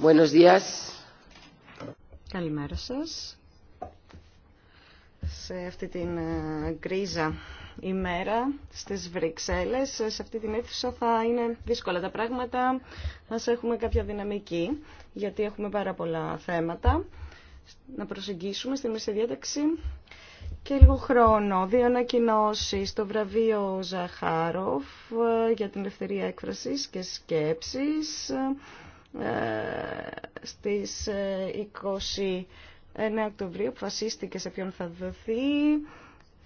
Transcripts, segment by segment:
Buenos días. Καλημέρα σας. Σε αυτή την ε, γκρίζα ημέρα στις Βρυξέλλες, ε, σε αυτή την αίθουσα θα είναι δύσκολα τα πράγματα. Ας έχουμε κάποια δυναμική, γιατί έχουμε πάρα πολλά θέματα να προσεγγίσουμε στη μέση και λίγο χρόνο. Δύο ανακοινώσει το βραβείο Ζαχάροφ ε, για την ελευθερία έκφρασης και σκέψης ε, στις 29 ε, Οκτωβρίου Οκτωβρίου αποφασίστηκε σε ποιον θα δοθεί.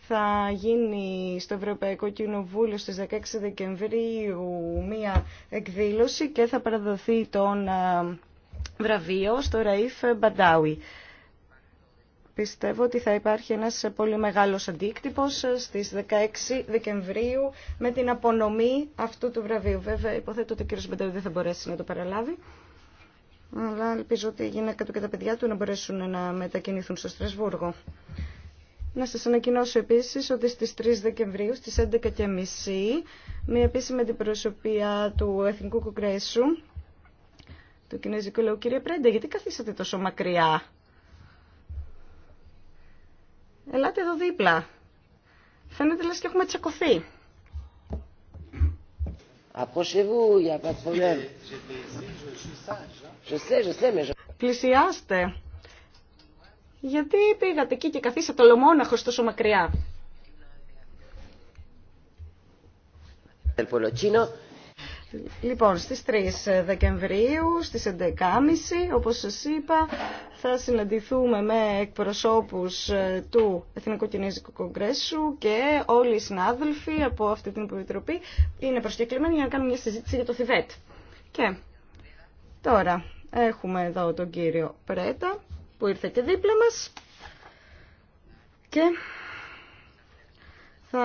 Θα γίνει στο Ευρωπαϊκό Κοινοβούλιο στις 16 Δεκεμβρίου μία εκδήλωση και θα παραδοθεί τον ε, βραβείο στο Ραΐφ Μπαντάουι πιστεύω ότι θα υπάρχει ένας πολύ μεγάλος αντίκτυπος στις 16 Δεκεμβρίου με την απονομή αυτού του βραβείου. Βέβαια, υποθέτω ότι ο κ. Μπεντέρου δεν θα μπορέσει να το παραλάβει. Αλλά ελπίζω ότι η γυναίκα του και τα παιδιά του να μπορέσουν να μετακινηθούν στο Στρασβούργο. Να σας ανακοινώσω επίσης ότι στις 3 Δεκεμβρίου στις 11.30 μια επίσημη αντιπροσωπεία του Εθνικού Κογκρέσου του Κινέζικου Λαού. Κύριε Πρέντε, γιατί καθίσατε τόσο μακριά. Ελάτε εδώ δίπλα. Φαίνεται λες και έχουμε τσακωθεί. Πλησιάστε. Γιατί πήγατε εκεί και καθίσατε ολομόναχος τόσο μακριά. Λοιπόν, στις 3 Δεκεμβρίου, στις 11.30, όπως σας είπα, θα συναντηθούμε με εκπροσώπους ε, του Εθνικού Κινέζικου Κογκρέσου και όλοι οι συνάδελφοι από αυτή την υποβιτροπή είναι προσκεκλημένοι για να κάνουμε μια συζήτηση για το Θιβέτ. Και τώρα έχουμε εδώ τον κύριο Πρέτα που ήρθε και δίπλα μας και θα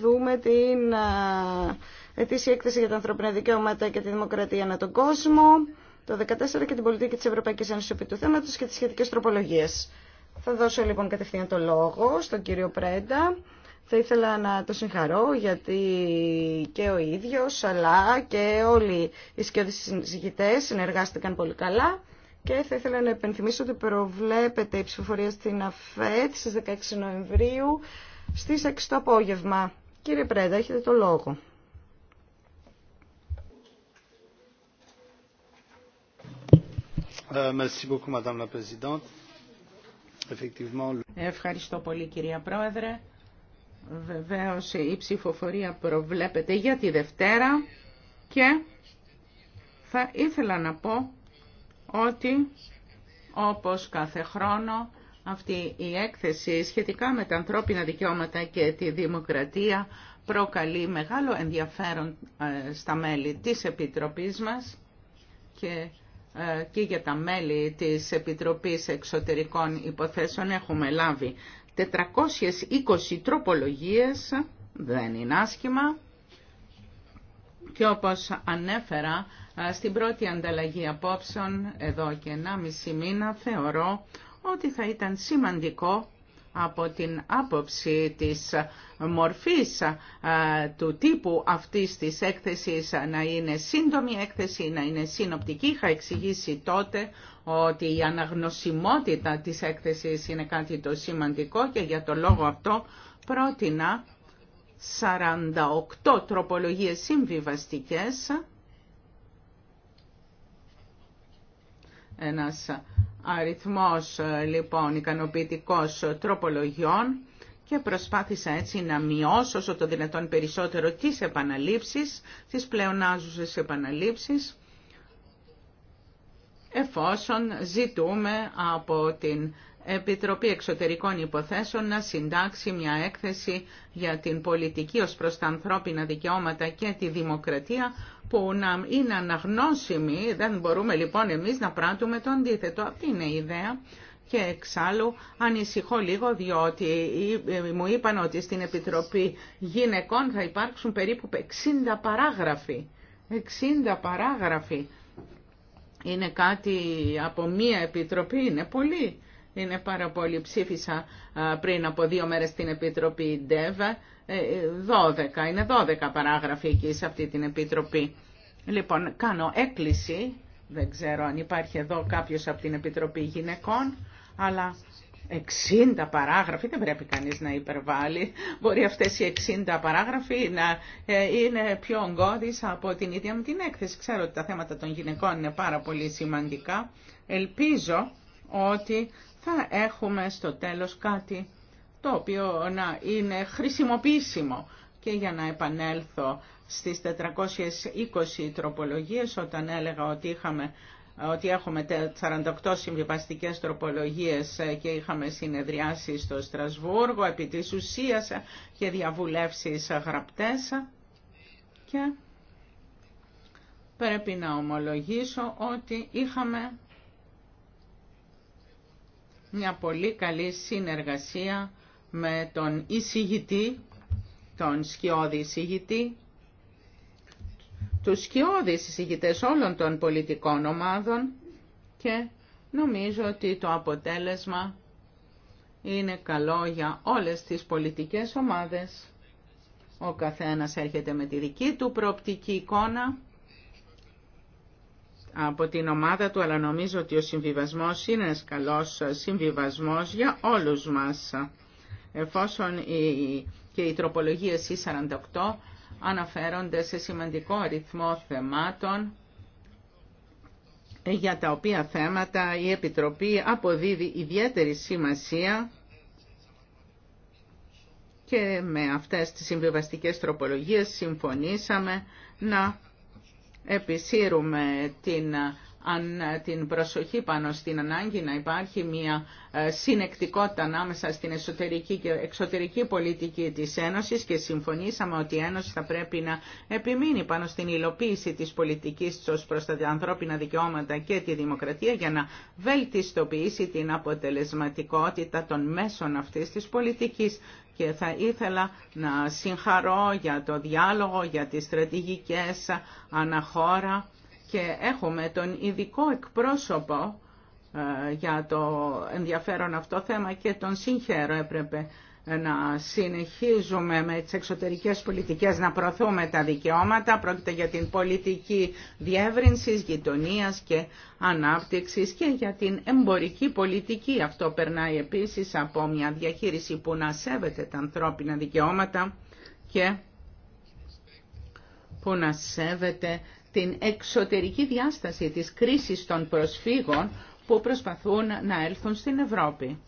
δούμε την ε, ετήσια έκθεση για τα ανθρώπινα δικαιώματα και τη δημοκρατία ανά τον κόσμο, το 2014 και την πολιτική τη Ευρωπαϊκή Ένωση επί του Θέματο και τι σχετικέ τροπολογίε. Θα δώσω λοιπόν κατευθείαν το λόγο στον κύριο Πρέντα. Θα ήθελα να το συγχαρώ γιατί και ο ίδιος αλλά και όλοι οι σκιώδεις συζητητές συνεργάστηκαν πολύ καλά και θα ήθελα να επενθυμίσω ότι προβλέπεται η ψηφοφορία στην ΑΦΕΤ στις 16 Νοεμβρίου στις 6 το απόγευμα. Κύριε Πρέντα, έχετε το λόγο. Euh, Ευχαριστώ πολύ κυρία Πρόεδρε. Βεβαίως η ψηφοφορία προβλέπεται για τη Δευτέρα και θα ήθελα να πω ότι όπως κάθε χρόνο αυτή η έκθεση σχετικά με τα ανθρώπινα δικαιώματα και τη δημοκρατία προκαλεί μεγάλο ενδιαφέρον ε, στα μέλη της Επιτροπής μας και και για τα μέλη της Επιτροπής Εξωτερικών Υποθέσεων έχουμε λάβει 420 τροπολογίες, δεν είναι άσχημα. Και όπως ανέφερα στην πρώτη ανταλλαγή απόψεων, εδώ και 1,5 μήνα, θεωρώ ότι θα ήταν σημαντικό από την άποψη της μορφής του τύπου αυτής της έκθεσης να είναι σύντομη έκθεση, να είναι συνοπτική. Είχα εξηγήσει τότε ότι η αναγνωσιμότητα της έκθεσης είναι κάτι το σημαντικό και για το λόγο αυτό πρότεινα 48 τροπολογίες συμβιβαστικές ένας αριθμός ε, λοιπόν ικανοποιητικός τροπολογιών και προσπάθησα έτσι να μειώσω όσο το δυνατόν περισσότερο τις επαναλήψεις, τις πλεονάζουσες επαναλήψεις, εφόσον ζητούμε από την Επιτροπή Εξωτερικών Υποθέσεων να συντάξει μια έκθεση για την πολιτική ως προς τα ανθρώπινα δικαιώματα και τη δημοκρατία που να είναι αναγνώσιμη. Δεν μπορούμε λοιπόν εμείς να πράττουμε το αντίθετο. Αυτή είναι η ιδέα. Και εξάλλου ανησυχώ λίγο διότι ε, μου είπαν ότι στην Επιτροπή Γυναικών θα υπάρξουν περίπου 60 παράγραφοι. 60 παράγραφοι. Είναι κάτι από μία επιτροπή, είναι πολύ. Είναι πάρα πολύ ψήφισα πριν από δύο μέρες στην Επιτροπή ΔΕΒ. 12, ε, ε, είναι 12 παράγραφοι εκεί σε αυτή την Επιτροπή. Λοιπόν, κάνω έκκληση, δεν ξέρω αν υπάρχει εδώ κάποιος από την Επιτροπή Γυναικών, αλλά 60 παράγραφοι, δεν πρέπει κανείς να υπερβάλλει. Μπορεί αυτές οι 60 παράγραφοι να ε, είναι πιο ογκώδεις από την ίδια μου την έκθεση. Ξέρω ότι τα θέματα των γυναικών είναι πάρα πολύ σημαντικά. Ελπίζω ότι θα έχουμε στο τέλος κάτι το οποίο να είναι χρησιμοποιήσιμο. Και για να επανέλθω στις 420 τροπολογίες, όταν έλεγα ότι, είχαμε, ότι έχουμε 48 συμβιβαστικές τροπολογίες και είχαμε συνεδριάσει στο Στρασβούργο, επί της ουσίας και διαβουλεύσεις γραπτές. Και πρέπει να ομολογήσω ότι είχαμε μια πολύ καλή συνεργασία με τον εισηγητή, τον σκιώδη εισηγητή, τους σκιώδης εισηγητές όλων των πολιτικών ομάδων και νομίζω ότι το αποτέλεσμα είναι καλό για όλες τις πολιτικές ομάδες. Ο καθένας έρχεται με τη δική του προοπτική εικόνα από την ομάδα του, αλλά νομίζω ότι ο συμβιβασμός είναι ένας καλός συμβιβασμός για όλους μας. Εφόσον και οι τροπολογίες C48 αναφέρονται σε σημαντικό αριθμό θεμάτων, ε, για τα οποία θέματα η Επιτροπή αποδίδει ιδιαίτερη σημασία και με αυτές τις συμβιβαστικές τροπολογίες συμφωνήσαμε να επισύρουμε την, αν, την προσοχή πάνω στην ανάγκη να υπάρχει μια ε, συνεκτικότητα ανάμεσα στην εσωτερική και εξωτερική πολιτική της Ένωσης και συμφωνήσαμε ότι η Ένωση θα πρέπει να επιμείνει πάνω στην υλοποίηση της πολιτικής ως προς τα ανθρώπινα δικαιώματα και τη δημοκρατία για να βελτιστοποιήσει την αποτελεσματικότητα των μέσων αυτής της πολιτικής και θα ήθελα να συγχαρώ για το διάλογο, για τις στρατηγικές αναχώρα και έχουμε τον ειδικό εκπρόσωπο ε, για το ενδιαφέρον αυτό θέμα και τον συγχαίρω έπρεπε να συνεχίζουμε με τις εξωτερικές πολιτικές να προωθούμε τα δικαιώματα. Πρόκειται για την πολιτική διεύρυνσης, γειτονίας και ανάπτυξης και για την εμπορική πολιτική. Αυτό περνάει επίσης από μια διαχείριση που να σέβεται τα ανθρώπινα δικαιώματα και που να σέβεται την εξωτερική διάσταση της κρίσης των προσφύγων που προσπαθούν να έλθουν στην Ευρώπη.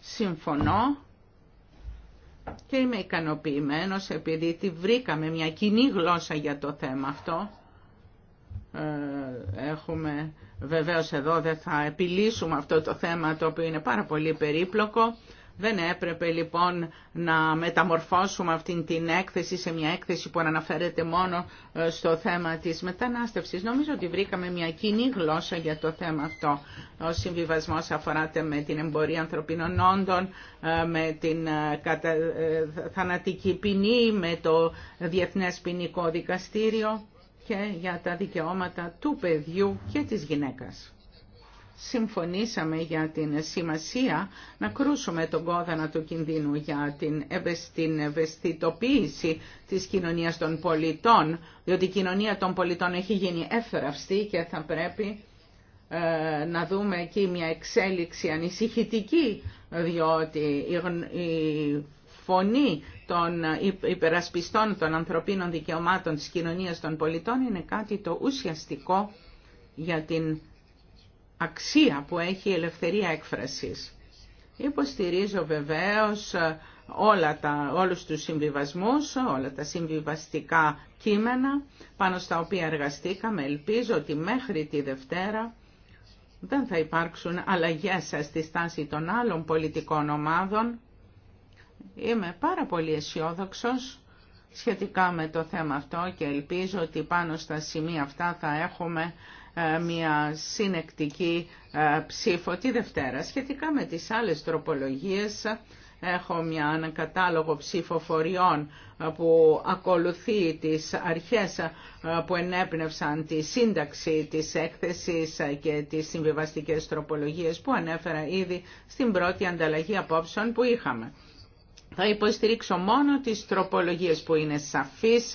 Συμφωνώ και είμαι ικανοποιημένος επειδή τη βρήκαμε μια κοινή γλώσσα για το θέμα αυτό. Ε, έχουμε βεβαίως εδώ δεν θα επιλύσουμε αυτό το θέμα το οποίο είναι πάρα πολύ περίπλοκο δεν έπρεπε λοιπόν να μεταμορφώσουμε αυτή την έκθεση σε μια έκθεση που αναφέρεται μόνο ε, στο θέμα της μετανάστευσης. Νομίζω ότι βρήκαμε μια κοινή γλώσσα για το θέμα αυτό. Ο συμβιβασμός αφορά με την εμπορία ανθρωπίνων όντων, ε, με την ε, θανατική ποινή, με το Διεθνές Ποινικό Δικαστήριο και για τα δικαιώματα του παιδιού και της γυναίκας συμφωνήσαμε για την σημασία να κρούσουμε τον κόδανα του κινδύνου για την ευαισθητοποίηση της κοινωνίας των πολιτών, διότι η κοινωνία των πολιτών έχει γίνει εύθραυστη και θα πρέπει ε, να δούμε εκεί μια εξέλιξη ανησυχητική, διότι η, η φωνή των υπερασπιστών των ανθρωπίνων δικαιωμάτων της κοινωνίας των πολιτών είναι κάτι το ουσιαστικό για την αξία που έχει η ελευθερία έκφρασης. Υποστηρίζω βεβαίως όλα τα, όλους τους συμβιβασμούς, όλα τα συμβιβαστικά κείμενα πάνω στα οποία εργαστήκαμε. Ελπίζω ότι μέχρι τη Δευτέρα δεν θα υπάρξουν αλλαγές στη στάση των άλλων πολιτικών ομάδων. Είμαι πάρα πολύ αισιόδοξο σχετικά με το θέμα αυτό και ελπίζω ότι πάνω στα σημεία αυτά θα έχουμε ε, μια συνεκτική ε, ψήφο τη Δευτέρα. Σχετικά με τις άλλες τροπολογίες, έχω μια κατάλογο ψηφοφοριών ε, που ακολουθεί τις αρχές που ενέπνευσαν τη σύνταξη της έκθεσης και τις συμβιβαστικές τροπολογίες που ανέφερα ήδη στην πρώτη ανταλλαγή απόψεων που είχαμε. Θα υποστηρίξω μόνο τις τροπολογίες που είναι σαφείς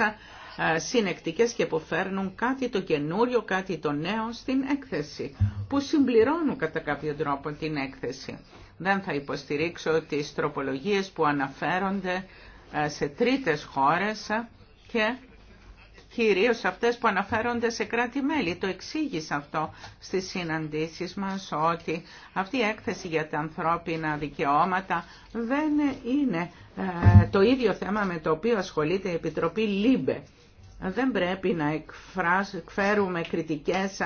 ε, συνεκτικές και που φέρνουν κάτι το καινούριο, κάτι το νέο στην έκθεση, που συμπληρώνουν κατά κάποιο τρόπο την έκθεση. Δεν θα υποστηρίξω τις τροπολογίες που αναφέρονται ε, σε τρίτες χώρες και κυρίως αυτές που αναφέρονται σε κράτη-μέλη. Το εξήγησα αυτό στις συναντήσεις μας ότι αυτή η έκθεση για τα ανθρώπινα δικαιώματα δεν είναι ε, το ίδιο θέμα με το οποίο ασχολείται η Επιτροπή ΛΥΜΠΕ. Δεν πρέπει να εκφέρουμε κριτικές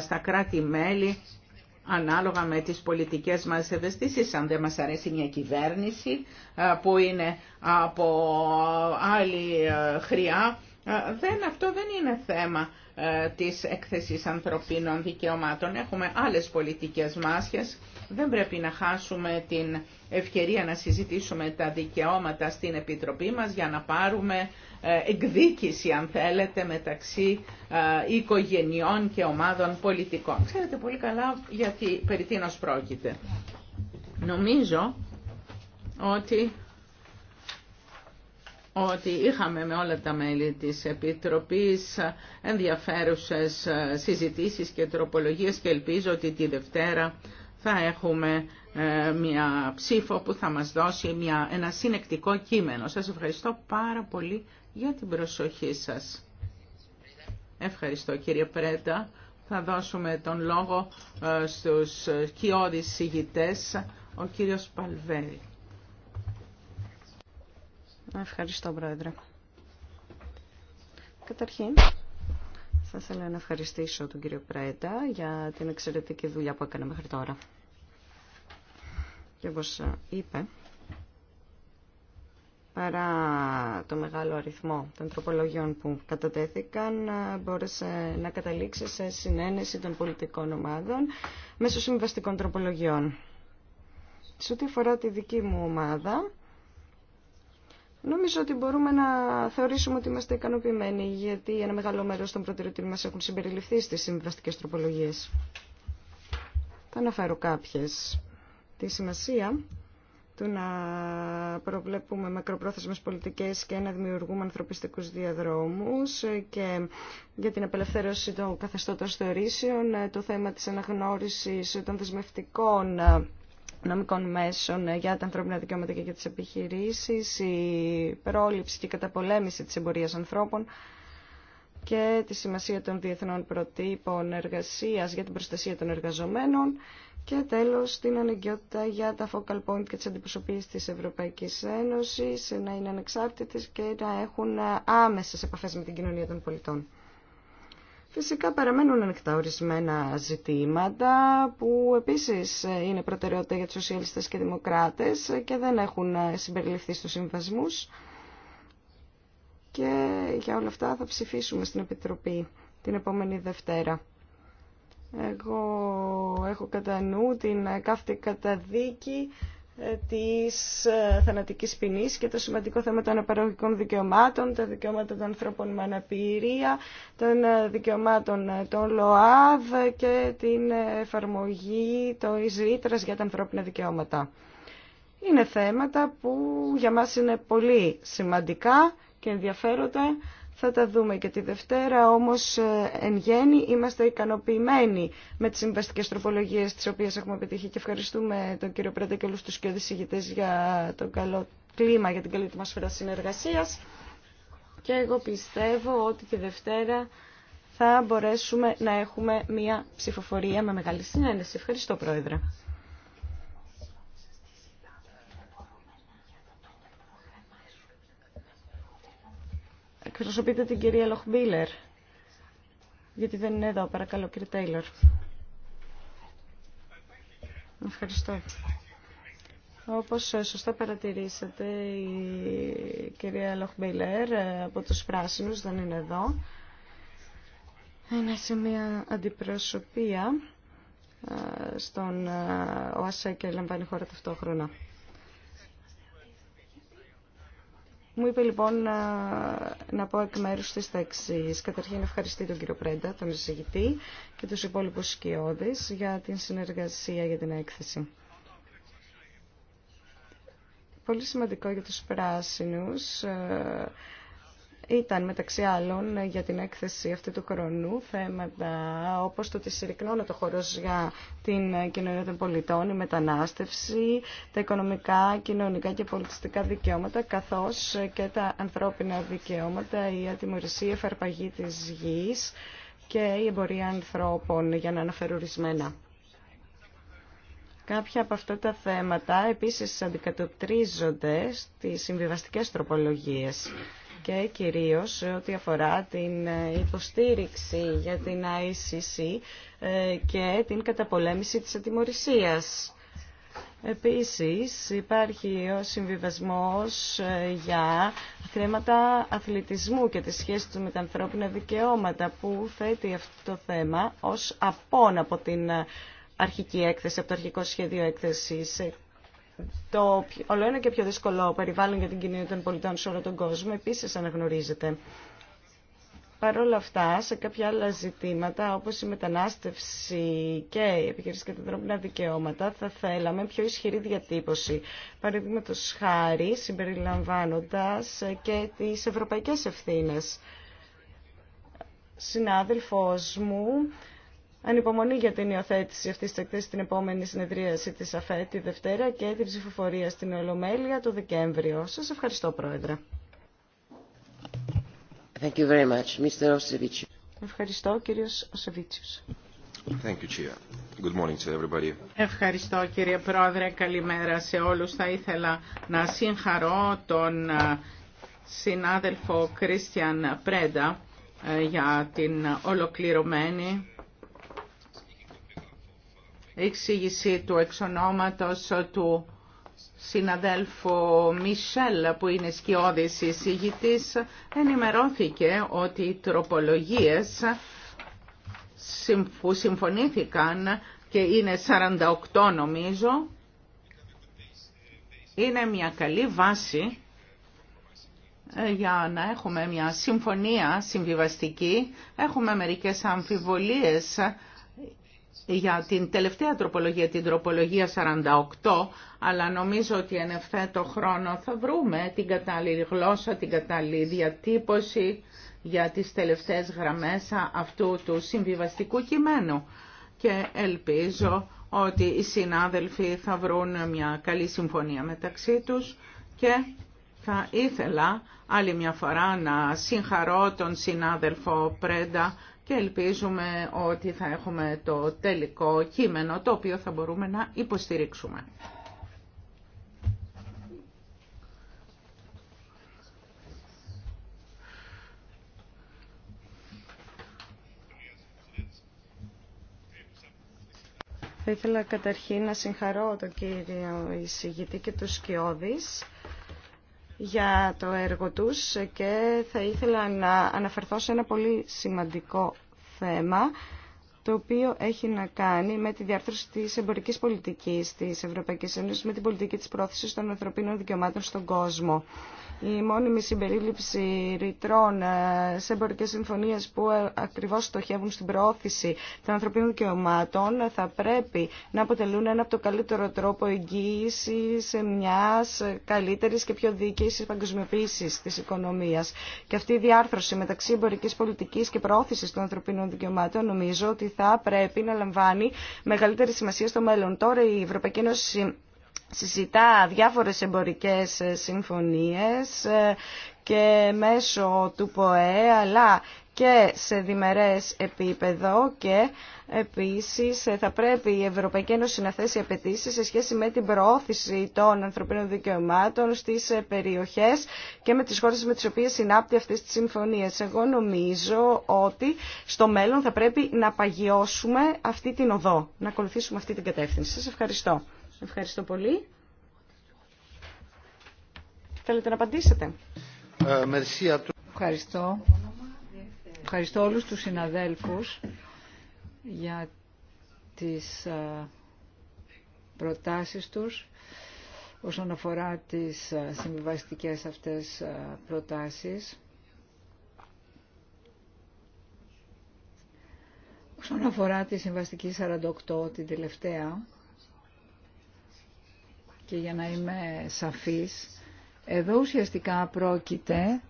στα κράτη-μέλη ανάλογα με τις πολιτικές μας ευαισθήσεις, αν δεν μας αρέσει μια κυβέρνηση που είναι από άλλη χρειά. Δεν, αυτό δεν είναι θέμα ε, της έκθεσης ανθρωπίνων δικαιωμάτων. Έχουμε άλλες πολιτικές μάσχες. Δεν πρέπει να χάσουμε την ευκαιρία να συζητήσουμε τα δικαιώματα στην Επιτροπή μας για να πάρουμε ε, εκδίκηση, αν θέλετε, μεταξύ ε, οικογενειών και ομάδων πολιτικών. Ξέρετε πολύ καλά γιατί περί τίνος πρόκειται. Νομίζω ότι ότι είχαμε με όλα τα μέλη της Επιτροπής ενδιαφέρουσες συζητήσεις και τροπολογίες και ελπίζω ότι τη Δευτέρα θα έχουμε ε, μια ψήφο που θα μας δώσει μια, ένα συνεκτικό κείμενο. Σας ευχαριστώ πάρα πολύ για την προσοχή σας. Ευχαριστώ κύριε Πρέτα. Θα δώσουμε τον λόγο ε, στους ε, κοιόδης ο κύριος Παλβέρη. Ευχαριστώ, Πρόεδρε. Καταρχήν, θα ήθελα να ευχαριστήσω τον κύριο Πρέτα για την εξαιρετική δουλειά που έκανε μέχρι τώρα. Και όπως είπε, παρά το μεγάλο αριθμό των τροπολογιών που κατατέθηκαν, μπόρεσε να καταλήξει σε συνένεση των πολιτικών ομάδων μέσω συμβαστικών τροπολογιών. Σε ό,τι αφορά τη δική μου ομάδα, Νομίζω ότι μπορούμε να θεωρήσουμε ότι είμαστε ικανοποιημένοι, γιατί ένα μεγάλο μέρο των προτεραιοτήτων μα έχουν συμπεριληφθεί στι συμβαστικέ τροπολογίε. Θα αναφέρω κάποιε. Τη σημασία του να προβλέπουμε μακροπρόθεσμες πολιτικές και να δημιουργούμε ανθρωπιστικού διαδρόμου και για την απελευθέρωση των καθεστώτων θεωρήσεων, το θέμα τη αναγνώριση των δεσμευτικών νομικών μέσων για τα ανθρώπινα δικαιώματα και για τις επιχειρήσεις, η πρόληψη και η καταπολέμηση της εμπορίας ανθρώπων και τη σημασία των διεθνών προτύπων εργασίας για την προστασία των εργαζομένων και τέλος την αναγκαιότητα για τα focal point και τις αντιπροσωπείες της Ευρωπαϊκής Ένωσης να είναι ανεξάρτητες και να έχουν άμεσες επαφές με την κοινωνία των πολιτών. Φυσικά παραμένουν ανοιχτά ορισμένα ζητήματα που επίσης είναι προτεραιότητα για τους σοσιαλιστές και δημοκράτες και δεν έχουν συμπεριληφθεί στους συμβασμούς. Και για όλα αυτά θα ψηφίσουμε στην Επιτροπή την επόμενη Δευτέρα. Εγώ έχω κατά νου την κάθε καταδίκη ε, της ε, θανατικής ποινής και το σημαντικό θέμα των απαραγωγικών δικαιωμάτων, τα δικαιώματα των ανθρώπων με αναπηρία, των ε, δικαιωμάτων των ΛΟΑΔ και την εφαρμογή των ρήτρας για τα ανθρώπινα δικαιώματα. Είναι θέματα που για μας είναι πολύ σημαντικά και ενδιαφέροντα θα τα δούμε και τη Δευτέρα, όμως ε, εν γέννη είμαστε ικανοποιημένοι με τις συμβαστικές τροπολογίες τις οποίες έχουμε επιτύχει και ευχαριστούμε τον κύριο Πρέντα και όλους τους και για το καλό κλίμα, για την καλή ατμόσφαιρα συνεργασίας και εγώ πιστεύω ότι τη Δευτέρα θα μπορέσουμε να έχουμε μια ψηφοφορία με μεγάλη συνένεση. Ευχαριστώ Πρόεδρε. Προσωπείτε την κυρία Λοχμπίλερ. Γιατί δεν είναι εδώ. Παρακαλώ, κύριε Τέιλορ. Ευχαριστώ. Όπως σωστά παρατηρήσατε, η κυρία Λοχμπίλερ ε, από τους Πράσινους δεν είναι εδώ. Είναι σε μια αντιπροσωπεία ε, στον ε, ΟΑΣΕ και λαμβάνει χώρα ταυτόχρονα. Μου είπε λοιπόν να, πω εκ μέρου τη τα εξή. Καταρχήν ευχαριστεί τον κύριο Πρέντα, τον εισηγητή και του υπόλοιπου σκιώδε για την συνεργασία για την έκθεση. Πολύ σημαντικό για τους πράσινους ήταν μεταξύ άλλων για την έκθεση αυτή του χρονού θέματα όπως το ότι συρρυκνώνε το χώρο για την κοινωνία των πολιτών, η μετανάστευση, τα οικονομικά, κοινωνικά και πολιτιστικά δικαιώματα καθώς και τα ανθρώπινα δικαιώματα, η ατιμορρυσία, η εφαρπαγή της γης και η εμπορία ανθρώπων για να αναφέρω Κάποια από αυτά τα θέματα επίσης αντικατοπτρίζονται στις συμβιβαστικές τροπολογίες και κυρίως ό,τι αφορά την ε, υποστήριξη για την ICC ε, και την καταπολέμηση της ατιμορρησίας. Επίσης υπάρχει ο συμβιβασμός ε, για θέματα αθλητισμού και τη σχέση του με τα ανθρώπινα δικαιώματα που θέτει αυτό το θέμα ως απόν από την αρχική έκθεση, από το αρχικό σχέδιο έκθεσης το όλο ένα και πιο δύσκολο περιβάλλον για την κοινωνία των πολιτών σε όλο τον κόσμο επίσης αναγνωρίζεται. Παρ' όλα αυτά, σε κάποια άλλα ζητήματα, όπως η μετανάστευση και η επιχειρήση και τα ανθρώπινα δικαιώματα, θα θέλαμε πιο ισχυρή διατύπωση. Παραδείγματο χάρη, συμπεριλαμβάνοντας και τις ευρωπαϊκές ευθύνες. Συνάδελφός μου ανυπομονή για την υιοθέτηση αυτή τη εκθέση στην επόμενη συνεδρίαση τη ΑΦΕ τη Δευτέρα και την ψηφοφορία στην Ολομέλεια το Δεκέμβριο. Σα ευχαριστώ, Πρόεδρε. Thank you very much. Mr. Ευχαριστώ, κύριος Οσεβίτσιου. Thank you, Good morning to everybody. Ευχαριστώ κύριε Πρόεδρε, καλημέρα σε όλους. Θα ήθελα να συγχαρώ τον ε, συνάδελφο Κρίστιαν Πρέντα ε, για την ολοκληρωμένη εξήγηση του εξονόματος του συναδέλφου Μισελ που είναι σκιώδης εισηγητής ενημερώθηκε ότι οι τροπολογίες που συμφωνήθηκαν και είναι 48 νομίζω είναι μια καλή βάση ε, για να έχουμε μια συμφωνία συμβιβαστική. Έχουμε μερικές αμφιβολίες για την τελευταία τροπολογία, την τροπολογία 48, αλλά νομίζω ότι εν ευθέτω χρόνο θα βρούμε την κατάλληλη γλώσσα, την κατάλληλη διατύπωση για τις τελευταίες γραμμές αυτού του συμβιβαστικού κειμένου. Και ελπίζω ότι οι συνάδελφοι θα βρουν μια καλή συμφωνία μεταξύ τους και θα ήθελα άλλη μια φορά να συγχαρώ τον συνάδελφο Πρέντα και ελπίζουμε ότι θα έχουμε το τελικό κείμενο το οποίο θα μπορούμε να υποστηρίξουμε. Θα ήθελα καταρχήν να συγχαρώ τον κύριο εισηγητή και τους Σκιώδης για το έργο τους και θα ήθελα να αναφερθώ σε ένα πολύ σημαντικό θέμα το οποίο έχει να κάνει με τη διάρθρωση της εμπορικής πολιτικής της Ευρωπαϊκής Ένωσης με την πολιτική της πρόθεσης των ανθρωπίνων δικαιωμάτων στον κόσμο η μόνιμη συμπερίληψη ρητρών ε, σε εμπορικέ συμφωνίε που ε, ακριβώ στοχεύουν στην προώθηση των ανθρωπίνων δικαιωμάτων ε, θα πρέπει να αποτελούν ένα από το καλύτερο τρόπο εγγύηση μια καλύτερη και πιο δίκαιη παγκοσμιοποίηση τη οικονομία. Και αυτή η διάρθρωση μεταξύ εμπορική πολιτική και προώθηση των ανθρωπίνων δικαιωμάτων νομίζω ότι θα πρέπει να λαμβάνει μεγαλύτερη σημασία στο μέλλον. Τώρα η Ευρωπαϊκή Ένωση συζητά διάφορες εμπορικές ε, συμφωνίες ε, και μέσω του ΠΟΕ αλλά και σε διμερές επίπεδο και επίσης ε, θα πρέπει η Ευρωπαϊκή Ένωση να θέσει απαιτήσει σε σχέση με την προώθηση των ανθρωπίνων δικαιωμάτων στις περιοχές και με τις χώρες με τις οποίες συνάπτει αυτές τις συμφωνίες. Εγώ νομίζω ότι στο μέλλον θα πρέπει να παγιώσουμε αυτή την οδό, να ακολουθήσουμε αυτή την κατεύθυνση. Σας ευχαριστώ. Ευχαριστώ πολύ. Θέλετε να απαντήσετε. Ε, Ευχαριστώ. Ευχαριστώ όλους τους συναδέλφους για τις ε, προτάσεις τους όσον αφορά τις ε, συμβιβαστικές αυτές προτάσεις. Όσον αφορά τη συμβαστική 48, την τελευταία, και για να είμαι σαφής, εδώ ουσιαστικά πρόκειται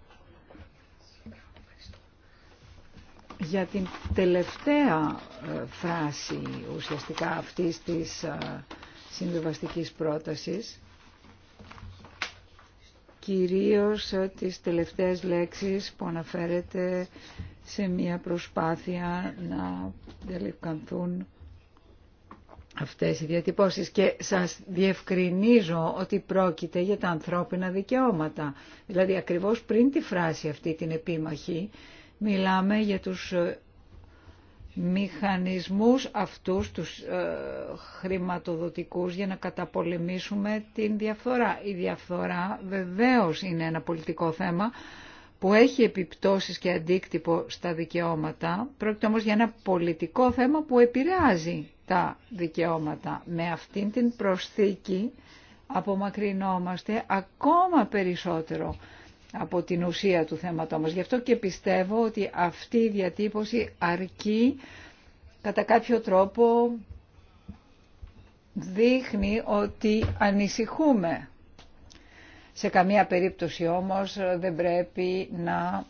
για την τελευταία ε, φράση ουσιαστικά αυτής της ε, συμβιβαστικής πρότασης, κυρίως ε, τις τελευταίες λέξεις που αναφέρεται σε μια προσπάθεια να διαλυκανθούν αυτές οι διατυπώσεις και σας διευκρινίζω ότι πρόκειται για τα ανθρώπινα δικαιώματα. Δηλαδή ακριβώς πριν τη φράση αυτή την επίμαχη μιλάμε για τους ε, μηχανισμούς αυτούς τους ε, χρηματοδοτικούς για να καταπολεμήσουμε την διαφθορά. Η διαφθορά βεβαίως είναι ένα πολιτικό θέμα που έχει επιπτώσεις και αντίκτυπο στα δικαιώματα, πρόκειται όμως για ένα πολιτικό θέμα που επηρεάζει τα δικαιώματα. Με αυτήν την προσθήκη απομακρυνόμαστε ακόμα περισσότερο από την ουσία του θέματό μας. Γι' αυτό και πιστεύω ότι αυτή η διατύπωση αρκεί κατά κάποιο τρόπο δείχνει ότι ανησυχούμε. Σε καμία περίπτωση όμως δεν πρέπει να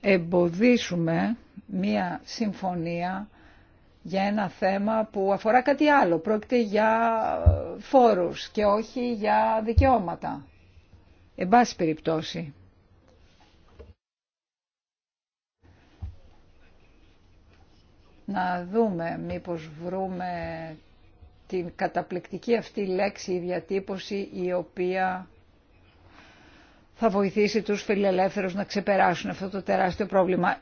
εμποδίσουμε μία συμφωνία για ένα θέμα που αφορά κάτι άλλο. Πρόκειται για ε, φόρους και όχι για δικαιώματα. Εν πάση περιπτώσει. Να δούμε μήπως βρούμε την καταπληκτική αυτή λέξη, η διατύπωση η οποία θα βοηθήσει τους φιλελεύθερους να ξεπεράσουν αυτό το τεράστιο πρόβλημα.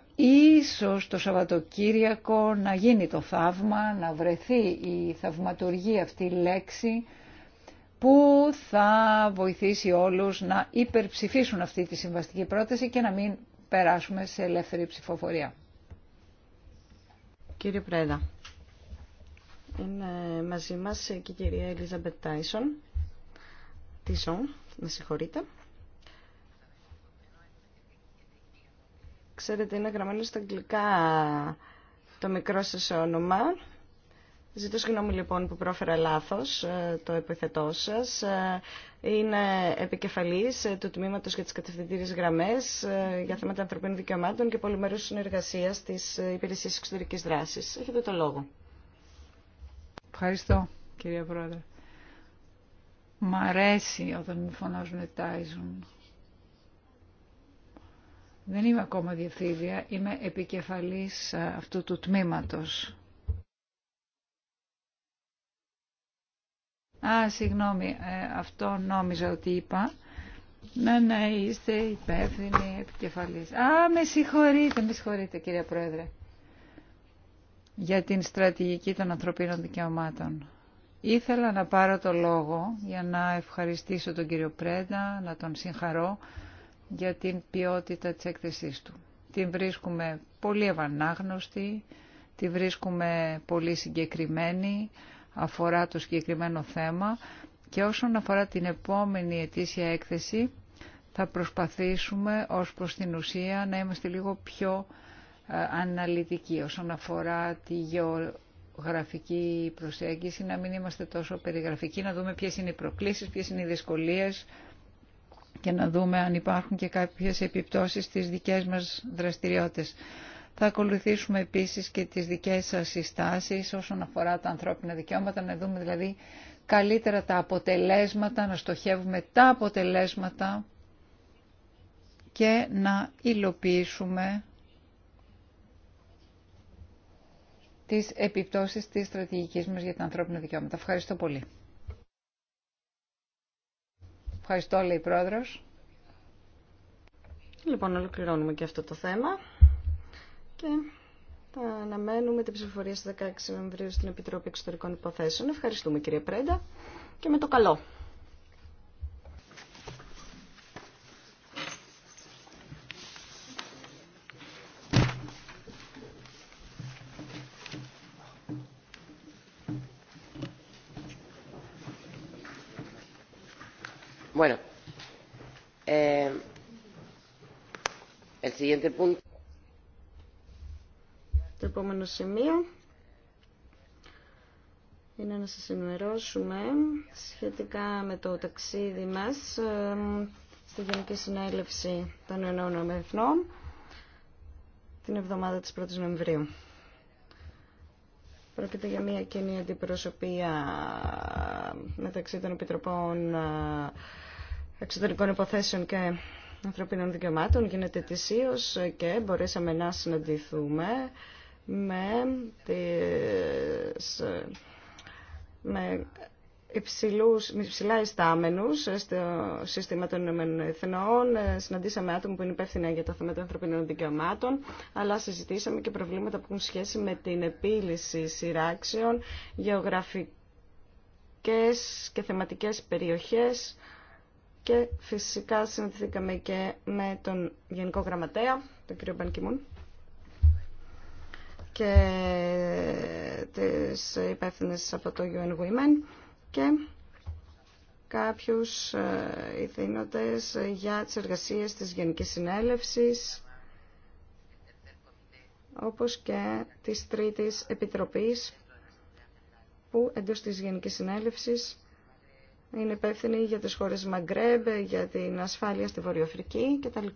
Ίσως το Σαββατοκύριακο να γίνει το θαύμα, να βρεθεί η θαυματουργή αυτή η λέξη που θα βοηθήσει όλους να υπερψηφίσουν αυτή τη συμβαστική πρόταση και να μην περάσουμε σε ελεύθερη ψηφοφορία. Κύριε Πρέδα, είναι μαζί μας και η κυρία Ελίζα τη με συγχωρείτε. Ξέρετε, είναι γραμμένο στα αγγλικά το μικρό σας όνομα. Ζητώ συγγνώμη λοιπόν που πρόφερα λάθος ε, το επιθετό σας. Ε, είναι επικεφαλής ε, του Τμήματος για τις Κατευθυντήριες Γραμμές για θέματα ανθρωπίνων δικαιωμάτων και πολυμερούς συνεργασίας της Υπηρεσίας Εξωτερικής Δράσης. Έχετε το λόγο. Ευχαριστώ κυρία Πρόεδρε. Μ' αρέσει όταν μου φωνάζουν τάιζουν. Δεν είμαι ακόμα διευθύντρια, είμαι επικεφαλής ε, αυτού του τμήματος. Α, συγγνώμη, ε, αυτό νόμιζα ότι είπα. Ναι, ναι, είστε υπεύθυνοι επικεφαλής. Α, με συγχωρείτε, με συγχωρείτε κύριε Πρόεδρε. Για την στρατηγική των ανθρωπίνων δικαιωμάτων. Ήθελα να πάρω το λόγο για να ευχαριστήσω τον κύριο Πρέντα, να τον συγχαρώ για την ποιότητα της έκθεσής του. Την βρίσκουμε πολύ ευανάγνωστη, τη βρίσκουμε πολύ συγκεκριμένη, αφορά το συγκεκριμένο θέμα και όσον αφορά την επόμενη ετήσια έκθεση θα προσπαθήσουμε ως προς την ουσία να είμαστε λίγο πιο ε, αναλυτικοί όσον αφορά τη γεωγραφική προσέγγιση, να μην είμαστε τόσο περιγραφικοί, να δούμε ποιες είναι οι προκλήσεις, ποιες είναι οι δυσκολίες και να δούμε αν υπάρχουν και κάποιες επιπτώσεις στις δικές μας δραστηριότητες. Θα ακολουθήσουμε επίσης και τις δικές σας συστάσεις όσον αφορά τα ανθρώπινα δικαιώματα, να δούμε δηλαδή καλύτερα τα αποτελέσματα, να στοχεύουμε τα αποτελέσματα και να υλοποιήσουμε τις επιπτώσεις της στρατηγικής μας για τα ανθρώπινα δικαιώματα. Ευχαριστώ πολύ. Ευχαριστώ, λέει η Λοιπόν, ολοκληρώνουμε και αυτό το θέμα και θα αναμένουμε την ψηφοφορία στις 16 Νοεμβρίου στην Επιτροπή Εξωτερικών Υποθέσεων. Ευχαριστούμε, κύριε Πρέντα, και με το καλό. Bueno, eh, el Το επόμενο σημείο είναι να σας ενημερώσουμε σχετικά με το ταξίδι μας στη Γενική Συνέλευση των Ενώνων Εθνών την εβδομάδα της 1ης Νοεμβρίου. Πρόκειται για μια κοινή αντιπροσωπεία μεταξύ των Επιτροπών ε, Εξωτερικών Υποθέσεων και Ανθρωπίνων Δικαιωμάτων γίνεται ετησίω και μπορέσαμε να συναντηθούμε με, τις, με υψηλούς, υψηλά ειστάμενους στο σύστημα των Ηνωμένων Εθνών. Συναντήσαμε άτομα που είναι υπεύθυνα για τα θέματα ανθρωπίνων δικαιωμάτων, αλλά συζητήσαμε και προβλήματα που έχουν σχέση με την επίλυση σειράξεων, γεωγραφικές και θεματικές περιοχές, και φυσικά συναντηθήκαμε και με τον Γενικό Γραμματέα, τον κύριο Μπανκιμούν και τις υπεύθυνε από το UN Women και κάποιους ε, ηθήνοντες για τις εργασίες της Γενικής Συνέλευσης όπως και της Τρίτης Επιτροπής που εντός της Γενικής Συνέλευσης είναι υπεύθυνη για τις χώρες Μαγκρέμπ, για την ασφάλεια στη Βορειοαφρική κτλ.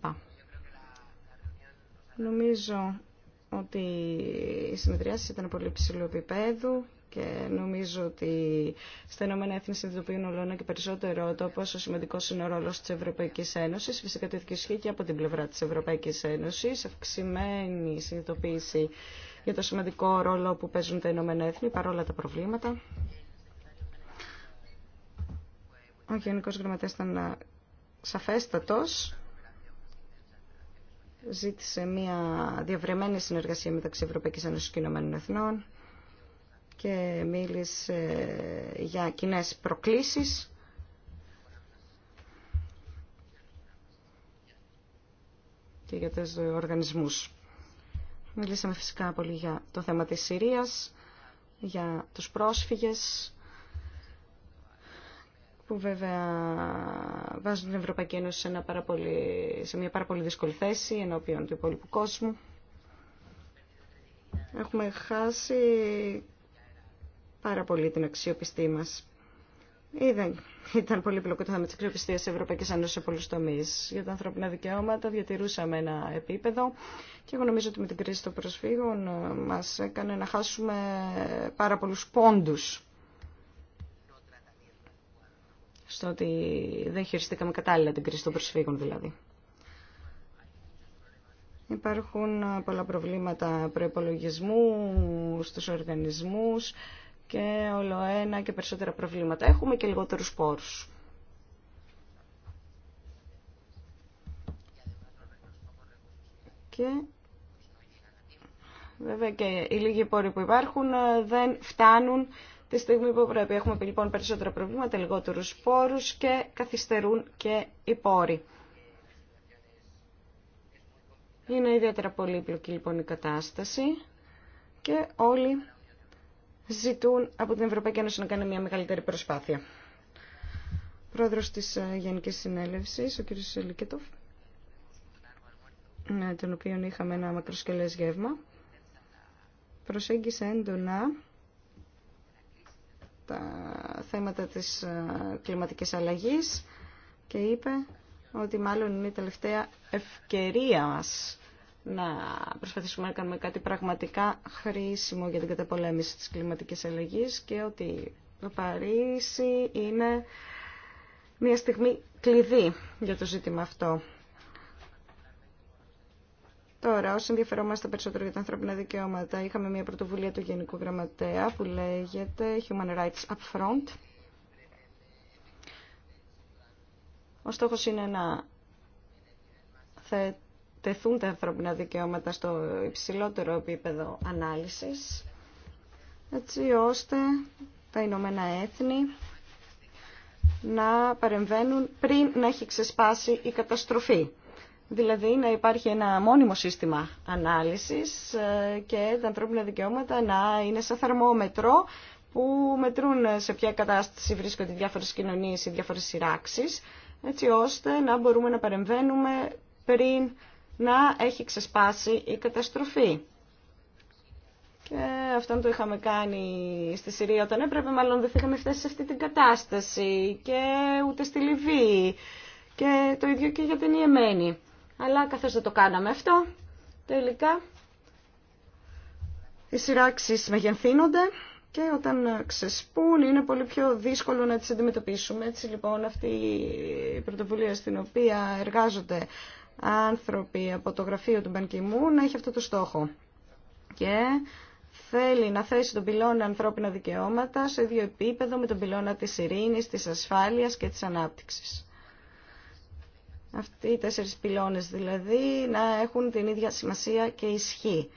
Νομίζω ότι οι συνεδριάσεις ήταν πολύ ψηλού επίπεδου και νομίζω ότι στα Ηνωμένα Έθνη συνειδητοποιούν όλο και περισσότερο το πόσο σημαντικό είναι ο ρόλο τη Ευρωπαϊκή Ένωση. Φυσικά το ίδιο ισχύει και από την πλευρά τη Ευρωπαϊκή Ένωση. Αυξημένη συνειδητοποίηση για το σημαντικό ρόλο που παίζουν τα Ηνωμένα Έθνη παρόλα τα προβλήματα. Ο Γενικό Γραμματέας ήταν σαφέστατος. Ζήτησε μια διαβρεμένη συνεργασία μεταξύ Ευρωπαϊκή Ένωση και Ηνωμένων Εθνών και μίλησε ε, για κοινέ προκλήσεις. και για τους οργανισμούς. Μιλήσαμε φυσικά πολύ για το θέμα της Συρίας, για τους πρόσφυγες, που βέβαια βάζουν την Ευρωπαϊκή Ένωση σε, σε μια πάρα πολύ δύσκολη θέση ενώπιον του υπόλοιπου κόσμου. Έχουμε χάσει πάρα πολύ την αξιοπιστή μας. ήταν πολύ πλοκό το θέμα τη αξιοπιστία τη Ευρωπαϊκή Ένωση σε πολλού τομεί. Για τα ανθρώπινα δικαιώματα διατηρούσαμε ένα επίπεδο και εγώ νομίζω ότι με την κρίση των προσφύγων ε, μα έκανε να χάσουμε πάρα πολλού πόντου στο ότι δεν χειριστήκαμε κατάλληλα την κρίση των προσφύγων δηλαδή. Υπάρχουν πολλά προβλήματα προπολογισμού στους οργανισμούς και όλο ένα και περισσότερα προβλήματα. Έχουμε και λιγότερους πόρους. Και βέβαια και οι λίγοι πόροι που υπάρχουν ε, δεν φτάνουν τη στιγμή που πρέπει. Έχουμε λοιπόν περισσότερα προβλήματα, λιγότερους πόρους και καθυστερούν και οι πόροι. Είναι ιδιαίτερα πολύπλοκη λοιπόν η κατάσταση και όλοι ζητούν από την Ευρωπαϊκή Ένωση να κάνει μια μεγαλύτερη προσπάθεια. Πρόεδρος της ε, Γενικής Συνέλευσης, ο κ. Λικέτοφ, τον οποίο είχαμε ένα μακροσκελές γεύμα, προσέγγισε έντονα τα θέματα της ε, κλιματικής αλλαγής και είπε ότι μάλλον είναι η τελευταία ευκαιρία μας να προσπαθήσουμε να κάνουμε κάτι πραγματικά χρήσιμο για την καταπολέμηση της κλιματικής αλλαγής και ότι το Παρίσι είναι μια στιγμή κλειδί για το ζήτημα αυτό. Τώρα, όσοι ενδιαφερόμαστε περισσότερο για τα ανθρώπινα δικαιώματα, είχαμε μια πρωτοβουλία του Γενικού Γραμματέα που λέγεται Human Rights Up Front. Ο στόχος είναι να τεθούν τα ανθρώπινα δικαιώματα στο υψηλότερο επίπεδο ανάλυσης, έτσι ώστε τα Ηνωμένα Έθνη να παρεμβαίνουν πριν να έχει ξεσπάσει η καταστροφή. Δηλαδή να υπάρχει ένα μόνιμο σύστημα ανάλυσης ε, και τα ανθρώπινα δικαιώματα να είναι σε θερμόμετρο που μετρούν σε ποια κατάσταση βρίσκονται οι διάφορες κοινωνίες ή διάφορες σειράξεις, έτσι ώστε να μπορούμε να παρεμβαίνουμε πριν να έχει ξεσπάσει η καταστροφή. Και αυτό το είχαμε κάνει στη Συρία όταν έπρεπε, μάλλον δεν είχαμε φτάσει σε αυτή την κατάσταση και ούτε στη Λιβύη και το ίδιο και για την Ιεμένη αλλά καθώς δεν το κάναμε αυτό, τελικά οι σειράξει μεγενθύνονται και όταν ξεσπούν είναι πολύ πιο δύσκολο να τις αντιμετωπίσουμε. Έτσι λοιπόν αυτή η πρωτοβουλία στην οποία εργάζονται άνθρωποι από το γραφείο του Μπανκιμού να έχει αυτό το στόχο. Και θέλει να θέσει τον πυλώνα ανθρώπινα δικαιώματα σε ίδιο επίπεδο με τον πυλώνα της ειρήνης, της ασφάλειας και της ανάπτυξης. Αυτοί οι τέσσερις πυλώνες δηλαδή να έχουν την ίδια σημασία και ισχύ.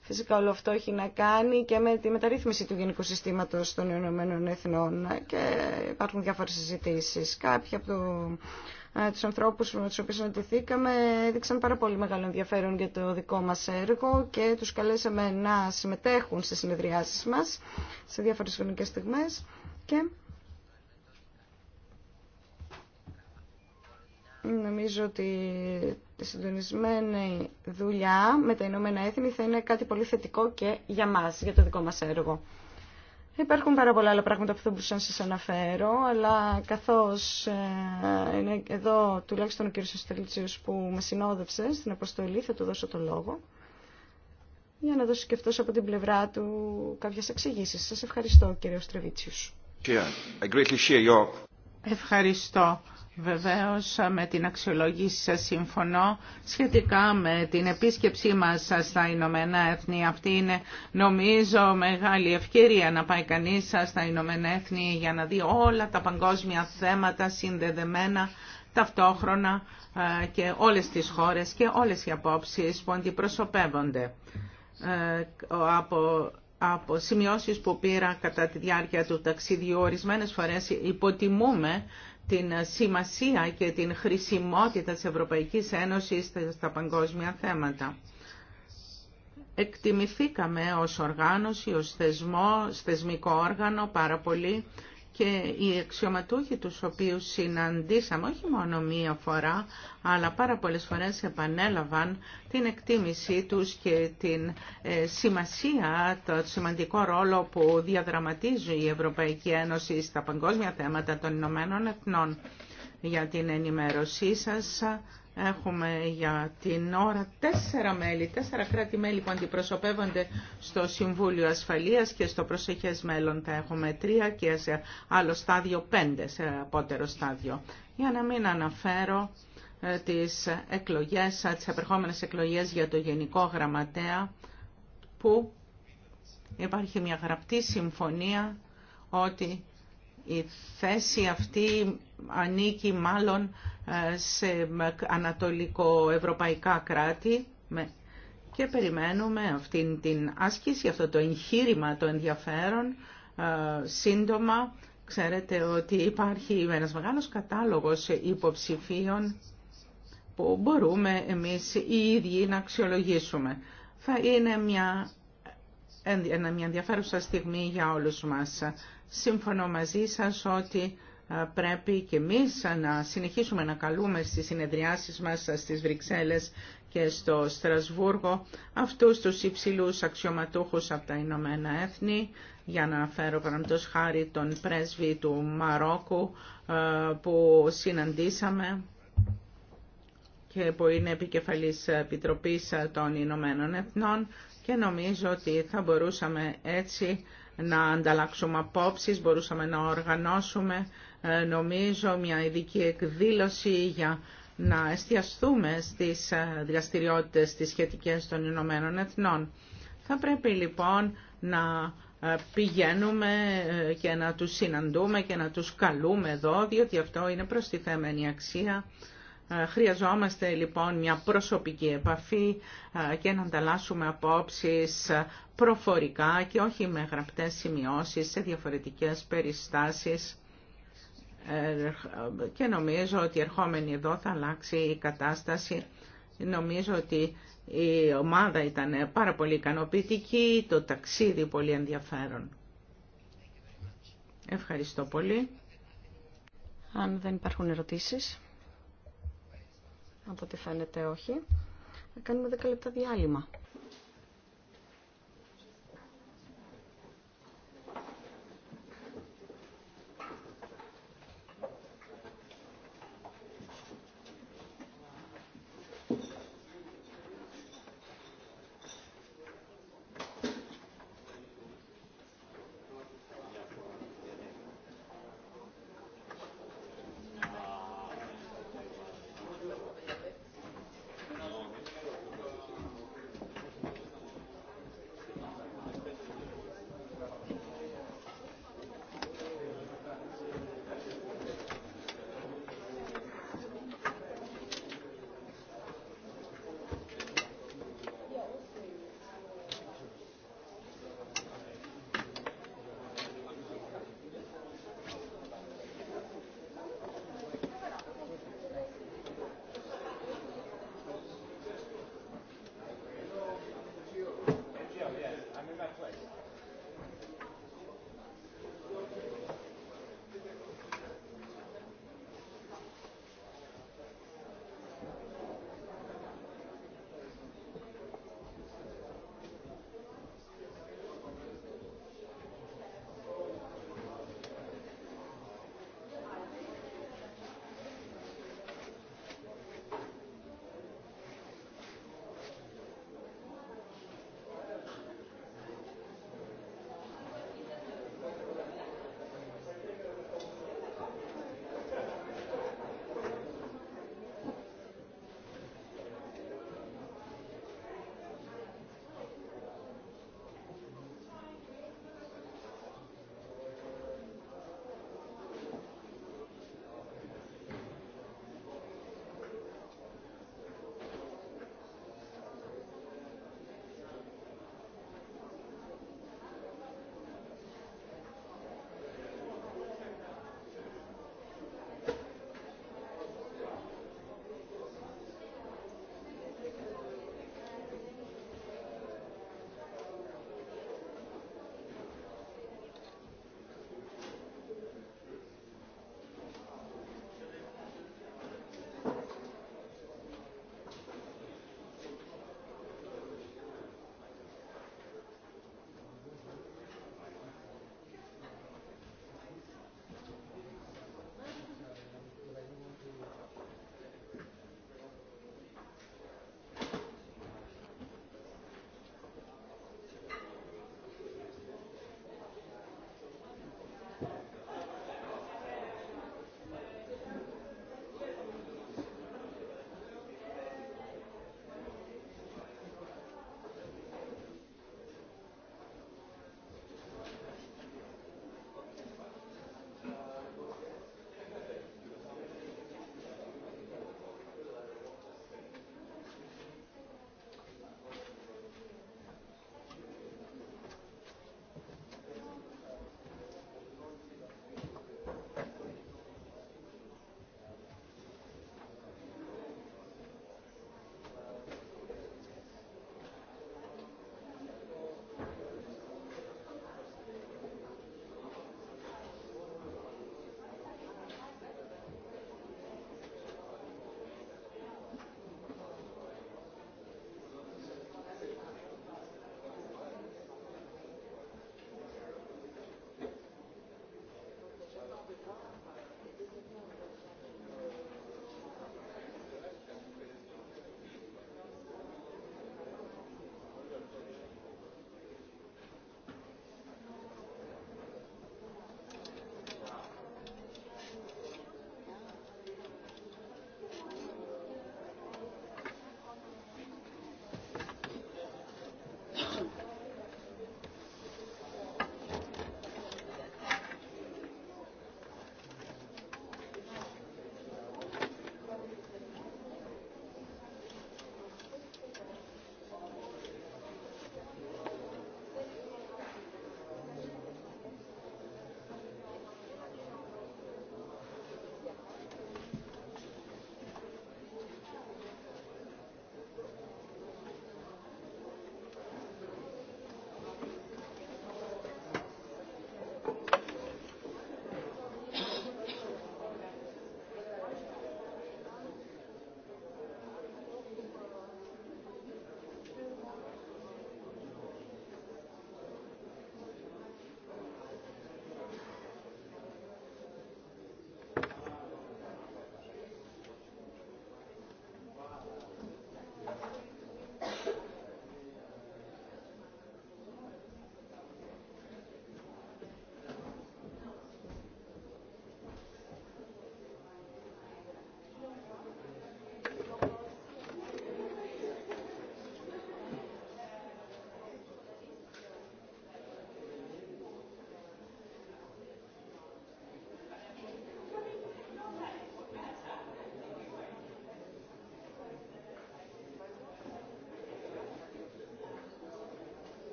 Φυσικά όλο αυτό έχει να κάνει και με τη μεταρρύθμιση του Γενικού Συστήματος των ΗΕ. Εθνών και υπάρχουν διάφορες συζητήσεις. Κάποιοι από το, ε, τους ανθρώπους με τους οποίους συναντηθήκαμε έδειξαν πάρα πολύ μεγάλο ενδιαφέρον για το δικό μας έργο και τους καλέσαμε να συμμετέχουν στις συνεδριάσεις μας σε διάφορες χρονικές στιγμές και Νομίζω ότι συντονισμένη δουλειά με τα Ηνωμένα Έθνη θα είναι κάτι πολύ θετικό και για μας, για το δικό μας έργο. Υπάρχουν πάρα πολλά άλλα πράγματα που θα μπορούσα να σας αναφέρω, αλλά καθώς ε, είναι εδώ τουλάχιστον ο κ. Στελίτσιος που με συνόδευσε στην αποστολή, θα του δώσω το λόγο για να δώσει και αυτός από την πλευρά του κάποιες εξηγήσεις. Σας ευχαριστώ κ. your... Ευχαριστώ. Βεβαίως με την αξιολόγηση σας συμφωνώ σχετικά με την επίσκεψή μας στα Ηνωμένα Έθνη. Αυτή είναι νομίζω μεγάλη ευκαιρία να πάει κανείς στα Ηνωμένα Έθνη για να δει όλα τα παγκόσμια θέματα συνδεδεμένα ταυτόχρονα ε, και όλες τις χώρες και όλες οι απόψεις που αντιπροσωπεύονται ε, από από σημειώσεις που πήρα κατά τη διάρκεια του ταξιδιού ορισμένες φορές υποτιμούμε την σημασία και την χρησιμότητα της Ευρωπαϊκής Ένωσης στα παγκόσμια θέματα. Εκτιμηθήκαμε ως οργάνωση, ως θεσμό, θεσμικό όργανο πάρα πολύ και οι αξιωματούχοι τους οποίους συναντήσαμε όχι μόνο μία φορά αλλά πάρα πολλές φορές επανέλαβαν την εκτίμησή τους και την ε, σημασία, το σημαντικό ρόλο που διαδραματίζει η Ευρωπαϊκή Ένωση στα παγκόσμια θέματα των Ηνωμένων Εθνών για την ενημέρωσή σας Έχουμε για την ώρα τέσσερα μέλη, τέσσερα κράτη-μέλη που αντιπροσωπεύονται στο Συμβούλιο Ασφαλείας και στο προσεχές μέλλον θα έχουμε τρία και σε άλλο στάδιο πέντε, σε απότερο στάδιο. Για να μην αναφέρω ε, τις εκλογές, τις επερχόμενες εκλογές για το Γενικό Γραμματέα που υπάρχει μια γραπτή συμφωνία ότι η θέση αυτή ανήκει μάλλον ε, σε ανατολικό ευρωπαϊκά κράτη και περιμένουμε αυτήν την άσκηση, αυτό το εγχείρημα το ενδιαφέρον ε, σύντομα. Ξέρετε ότι υπάρχει ένας μεγάλος κατάλογος υποψηφίων που μπορούμε εμείς οι ίδιοι να αξιολογήσουμε. Θα είναι μια, μια ενδιαφέρουσα στιγμή για όλους μας. Σύμφωνο μαζί σας ότι πρέπει και εμείς να συνεχίσουμε να καλούμε στις συνεδριάσεις μας στις Βρυξέλλες και στο Στρασβούργο αυτούς τους υψηλούς αξιωματούχους από τα Ηνωμένα Έθνη για να φέρω παραμπτός χάρη τον πρέσβη του Μαρόκου που συναντήσαμε και που είναι επικεφαλής Επιτροπής των Ηνωμένων Εθνών και νομίζω ότι θα μπορούσαμε έτσι να ανταλλάξουμε απόψεις, μπορούσαμε να οργανώσουμε ε, νομίζω μια ειδική εκδήλωση για να εστιαστούμε στις ε, δραστηριότητες της σχετικές των Ηνωμένων Εθνών. Θα πρέπει λοιπόν να ε, πηγαίνουμε και να τους συναντούμε και να τους καλούμε εδώ, διότι αυτό είναι προστιθέμενη αξία. Χρειαζόμαστε λοιπόν μια προσωπική επαφή και να ανταλλάσσουμε απόψεις προφορικά και όχι με γραπτές σημειώσεις σε διαφορετικές περιστάσεις ε, και νομίζω ότι ερχόμενοι εδώ θα αλλάξει η κατάσταση. Νομίζω ότι η ομάδα ήταν πάρα πολύ ικανοποιητική, το ταξίδι πολύ ενδιαφέρον. Ευχαριστώ πολύ. Αν δεν υπάρχουν ερωτήσεις, από ό,τι φαίνεται όχι, θα κάνουμε 10 λεπτά διάλειμμα.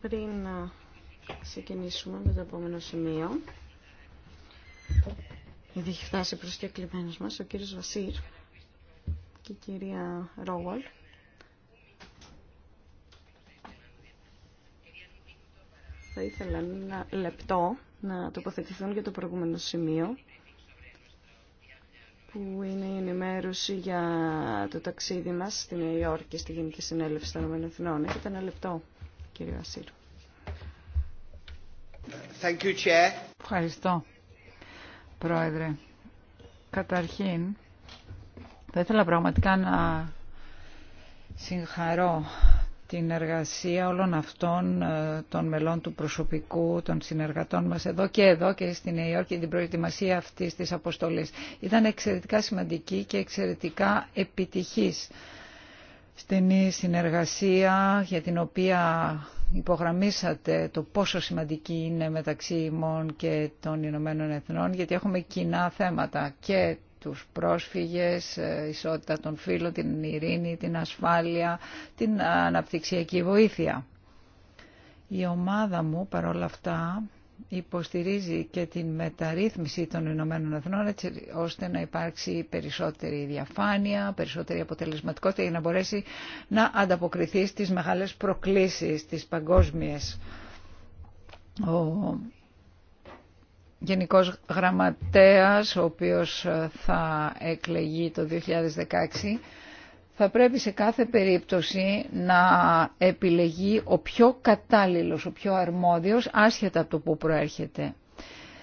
Πριν να ξεκινήσουμε με το επόμενο σημείο, ήδη έχει φτάσει προς και κλειμένος ο κύριο Βασίρ και η κυρία Ρόγολ. Θα ήθελα ένα λεπτό να τοποθετηθούν για το προηγούμενο σημείο δήλωση για το ταξίδι μας στη Νέα Υόρκη, στη Γενική Συνέλευση των Εθνών. Έχετε ένα λεπτό, κύριε Βασίλου. Thank you, Chair. Ευχαριστώ, Πρόεδρε. Καταρχήν, θα ήθελα πραγματικά να συγχαρώ την εργασία όλων αυτών ε, των μελών του προσωπικού, των συνεργατών μας εδώ και εδώ και στην Νέα Υόρκη την προετοιμασία αυτής της αποστολής. Ήταν εξαιρετικά σημαντική και εξαιρετικά επιτυχής στενή συνεργασία για την οποία υπογραμμίσατε το πόσο σημαντική είναι μεταξύ ημών και των Ηνωμένων Εθνών γιατί έχουμε κοινά θέματα και τους πρόσφυγες, ε, ισότητα των φύλων, την ειρήνη, την ασφάλεια, την αναπτυξιακή βοήθεια. Η ομάδα μου παρόλα αυτά υποστηρίζει και την μεταρρύθμιση των Ηνωμένων Εθνών έτσι ώστε να υπάρξει περισσότερη διαφάνεια, περισσότερη αποτελεσματικότητα για να μπορέσει να ανταποκριθεί στις μεγάλες προκλήσεις, τις παγκόσμιες. Γενικός Γραμματέας, ο οποίος ε, θα εκλεγεί το 2016, θα πρέπει σε κάθε περίπτωση να επιλεγεί ο πιο κατάλληλος, ο πιο αρμόδιος, άσχετα από το που προέρχεται.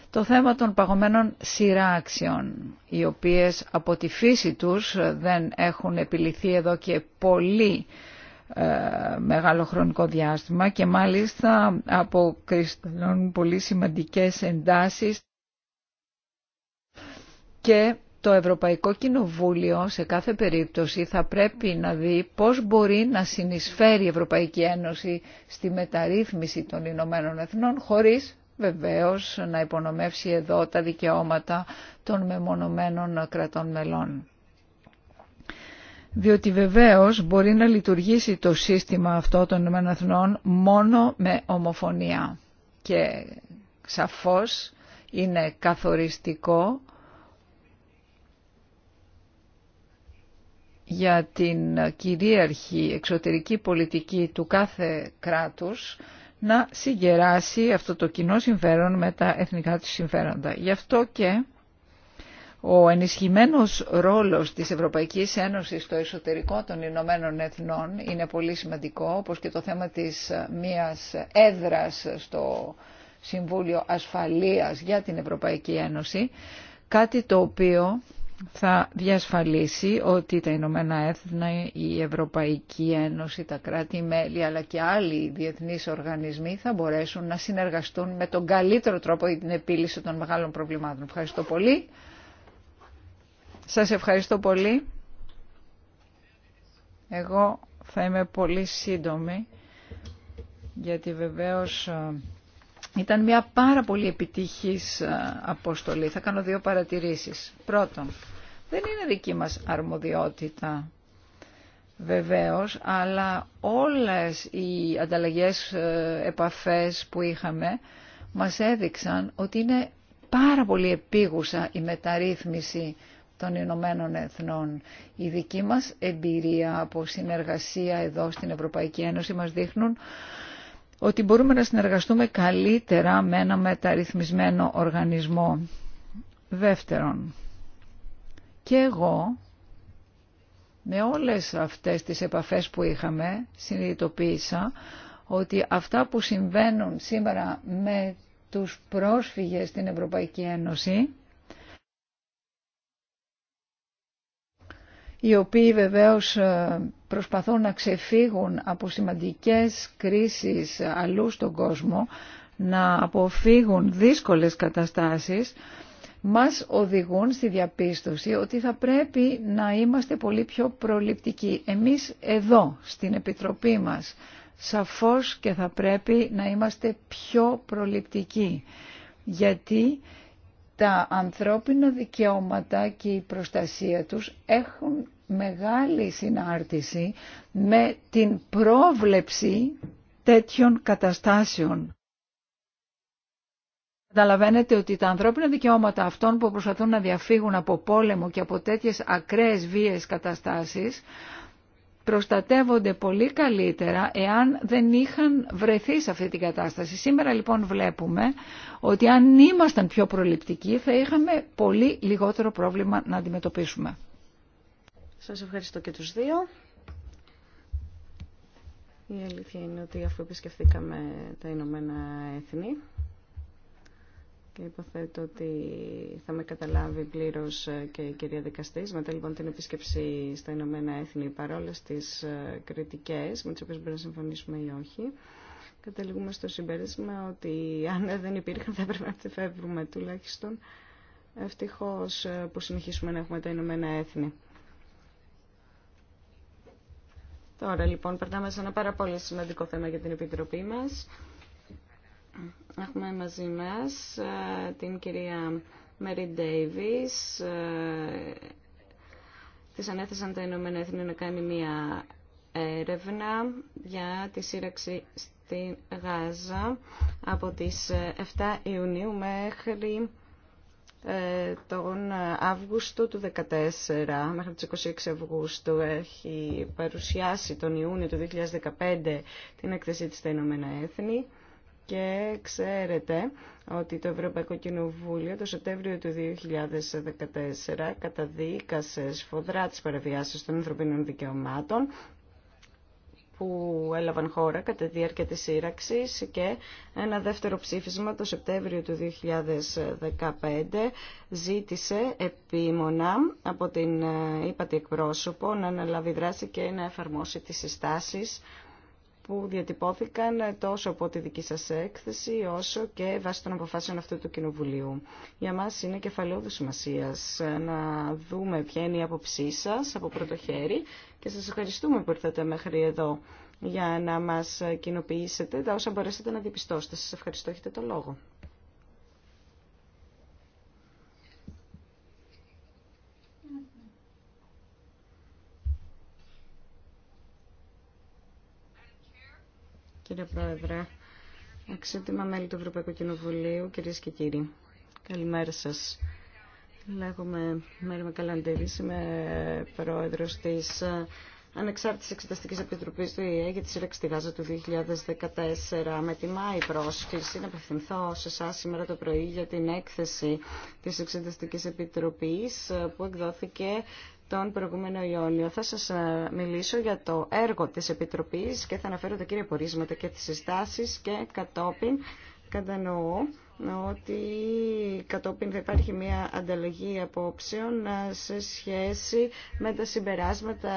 Το θέμα των παγωμένων σειράξεων, οι οποίες από τη φύση τους ε, δεν έχουν επιληθεί εδώ και πολύ ε, μεγάλο χρονικό διάστημα και μάλιστα αποκρισταλώνουν πολύ σημαντικές εντάσεις και το Ευρωπαϊκό Κοινοβούλιο σε κάθε περίπτωση θα πρέπει να δει πώς μπορεί να συνεισφέρει η Ευρωπαϊκή Ένωση στη μεταρρύθμιση των Ηνωμένων Εθνών χωρίς βεβαίως να υπονομεύσει εδώ τα δικαιώματα των μεμονωμένων κρατών μελών διότι βεβαίως μπορεί να λειτουργήσει το σύστημα αυτό των ΗΠΑ μόνο με ομοφωνία. Και σαφώς είναι καθοριστικό για την κυρίαρχη εξωτερική πολιτική του κάθε κράτους να συγκεράσει αυτό το κοινό συμφέρον με τα εθνικά του συμφέροντα. Γι' αυτό και ο ενισχυμένος ρόλος της Ευρωπαϊκής Ένωσης στο εσωτερικό των Ηνωμένων Εθνών είναι πολύ σημαντικό, όπως και το θέμα της ε, μίας έδρας στο Συμβούλιο Ασφαλείας για την Ευρωπαϊκή Ένωση, κάτι το οποίο θα διασφαλίσει ότι τα Ηνωμένα Έθνα, η Ευρωπαϊκή Ένωση, τα κράτη-μέλη αλλά και άλλοι διεθνείς οργανισμοί θα μπορέσουν να συνεργαστούν με τον καλύτερο τρόπο για την επίλυση των μεγάλων προβλημάτων. Ευχαριστώ πολύ. Σας ευχαριστώ πολύ. Εγώ θα είμαι πολύ σύντομη, γιατί βεβαίως ε, ήταν μια πάρα πολύ επιτυχής ε, αποστολή. Θα κάνω δύο παρατηρήσεις. Πρώτον, δεν είναι δική μας αρμοδιότητα βεβαίως, αλλά όλες οι ανταλλαγές ε, επαφές που είχαμε μας έδειξαν ότι είναι πάρα πολύ επίγουσα η μεταρρύθμιση των Ηνωμένων Εθνών. Η δική μας εμπειρία από συνεργασία εδώ στην Ευρωπαϊκή Ένωση μας δείχνουν ότι μπορούμε να συνεργαστούμε καλύτερα με ένα μεταρρυθμισμένο οργανισμό. Δεύτερον, και εγώ με όλες αυτές τις επαφές που είχαμε συνειδητοποίησα ότι αυτά που συμβαίνουν σήμερα με τους πρόσφυγες στην Ευρωπαϊκή Ένωση οι οποίοι βεβαίως ε, προσπαθούν να ξεφύγουν από σημαντικές κρίσεις αλλού στον κόσμο, να αποφύγουν δύσκολες καταστάσεις, μας οδηγούν στη διαπίστωση ότι θα πρέπει να είμαστε πολύ πιο προληπτικοί. Εμείς εδώ, στην Επιτροπή μας, σαφώς και θα πρέπει να είμαστε πιο προληπτικοί, γιατί τα ανθρώπινα δικαιώματα και η προστασία τους έχουν μεγάλη συνάρτηση με την πρόβλεψη τέτοιων καταστάσεων. Καταλαβαίνετε ότι τα ανθρώπινα δικαιώματα αυτών που προσπαθούν να διαφύγουν από πόλεμο και από τέτοιες ακραίες βίες καταστάσεις προστατεύονται πολύ καλύτερα εάν δεν είχαν βρεθεί σε αυτή την κατάσταση. Σήμερα λοιπόν βλέπουμε ότι αν ήμασταν πιο προληπτικοί θα είχαμε πολύ λιγότερο πρόβλημα να αντιμετωπίσουμε. Σας ευχαριστώ και τους δύο. Η αλήθεια είναι ότι αφού επισκεφθήκαμε τα Ηνωμένα Έθνη, και υποθέτω ότι θα με καταλάβει πλήρω ε, και η κυρία δικαστή. Μετά λοιπόν την επίσκεψη στα Ηνωμένα Έθνη, παρόλε τι ε, κριτικέ, με τι οποίε μπορούμε να συμφωνήσουμε ή όχι, καταλήγουμε στο συμπέρασμα ότι αν δεν υπήρχαν θα έπρεπε να φεύγουμε τουλάχιστον. Ευτυχώ ε, που συνεχίσουμε να έχουμε τα Ηνωμένα Έθνη. Τώρα λοιπόν περνάμε σε ένα πάρα πολύ σημαντικό θέμα για την Επιτροπή μας. Έχουμε μαζί μας ε, την κυρία Μέρι Ντέιβις. Της ανέθεσαν τα Ηνωμένα Έθνη να κάνει μία έρευνα για τη σύραξη στη Γάζα από τις 7 ε, Ιουνίου μέχρι ε, τον Αύγουστο του 2014 μέχρι τις 26 Αυγούστου έχει παρουσιάσει τον Ιούνιο του 2015 την έκθεσή της στα Ηνωμένα Έθνη και ξέρετε ότι το Ευρωπαϊκό Κοινοβούλιο το Σεπτέμβριο του 2014 καταδίκασε σφοδρά τις παραβιάσεις των ανθρωπίνων δικαιωμάτων που έλαβαν χώρα κατά τη διάρκεια της σύραξης και ένα δεύτερο ψήφισμα το Σεπτέμβριο του 2015 ζήτησε επίμονα από την ύπατη ε, εκπρόσωπο να αναλάβει δράση και να εφαρμόσει τις συστάσεις που διατυπώθηκαν τόσο από τη δική σας έκθεση όσο και βάσει των αποφάσεων αυτού του Κοινοβουλίου. Για μας είναι κεφαλαιόδου σημασία να δούμε ποια είναι η άποψή σας από πρώτο χέρι και σας ευχαριστούμε που ήρθατε μέχρι εδώ για να μας κοινοποιήσετε τα όσα μπορέσατε να διαπιστώσετε. Σας ευχαριστώ, έχετε το λόγο. Κύριε Πρόεδρε, αξιότιμα μέλη του Ευρωπαϊκού Κοινοβουλίου, κυρίε και κύριοι, καλημέρα σα. Λέγομαι Μέρη Μακαλαντήρη, είμαι πρόεδρο τη Ανεξάρτητη Εξεταστική Επιτροπή του ΙΕ για τη σύραξη στη Γάζα του 2014. Με τιμά η πρόσκληση να απευθυνθώ σε εσά σήμερα το πρωί για την έκθεση της Εξεταστική επιτροπή που εκδόθηκε τον προηγούμενο Ιόνιο. Θα σας ε, μιλήσω για το έργο της Επιτροπής και θα αναφέρω τα κύρια πορίσματα και τις συστάσεις και κατόπιν κατανοώ ότι κατόπιν θα υπάρχει μια ανταλλαγή απόψεων ε, σε σχέση με τα συμπεράσματα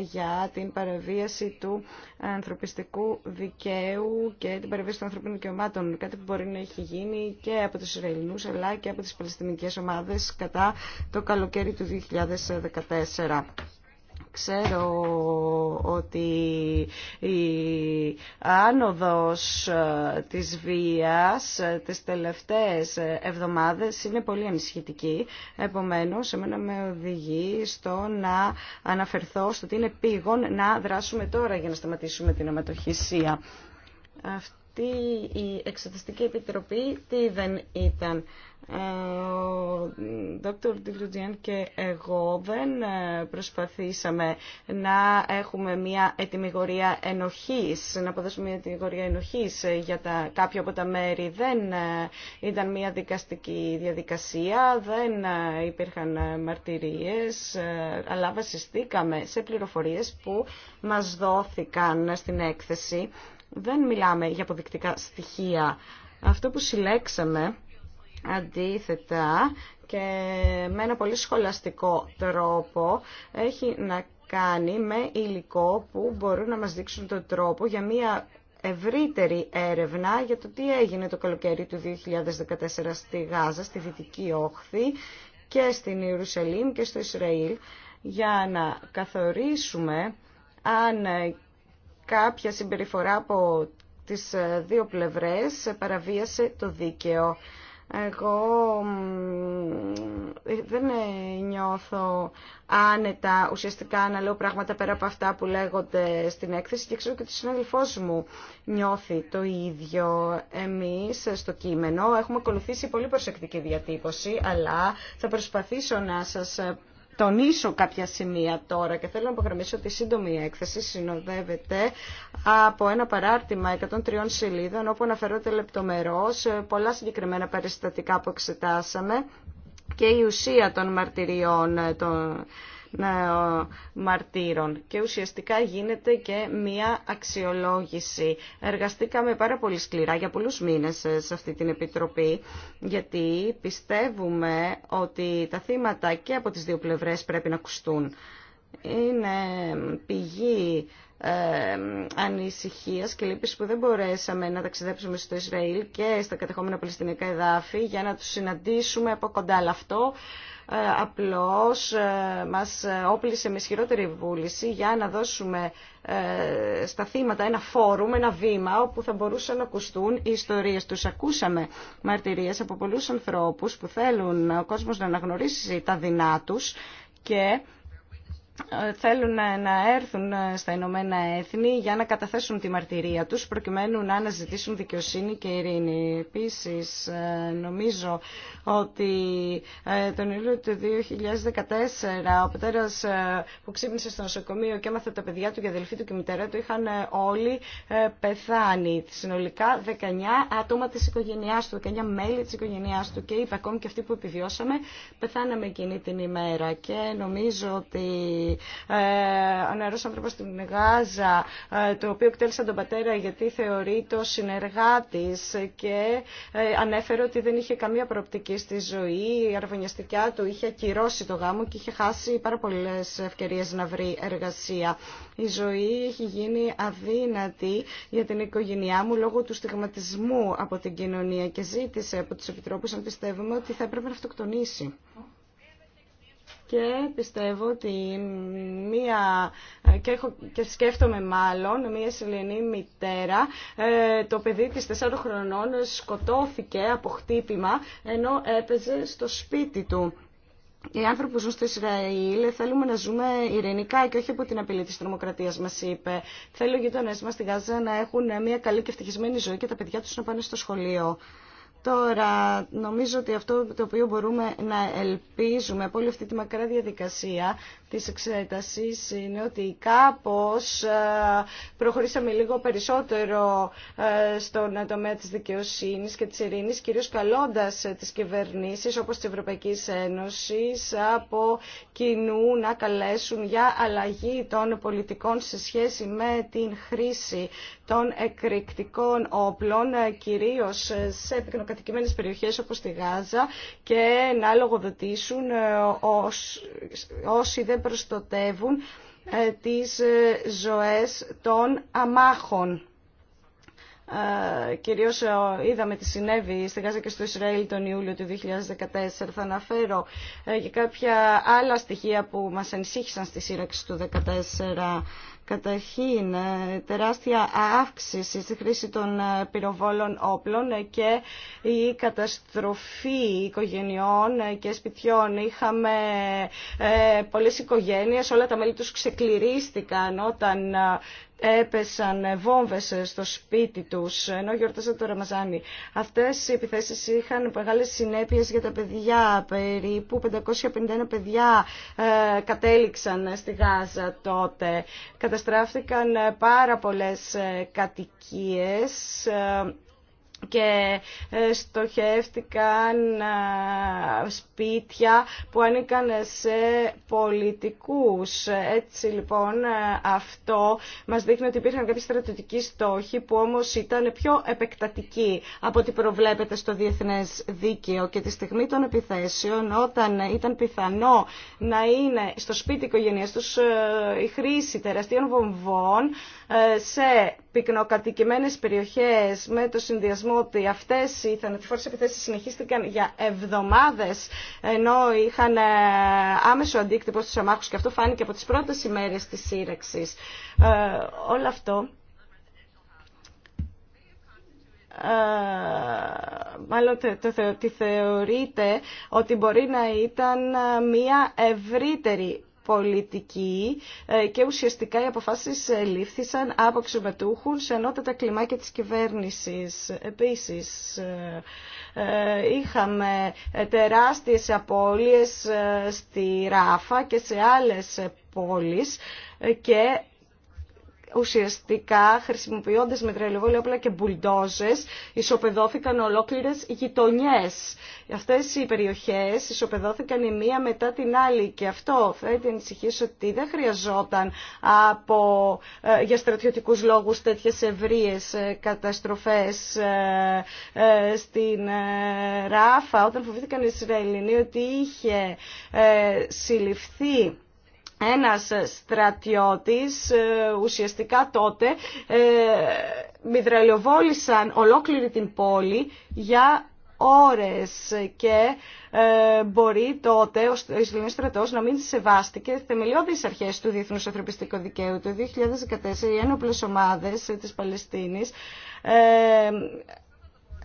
για την παραβίαση του ανθρωπιστικού δικαίου και την παραβίαση των ανθρωπίνων δικαιωμάτων. Κάτι που μπορεί να έχει γίνει και από τους Ισραηλινούς αλλά και από τις Παλαιστινικές ομάδες κατά το καλοκαίρι του 2014. Ξέρω ότι η άνοδος ε, της βίας ε, τις τελευταίες ε, εβδομάδες είναι πολύ ανησυχητική. Επομένως, εμένα με οδηγεί στο να αναφερθώ στο ότι είναι πήγον να δράσουμε τώρα για να σταματήσουμε την αιματοχυσία. Τι η Εξεταστική Επιτροπή τι δεν ήταν. Ε, ο Δ. και εγώ δεν ε, προσπαθήσαμε να έχουμε μια ετοιμιγορία ενοχής, να αποδέσουμε μια ετοιμιγορία ενοχής για τα, κάποια από τα μέρη. Δεν ε, ήταν μια δικαστική διαδικασία, δεν υπήρχαν μαρτυρίες, αλλά βασιστήκαμε σε πληροφορίες που μας δόθηκαν στην έκθεση δεν μιλάμε για αποδεικτικά στοιχεία. Αυτό που συλλέξαμε αντίθετα και με ένα πολύ σχολαστικό τρόπο έχει να κάνει με υλικό που μπορούν να μας δείξουν τον τρόπο για μια ευρύτερη έρευνα για το τι έγινε το καλοκαίρι του 2014 στη Γάζα, στη Δυτική Όχθη και στην Ιερουσαλήμ και στο Ισραήλ για να καθορίσουμε αν κάποια συμπεριφορά από τις ε, δύο πλευρές ε, παραβίασε το δίκαιο. Εγώ ε, δεν νιώθω άνετα ουσιαστικά να λέω πράγματα πέρα από αυτά που λέγονται στην έκθεση και ξέρω και ότι ο συνάδελφός μου νιώθει το ίδιο. Εμείς στο κείμενο έχουμε ακολουθήσει πολύ προσεκτική διατύπωση αλλά θα προσπαθήσω να σας τονίσω κάποια σημεία τώρα και θέλω να απογραμμίσω ότι η σύντομη έκθεση συνοδεύεται από ένα παράρτημα 103 σελίδων όπου αναφερόνται λεπτομερώς πολλά συγκεκριμένα περιστατικά που εξετάσαμε και η ουσία των μαρτυριών των μαρτύρων και ουσιαστικά γίνεται και μία αξιολόγηση. Εργαστήκαμε πάρα πολύ σκληρά για πολλούς μήνες ε, σε αυτή την Επιτροπή γιατί πιστεύουμε ότι τα θύματα και από τις δύο πλευρές πρέπει να ακουστούν. Είναι πηγή ε, ανησυχία και λύπης που δεν μπορέσαμε να ταξιδέψουμε στο Ισραήλ και στα κατεχόμενα παλαιστινικά εδάφη για να τους συναντήσουμε από κοντά. Αλλά αυτό ε, απλώς ε, μας όπλησε με ισχυρότερη βούληση για να δώσουμε ε, στα θύματα ένα φόρουμ, ένα βήμα όπου θα μπορούσαν να ακουστούν οι ιστορίες τους. Ακούσαμε μαρτυρίες από πολλούς ανθρώπους που θέλουν ο κόσμος να αναγνωρίσει τα δεινά τους και θέλουν να έρθουν στα Ηνωμένα Έθνη για να καταθέσουν τη μαρτυρία τους προκειμένου να αναζητήσουν δικαιοσύνη και ειρήνη. Επίσης, ε, νομίζω ότι ε, τον Ιούλιο του 2014 ο πατέρας ε, που ξύπνησε στο νοσοκομείο και έμαθε τα παιδιά του και αδελφοί του και μητέρα του είχαν όλοι πεθάνει. Συνολικά 19 άτομα της οικογένειάς του, 19 μέλη της οικογένειάς του και είπε ακόμη και αυτοί που επιβιώσαμε πεθάναμε εκείνη την ημέρα και νομίζω ότι ε, νεαρός άνθρωπος στην Γάζα, ε, το οποίο εκτέλεσε τον πατέρα γιατί θεωρεί το συνεργάτης και ε, ανέφερε ότι δεν είχε καμία προοπτική στη ζωή. Η αρβωνιαστικιά του είχε ακυρώσει το γάμο και είχε χάσει πάρα πολλές ευκαιρίες να βρει εργασία. Η ζωή έχει γίνει αδύνατη για την οικογένειά μου λόγω του στιγματισμού από την κοινωνία και ζήτησε από τους επιτρόπους να πιστεύουμε ότι θα έπρεπε να αυτοκτονήσει και πιστεύω ότι μία, και, έχω, και σκέφτομαι μάλλον, μία Σιλενή μητέρα, ε, το παιδί της 4 χρονών σκοτώθηκε από χτύπημα ενώ έπαιζε στο σπίτι του. Οι άνθρωποι που ζουν στο Ισραήλ θέλουμε να ζούμε ειρηνικά και όχι από την απειλή τη τρομοκρατία, μα είπε. Θέλω οι γείτονέ μα στη Γάζα να έχουν μια καλή και ευτυχισμένη ζωή και τα παιδιά του να πάνε στο σχολείο. Τώρα, νομίζω ότι αυτό το οποίο μπορούμε να ελπίζουμε από όλη αυτή τη μακρά διαδικασία της εξέτασης είναι ότι κάπως ε, προχωρήσαμε λίγο περισσότερο ε, στον τομέα της δικαιοσύνης και της ειρήνης, κυρίως καλώντας ε, τις κυβερνήσεις όπως της Ευρωπαϊκής Ένωσης από κοινού να καλέσουν για αλλαγή των πολιτικών σε σχέση με την χρήση των εκρηκτικών όπλων, κυρίως σε κατοικημένες περιοχές όπως τη Γάζα και να λογοδοτήσουν ε, όσοι δεν προστατεύουν ε, τις ε, ζωές των αμάχων. Κυρίως είδαμε τι συνέβη στη Γάζα και στο Ισραήλ τον Ιούλιο του 2014. Θα αναφέρω και κάποια άλλα στοιχεία που μας ενσύχησαν στη σύραξη του 2014. Καταρχήν, ε, τεράστια αύξηση στη χρήση των ε, πυροβόλων όπλων ε, και η καταστροφή οικογενειών και σπιτιών. Είχαμε πολλές οικογένειες, όλα τα μέλη τους ξεκληρίστηκαν όταν έπεσαν βόμβες στο σπίτι τους ενώ γιορτάζαν το Ραμαζάνι. Αυτές οι επιθέσεις είχαν μεγάλες συνέπειες για τα παιδιά. Περίπου 551 παιδιά ε, κατέληξαν στη Γάζα τότε. Καταστράφηκαν πάρα πολλές ε, κατοικίες ε, και ε, στοχεύτηκαν ε, σπίτια που ανήκαν σε πολιτικούς. Έτσι λοιπόν ε, αυτό μας δείχνει ότι υπήρχαν κάποιοι στρατιωτικοί στόχοι που όμως ήταν πιο επεκτατικοί από ό,τι προβλέπεται στο διεθνές δίκαιο και τη στιγμή των επιθέσεων όταν ήταν πιθανό να είναι στο σπίτι οικογένειας τους η χρήση τεραστίων βομβών σε πυκνοκατοικημένες περιοχές με το συνδυασμό ότι αυτέ οι θανατηφόρες επιθέσεις συνεχίστηκαν για εβδομάδες ενώ είχαν ε, άμεσο αντίκτυπο στους αμάχου και αυτό φάνηκε από τις πρώτες ημέρες της σύρεξη. Ε, όλο αυτό ε, μάλλον το, τη θεωρείται ότι μπορεί να ήταν μια ευρύτερη πολιτική ε, και ουσιαστικά οι αποφάσεις ε, λήφθησαν από ξεμετούχους σε ανώτατα κλιμάκια τη κυβέρνησης. Επίσης, ε, είχαμε τεράστιες απώλειες στη Ράφα και σε άλλες πόλεις και ουσιαστικά χρησιμοποιώντας μετρελαιοβόλια όπλα και μπουλντόζες ισοπεδώθηκαν ολόκληρες γειτονιές. Αυτές οι περιοχές ισοπεδώθηκαν η μία μετά την άλλη και αυτό θα να ανησυχία ότι δεν χρειαζόταν από, ε, για στρατιωτικούς λόγους τέτοιες ευρείες ε, καταστροφές ε, στην Ράφα όταν φοβήθηκαν οι Ισραηλινοί ότι είχε συλληφθεί ένας στρατιώτης ε, ουσιαστικά τότε ε, μηδραλιοβόλησαν ολόκληρη την πόλη για ώρες και ε, μπορεί τότε ο Ισραηλινός στρατός να μην σεβάστηκε θεμελιώδεις αρχές του Διεθνούς Ανθρωπιστικού Δικαίου. Το 2014 οι ένοπλες ομάδες ε, της Παλαιστίνης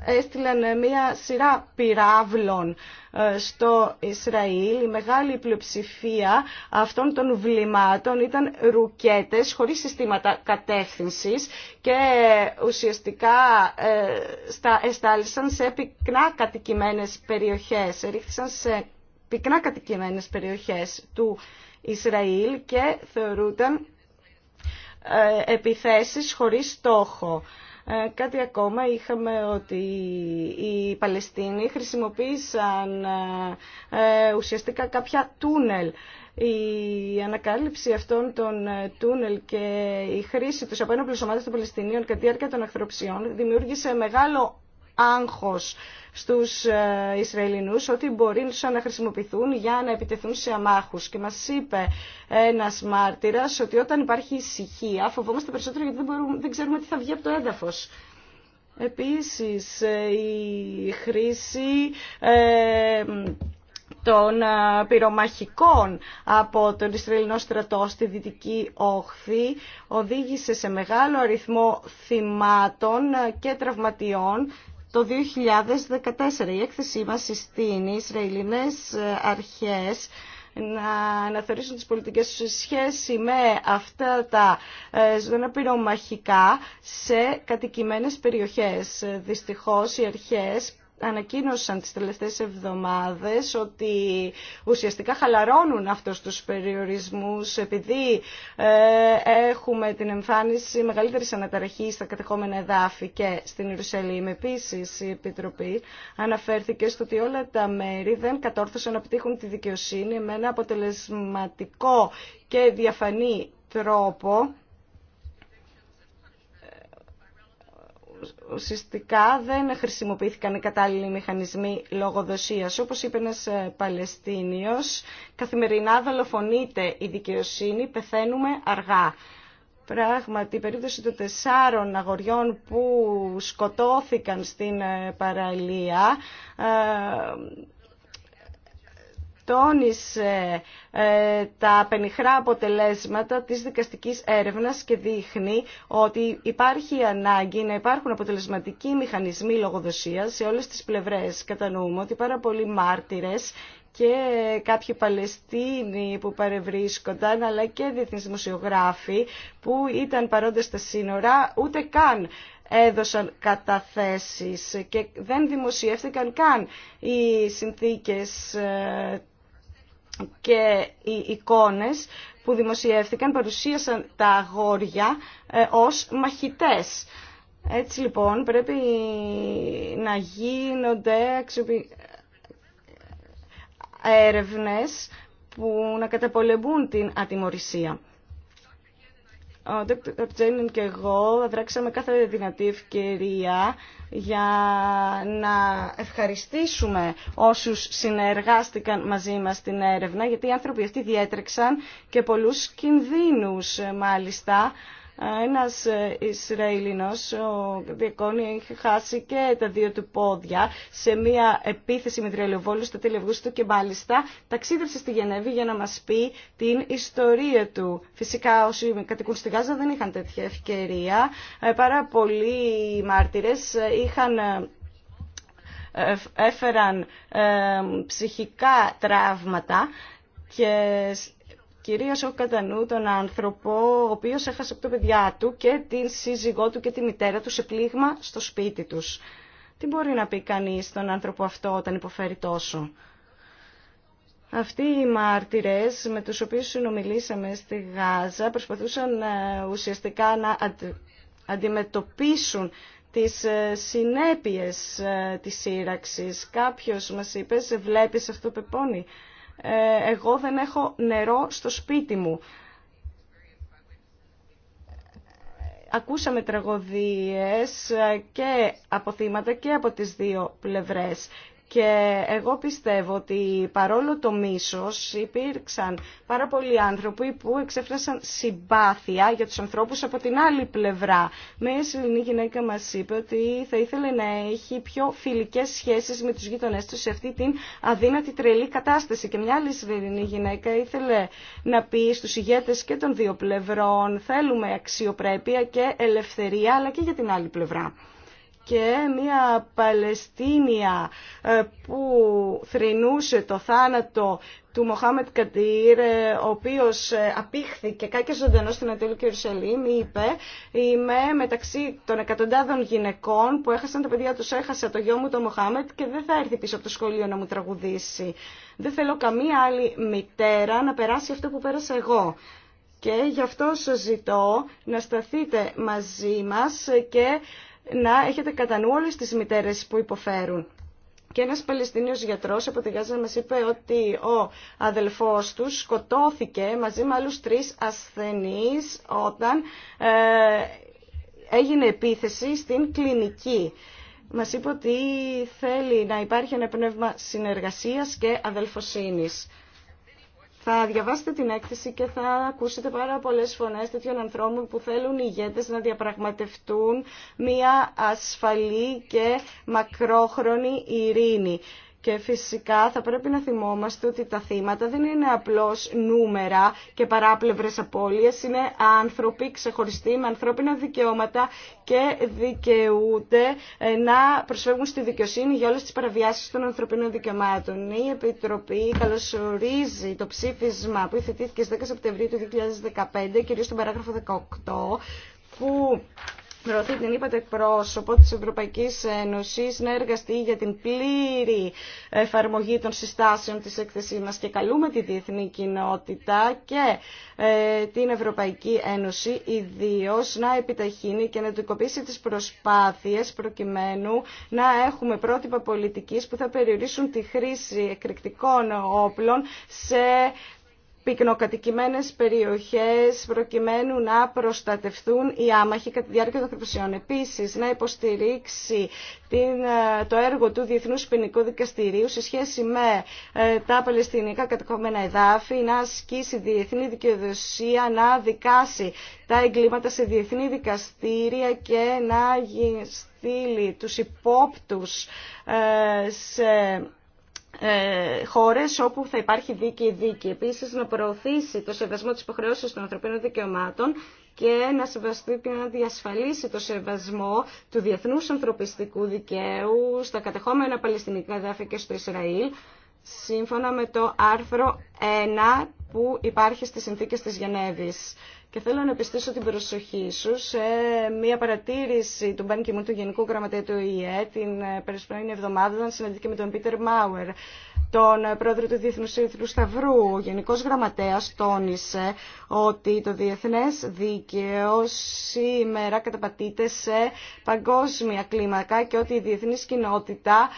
έστειλαν μια σειρά πυράβλων ε, στο Ισραήλ. Η μεγάλη πλειοψηφία αυτών των βλημάτων ήταν ρουκέτες χωρίς συστήματα κατεύθυνσης και ουσιαστικά ε, στα εστάλησαν σε πυκνά κατοικημένες περιοχές, ρίχθησαν σε πυκνά κατοικημένες περιοχές του Ισραήλ και θεωρούνταν ε, επιθέσεις χωρίς στόχο. Ε, κάτι ακόμα είχαμε ότι οι Παλαιστίνοι χρησιμοποίησαν ε, ε, ουσιαστικά κάποια τούνελ. Η ανακάλυψη αυτών των τούνελ και η χρήση τους από ένα ομαδες των Παλαιστινίων κατά τη διάρκεια των εχθροψιών δημιούργησε μεγάλο άγχος στους ε, Ισραηλινούς ότι μπορεί να χρησιμοποιηθούν για να επιτεθούν σε αμάχους. Και μας είπε ένας μάρτυρας ότι όταν υπάρχει ησυχία φοβόμαστε περισσότερο γιατί δεν, μπορούμε, δεν ξέρουμε τι θα βγει από το έδαφος. Επίσης ε, η χρήση ε, των πυρομαχικών από τον Ισραηλινό στρατό στη Δυτική Όχθη οδήγησε σε μεγάλο αριθμό θυμάτων και τραυματιών το 2014. Η έκθεσή μας συστήνει Ισραηλινές ε, αρχές να αναθεωρήσουν τις πολιτικές τους σε σχέση με αυτά τα ε, ζωντανά πυρομαχικά σε κατοικημένες περιοχές. Δυστυχώς οι αρχές ανακοίνωσαν τις τελευταίες εβδομάδες ότι ουσιαστικά χαλαρώνουν αυτούς τους περιορισμούς επειδή ε, έχουμε την εμφάνιση μεγαλύτερης αναταραχής στα κατεχόμενα εδάφη και στην Ιερουσαλήμ. Επίσης η Επιτροπή αναφέρθηκε στο ότι όλα τα μέρη δεν κατόρθωσαν να πετύχουν τη δικαιοσύνη με ένα αποτελεσματικό και διαφανή τρόπο ουσιαστικά δεν χρησιμοποιήθηκαν οι κατάλληλοι μηχανισμοί λογοδοσίας. Όπως είπε ένας ε, Παλαιστίνιος, καθημερινά δολοφονείται η δικαιοσύνη, πεθαίνουμε αργά. Πράγματι, η περίπτωση των τεσσάρων αγοριών που σκοτώθηκαν στην ε, παραλία ε, τόνισε ε, τα πενιχρά αποτελέσματα της δικαστικής έρευνας και δείχνει ότι υπάρχει ανάγκη να υπάρχουν αποτελεσματικοί μηχανισμοί λογοδοσίας σε όλες τις πλευρές. Κατανοούμε ότι πάρα πολλοί μάρτυρες και κάποιοι Παλαιστίνοι που παρευρίσκονταν, αλλά και διεθνείς δημοσιογράφοι που ήταν παρόντες στα σύνορα, ούτε καν έδωσαν καταθέσεις και δεν δημοσιεύθηκαν καν οι συνθήκες ε, και οι εικόνες που δημοσιεύθηκαν παρουσίασαν τα αγόρια ε, ως μαχητές. Έτσι λοιπόν πρέπει να γίνονται αξιοποι... έρευνες που να καταπολεμούν την ατιμορρησία. Ο Dr. Τζένιν και εγώ δράξαμε κάθε δυνατή ευκαιρία για να ευχαριστήσουμε όσους συνεργάστηκαν μαζί μας στην έρευνα, γιατί οι άνθρωποι αυτοί διέτρεξαν και πολλούς κινδύνους μάλιστα ένας ε, Ισραηλινός, ο Διακόνη, είχε χάσει και τα δύο του πόδια σε μια επίθεση με τριαλιοβόλου στο τέλη του και μάλιστα ταξίδευσε στη Γενέβη για να μας πει την ιστορία του. Φυσικά όσοι κατοικούν στη Γάζα δεν είχαν τέτοια ευκαιρία. Ε, Πάρα πολλοί μάρτυρες ε, είχαν έφεραν ψυχικά τραύματα και Κυρίως έχω κατά νου τον άνθρωπο ο οποίος έχασε από το παιδιά του και την σύζυγό του και τη μητέρα του σε πλήγμα στο σπίτι τους. Τι μπορεί να πει κανείς τον άνθρωπο αυτό όταν υποφέρει τόσο. Αυτοί οι μάρτυρες με τους οποίους συνομιλήσαμε στη Γάζα προσπαθούσαν ε, ουσιαστικά να αντιμετωπίσουν τις ε, συνέπειες ε, της σύραξης. Κάποιος μας είπε, σε βλέπεις αυτό Πεπόνι» Ε, εγώ δεν έχω νερό στο σπίτι μου. Ακούσαμε τραγωδίες και αποθήματα και από τις δύο πλευρές και εγώ πιστεύω ότι παρόλο το μίσος υπήρξαν πάρα πολλοί άνθρωποι που εξέφρασαν συμπάθεια για τους ανθρώπους από την άλλη πλευρά. Μια σημερινή γυναίκα μας είπε ότι θα ήθελε να έχει πιο φιλικές σχέσεις με τους γείτονές του σε αυτή την αδύνατη τρελή κατάσταση. Και μια άλλη σημερινή γυναίκα ήθελε να πει στους ηγέτες και των δύο πλευρών θέλουμε αξιοπρέπεια και ελευθερία αλλά και για την άλλη πλευρά και μια Παλαιστίνια ε, που θρηνούσε το θάνατο του Μοχάμετ Καντήρ, ε, ο οποίος ε, απήχθηκε κάκια ζωντανό στην Ανατολική Ιερουσαλήμ, είπε «Είμαι μεταξύ των εκατοντάδων γυναικών που έχασαν τα παιδιά τους, έχασα το γιο μου το Μοχάμετ και δεν θα έρθει πίσω από το σχολείο να μου τραγουδήσει. Δεν θέλω καμία άλλη μητέρα να περάσει αυτό που πέρασα εγώ». Και γι' αυτό σας ζητώ να σταθείτε μαζί μας και να έχετε κατά νου όλες τις μητέρες που υποφέρουν. Και ένας Παλαιστινίος γιατρός από τη Γάζα μας είπε ότι ο αδελφός του σκοτώθηκε μαζί με άλλους τρεις ασθενείς όταν ε, έγινε επίθεση στην κλινική. Μας είπε ότι θέλει να υπάρχει ένα πνεύμα συνεργασίας και αδελφοσύνης. Θα διαβάσετε την έκθεση και θα ακούσετε πάρα πολλές φωνές τέτοιων ανθρώπων που θέλουν οι ηγέτες να διαπραγματευτούν μια ασφαλή και μακρόχρονη ειρήνη. Και φυσικά θα πρέπει να θυμόμαστε ότι τα θύματα δεν είναι απλώς νούμερα και παράπλευρες απώλειες, είναι άνθρωποι ξεχωριστοί με ανθρώπινα δικαιώματα και δικαιούνται ε, να προσφεύγουν στη δικαιοσύνη για όλες τις παραβιάσεις των ανθρωπίνων δικαιωμάτων. Η Επιτροπή καλωσορίζει το ψήφισμα που υθετήθηκε στις 10 Σεπτεμβρίου του 2015, κυρίως στον παράγραφο 18, που Ρωτή την είπατε εκπρόσωπο της Ευρωπαϊκής Ένωσης να εργαστεί για την πλήρη εφαρμογή των συστάσεων της έκθεσής μας και καλούμε τη διεθνή κοινότητα και ε, την Ευρωπαϊκή Ένωση ιδίω να επιταχύνει και να τοικοποιήσει τις προσπάθειες προκειμένου να έχουμε πρότυπα πολιτικής που θα περιορίσουν τη χρήση εκρηκτικών όπλων σε πυκνοκατοικημένες περιοχές προκειμένου να προστατευτούν οι άμαχοι κατά τη διάρκεια των χρυσιών. Επίσης, να υποστηρίξει την, ε, το έργο του Διεθνούς Ποινικού Δικαστηρίου σε σχέση με ε, τα παλαιστινικά κατοικόμενα εδάφη, να ασκήσει διεθνή δικαιοδοσία, να δικάσει τα εγκλήματα σε διεθνή δικαστήρια και να στείλει τους υπόπτους ε, σε ε, Χώρε όπου θα υπάρχει δίκαιη δίκη. Επίσης να προωθήσει το σεβασμό τη υποχρεώσεω των ανθρωπίνων δικαιωμάτων και να σεβαστεί να διασφαλίσει το σεβασμό του Διεθνού ανθρωπιστικού δικαίου στα κατεχόμενα παλαιστινικά εδάφη και στο Ισραήλ σύμφωνα με το άρθρο 1 που υπάρχει στις συνθήκες της Γενέβης. Και θέλω να επιστήσω την προσοχή σου σε μια παρατήρηση του Μπαν Κιμούν του Γενικού Γραμματέα του ΙΕ την περισσότερη εβδομάδα όταν συναντήθηκε με τον Πίτερ Μάουερ τον πρόεδρο του Διεθνού Σύνθρου Σταυρού, ο Γενικός Γραμματέας, τόνισε ότι το διεθνές δίκαιο σήμερα καταπατείται σε παγκόσμια κλίμακα και ότι η διεθνής κοινότητα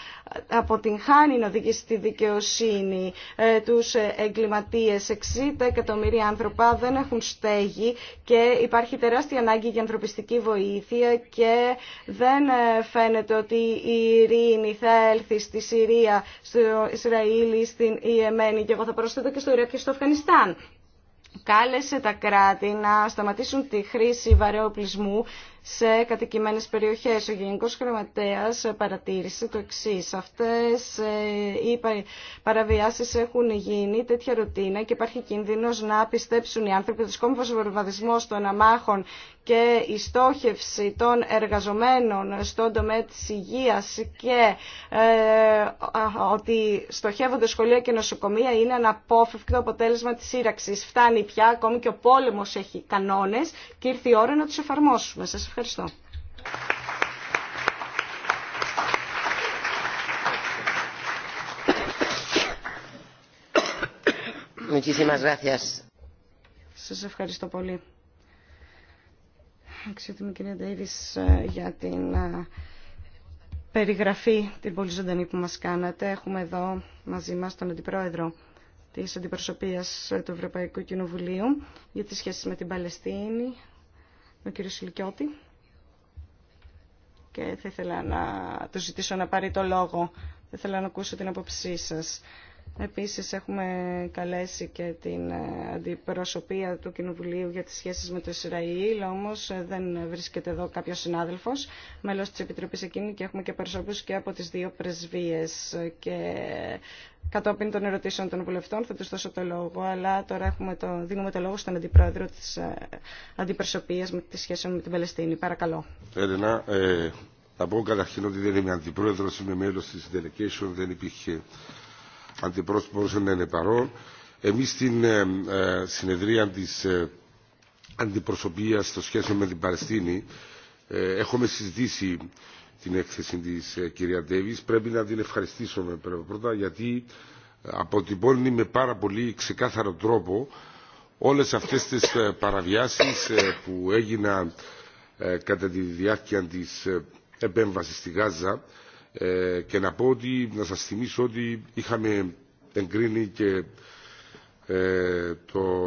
αποτυγχάνει να οδηγήσει στη δικαιοσύνη ε, τους εγκληματίες. 60 εκατομμύρια άνθρωπα δεν έχουν στέγη και υπάρχει τεράστια ανάγκη για ανθρωπιστική βοήθεια και δεν φαίνεται ότι η ειρήνη θα έλθει στη Συρία, στο Ισραήλ Ισραήλ στην Ιεμένη και εγώ θα προσθέτω και στο Ιράκ και στο Αφγανιστάν. Κάλεσε τα κράτη να σταματήσουν τη χρήση βαρέοπλισμού σε κατοικημένες περιοχές. Ο Γενικός Γραμματέας παρατήρησε το εξής. Αυτές ε, οι παραβιάσεις έχουν γίνει τέτοια ρουτίνα και υπάρχει κίνδυνος να πιστέψουν οι άνθρωποι ότι σκόμβος βορβαδισμός των αμάχων και η στόχευση των εργαζομένων στον τομέα της υγείας και ε, ότι στοχεύονται σχολεία και νοσοκομεία είναι αναπόφευκτο αποτέλεσμα της σύραξης. Φτάνει πια, ακόμη και ο πόλεμος έχει κανόνες και ήρθε η ώρα να του εφαρμόσουμε. Ευχαριστώ. Σας ευχαριστώ πολύ. Αξιότιμη κυρία Ντέιβις για την περιγραφή την πολύ ζωντανή που μας κάνατε. Έχουμε εδώ μαζί μας τον Αντιπρόεδρο της Αντιπροσωπείας του Ευρωπαϊκού Κοινοβουλίου για τις σχέσεις με την Παλαιστίνη, τον κύριο Σιλικιώτη και θα ήθελα να του ζητήσω να πάρει το λόγο. Θα ήθελα να ακούσω την άποψή σας. Επίσης έχουμε καλέσει και την ε, αντιπροσωπεία του Κοινοβουλίου για τις σχέσεις με το Ισραήλ, όμως ε, δεν βρίσκεται εδώ κάποιος συνάδελφος, μέλος της Επιτροπής εκείνη και έχουμε και προσώπους και από τις δύο πρεσβείες και κατόπιν των ερωτήσεων των βουλευτών θα τους δώσω το λόγο, αλλά τώρα έχουμε το, δίνουμε το λόγο στον αντιπρόεδρο της ε, αντιπροσωπείας με τη σχέση με την Παλαιστίνη. Παρακαλώ. Έλενα, ε, πω καταρχήν ότι δεν είμαι αντιπρόεδρος, είμαι μέλος της delegation, δεν υπήρχε αντιπρόσωπος να είναι παρόν. Εμείς στην ε, ε, συνεδρία της ε, αντιπροσωπείας στο σχέσιο με την Παλαιστίνη έχουμε συζητήσει την έκθεση της κυρία Ντέβης. Πρέπει να την ευχαριστήσουμε πρώτα γιατί αποτυπώνει με πάρα πολύ ξεκάθαρο τρόπο όλες αυτές τις παραβιάσεις που έγιναν κατά τη διάρκεια της επέμβασης στη Γάζα ε, και να πω ότι, να σας θυμίσω ότι είχαμε εγκρίνει και ε, το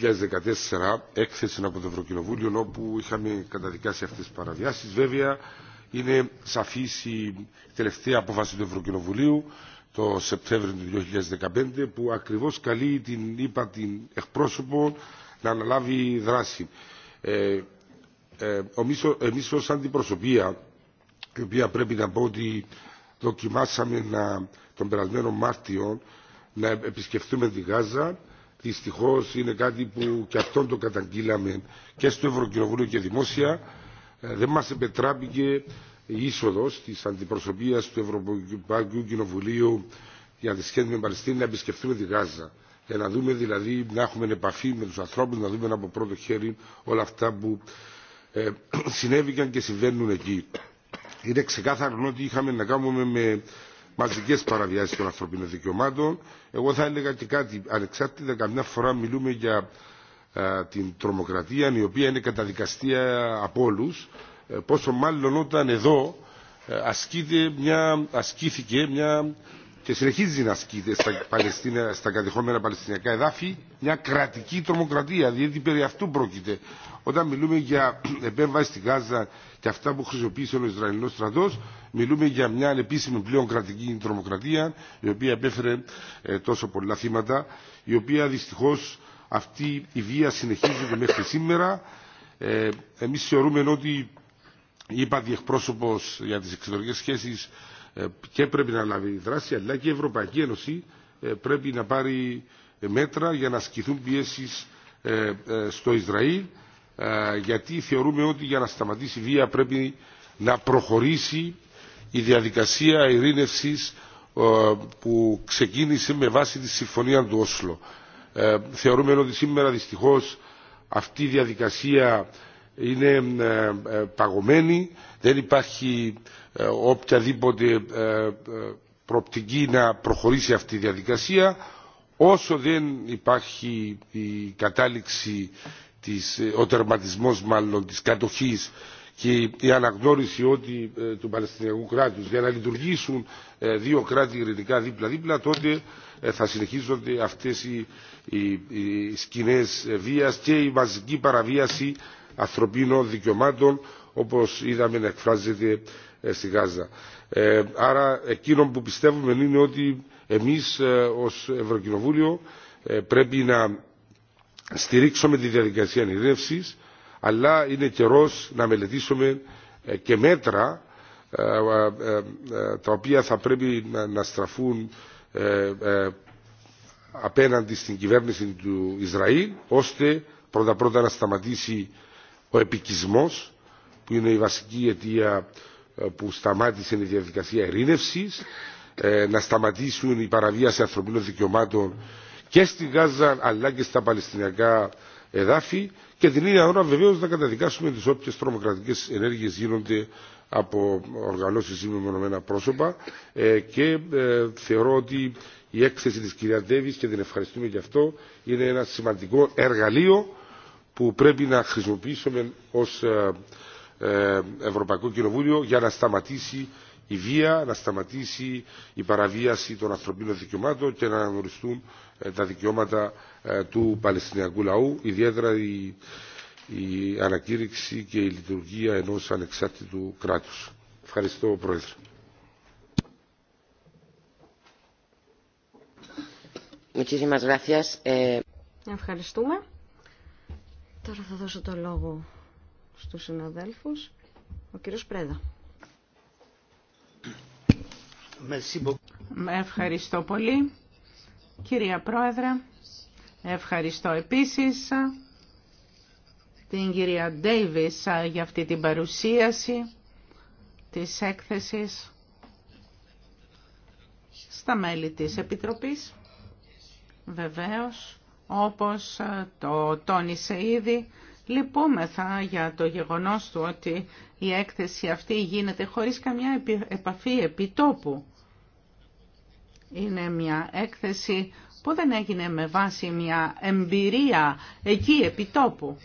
2014 έκθεση από το Ευρωκοινοβούλιο όπου είχαμε καταδικάσει αυτές τις παραβιάσεις. Βέβαια είναι σαφής η τελευταία απόφαση του Ευρωκοινοβουλίου το Σεπτέμβριο του 2015 που ακριβώς καλεί την είπα την εκπρόσωπο να αναλάβει δράση. Ε, ε, εμείς ως αντιπροσωπεία η οποία πρέπει να πω ότι δοκιμάσαμε να, τον περασμένο Μάρτιο να επισκεφτούμε τη Γάζα. Δυστυχώ είναι κάτι που και αυτόν το καταγγείλαμε και στο Ευρωκοινοβούλιο και δημόσια. Ε, δεν μα επιτράπηκε η είσοδο τη αντιπροσωπεία του Ευρωπαϊκού Κοινοβουλίου για τη σχέση με την Παλαιστίνη να επισκεφτούμε τη Γάζα. Για να δούμε δηλαδή, να έχουμε επαφή με του ανθρώπου, να δούμε από πρώτο χέρι όλα αυτά που ε, συνέβηκαν και συμβαίνουν εκεί είναι ξεκάθαρο ότι είχαμε να κάνουμε με μαζικέ παραβιάσει των ανθρωπίνων δικαιωμάτων. Εγώ θα έλεγα και κάτι, ανεξάρτητα καμιά φορά μιλούμε για την τρομοκρατία, η οποία είναι καταδικαστία από όλου, ε, πόσο μάλλον όταν εδώ ε, ασκείται μια, ασκήθηκε μια και συνεχίζει να ασκείται στα, στα κατεχόμενα Παλαιστινιακά εδάφη μια κρατική τρομοκρατία, διότι δηλαδή, περί αυτού πρόκειται. Όταν μιλούμε για επέμβαση στη Γάζα και αυτά που χρησιμοποίησε ο Ισραηλινό στρατό, μιλούμε για μια ανεπίσημη πλέον κρατική τρομοκρατία, η οποία επέφερε ε, τόσο πολλά θύματα, η οποία δυστυχώ αυτή η βία συνεχίζεται μέχρι σήμερα. Ε, Εμεί θεωρούμε ότι είπα διεκπρόσωπο για τι εξωτερικέ σχέσει ε, και πρέπει να λάβει δράση, αλλά και η Ευρωπαϊκή Ένωση ε, πρέπει να πάρει μέτρα για να ασκηθούν πιέσει ε, στο Ισραήλ, γιατί θεωρούμε ότι για να σταματήσει η βία πρέπει να προχωρήσει η διαδικασία ειρήνευσης που ξεκίνησε με βάση τη συμφωνία του Όσλο. Θεωρούμε ότι σήμερα δυστυχώς αυτή η διαδικασία είναι ε, ε, παγωμένη, δεν υπάρχει ε, οποιαδήποτε προοπτική να προχωρήσει αυτή η διαδικασία όσο δεν υπάρχει η κατάληξη, της, ο τερματισμός μάλλον της κατοχής και η αναγνώριση ότι, του Παλαιστινιακού κράτους για να λειτουργήσουν δύο κράτη ειρηνικά δίπλα-δίπλα τότε θα συνεχίζονται αυτές οι, οι, οι σκηνές βίας και η μαζική παραβίαση ανθρωπίνων δικαιωμάτων όπως είδαμε να εκφράζεται ε, στη Γάζα. Ε, άρα εκείνο που πιστεύουμε είναι ότι εμείς ε, ως Ευρωκοινοβούλιο πρέπει να στηρίξουμε τη διαδικασία ενηρεύσης αλλά είναι καιρός να μελετήσουμε και μέτρα τα οποία θα πρέπει να στραφούν απέναντι στην κυβέρνηση του Ισραήλ ώστε πρώτα-πρώτα να σταματήσει ο επικισμός που είναι η βασική αιτία ε, που σταμάτησε η διαδικασία ε, να σταματήσουν οι παραβίαση ανθρωπίνων δικαιωμάτων και στη Γάζα αλλά και στα Παλαιστινιακά εδάφη και την ίδια ώρα βεβαίως να καταδικάσουμε τις όποιες τρομοκρατικές ενέργειες γίνονται από οργανώσεις ή μεμονωμένα πρόσωπα ε, και ε, θεωρώ ότι η έκθεση της κυρία Ντέβης και την ευχαριστούμε γι' αυτό είναι ένα σημαντικό εργαλείο που πρέπει να χρησιμοποιήσουμε ως ε, ε, Ευρωπαϊκό Κοινοβούλιο για να σταματήσει η βία, να σταματήσει η παραβίαση των ανθρωπίνων δικαιωμάτων και να αναγνωριστούν ε, τα δικαιώματα του Παλαιστινιακού λαού, ιδιαίτερα η, η ανακήρυξη και η λειτουργία ενός ανεξάρτητου κράτους. Ευχαριστώ, Πρόεδρε. Ευχαριστούμε. Τώρα θα δώσω το λόγο στους συναδέλφους. Ο κύριος Πρέδα. Ευχαριστώ πολύ. Κυρία Πρόεδρε, ευχαριστώ επίσης την κυρία Ντέιβις για αυτή την παρουσίαση της έκθεσης στα μέλη της Επιτροπής. Βεβαίως, όπως ε, το τόνισε ήδη, λυπούμεθα για το γεγονός του ότι η έκθεση αυτή γίνεται χωρίς καμιά επαφή επιτόπου. Είναι μια έκθεση που δεν έγινε με βάση μια εμπειρία εκεί επιτόπου.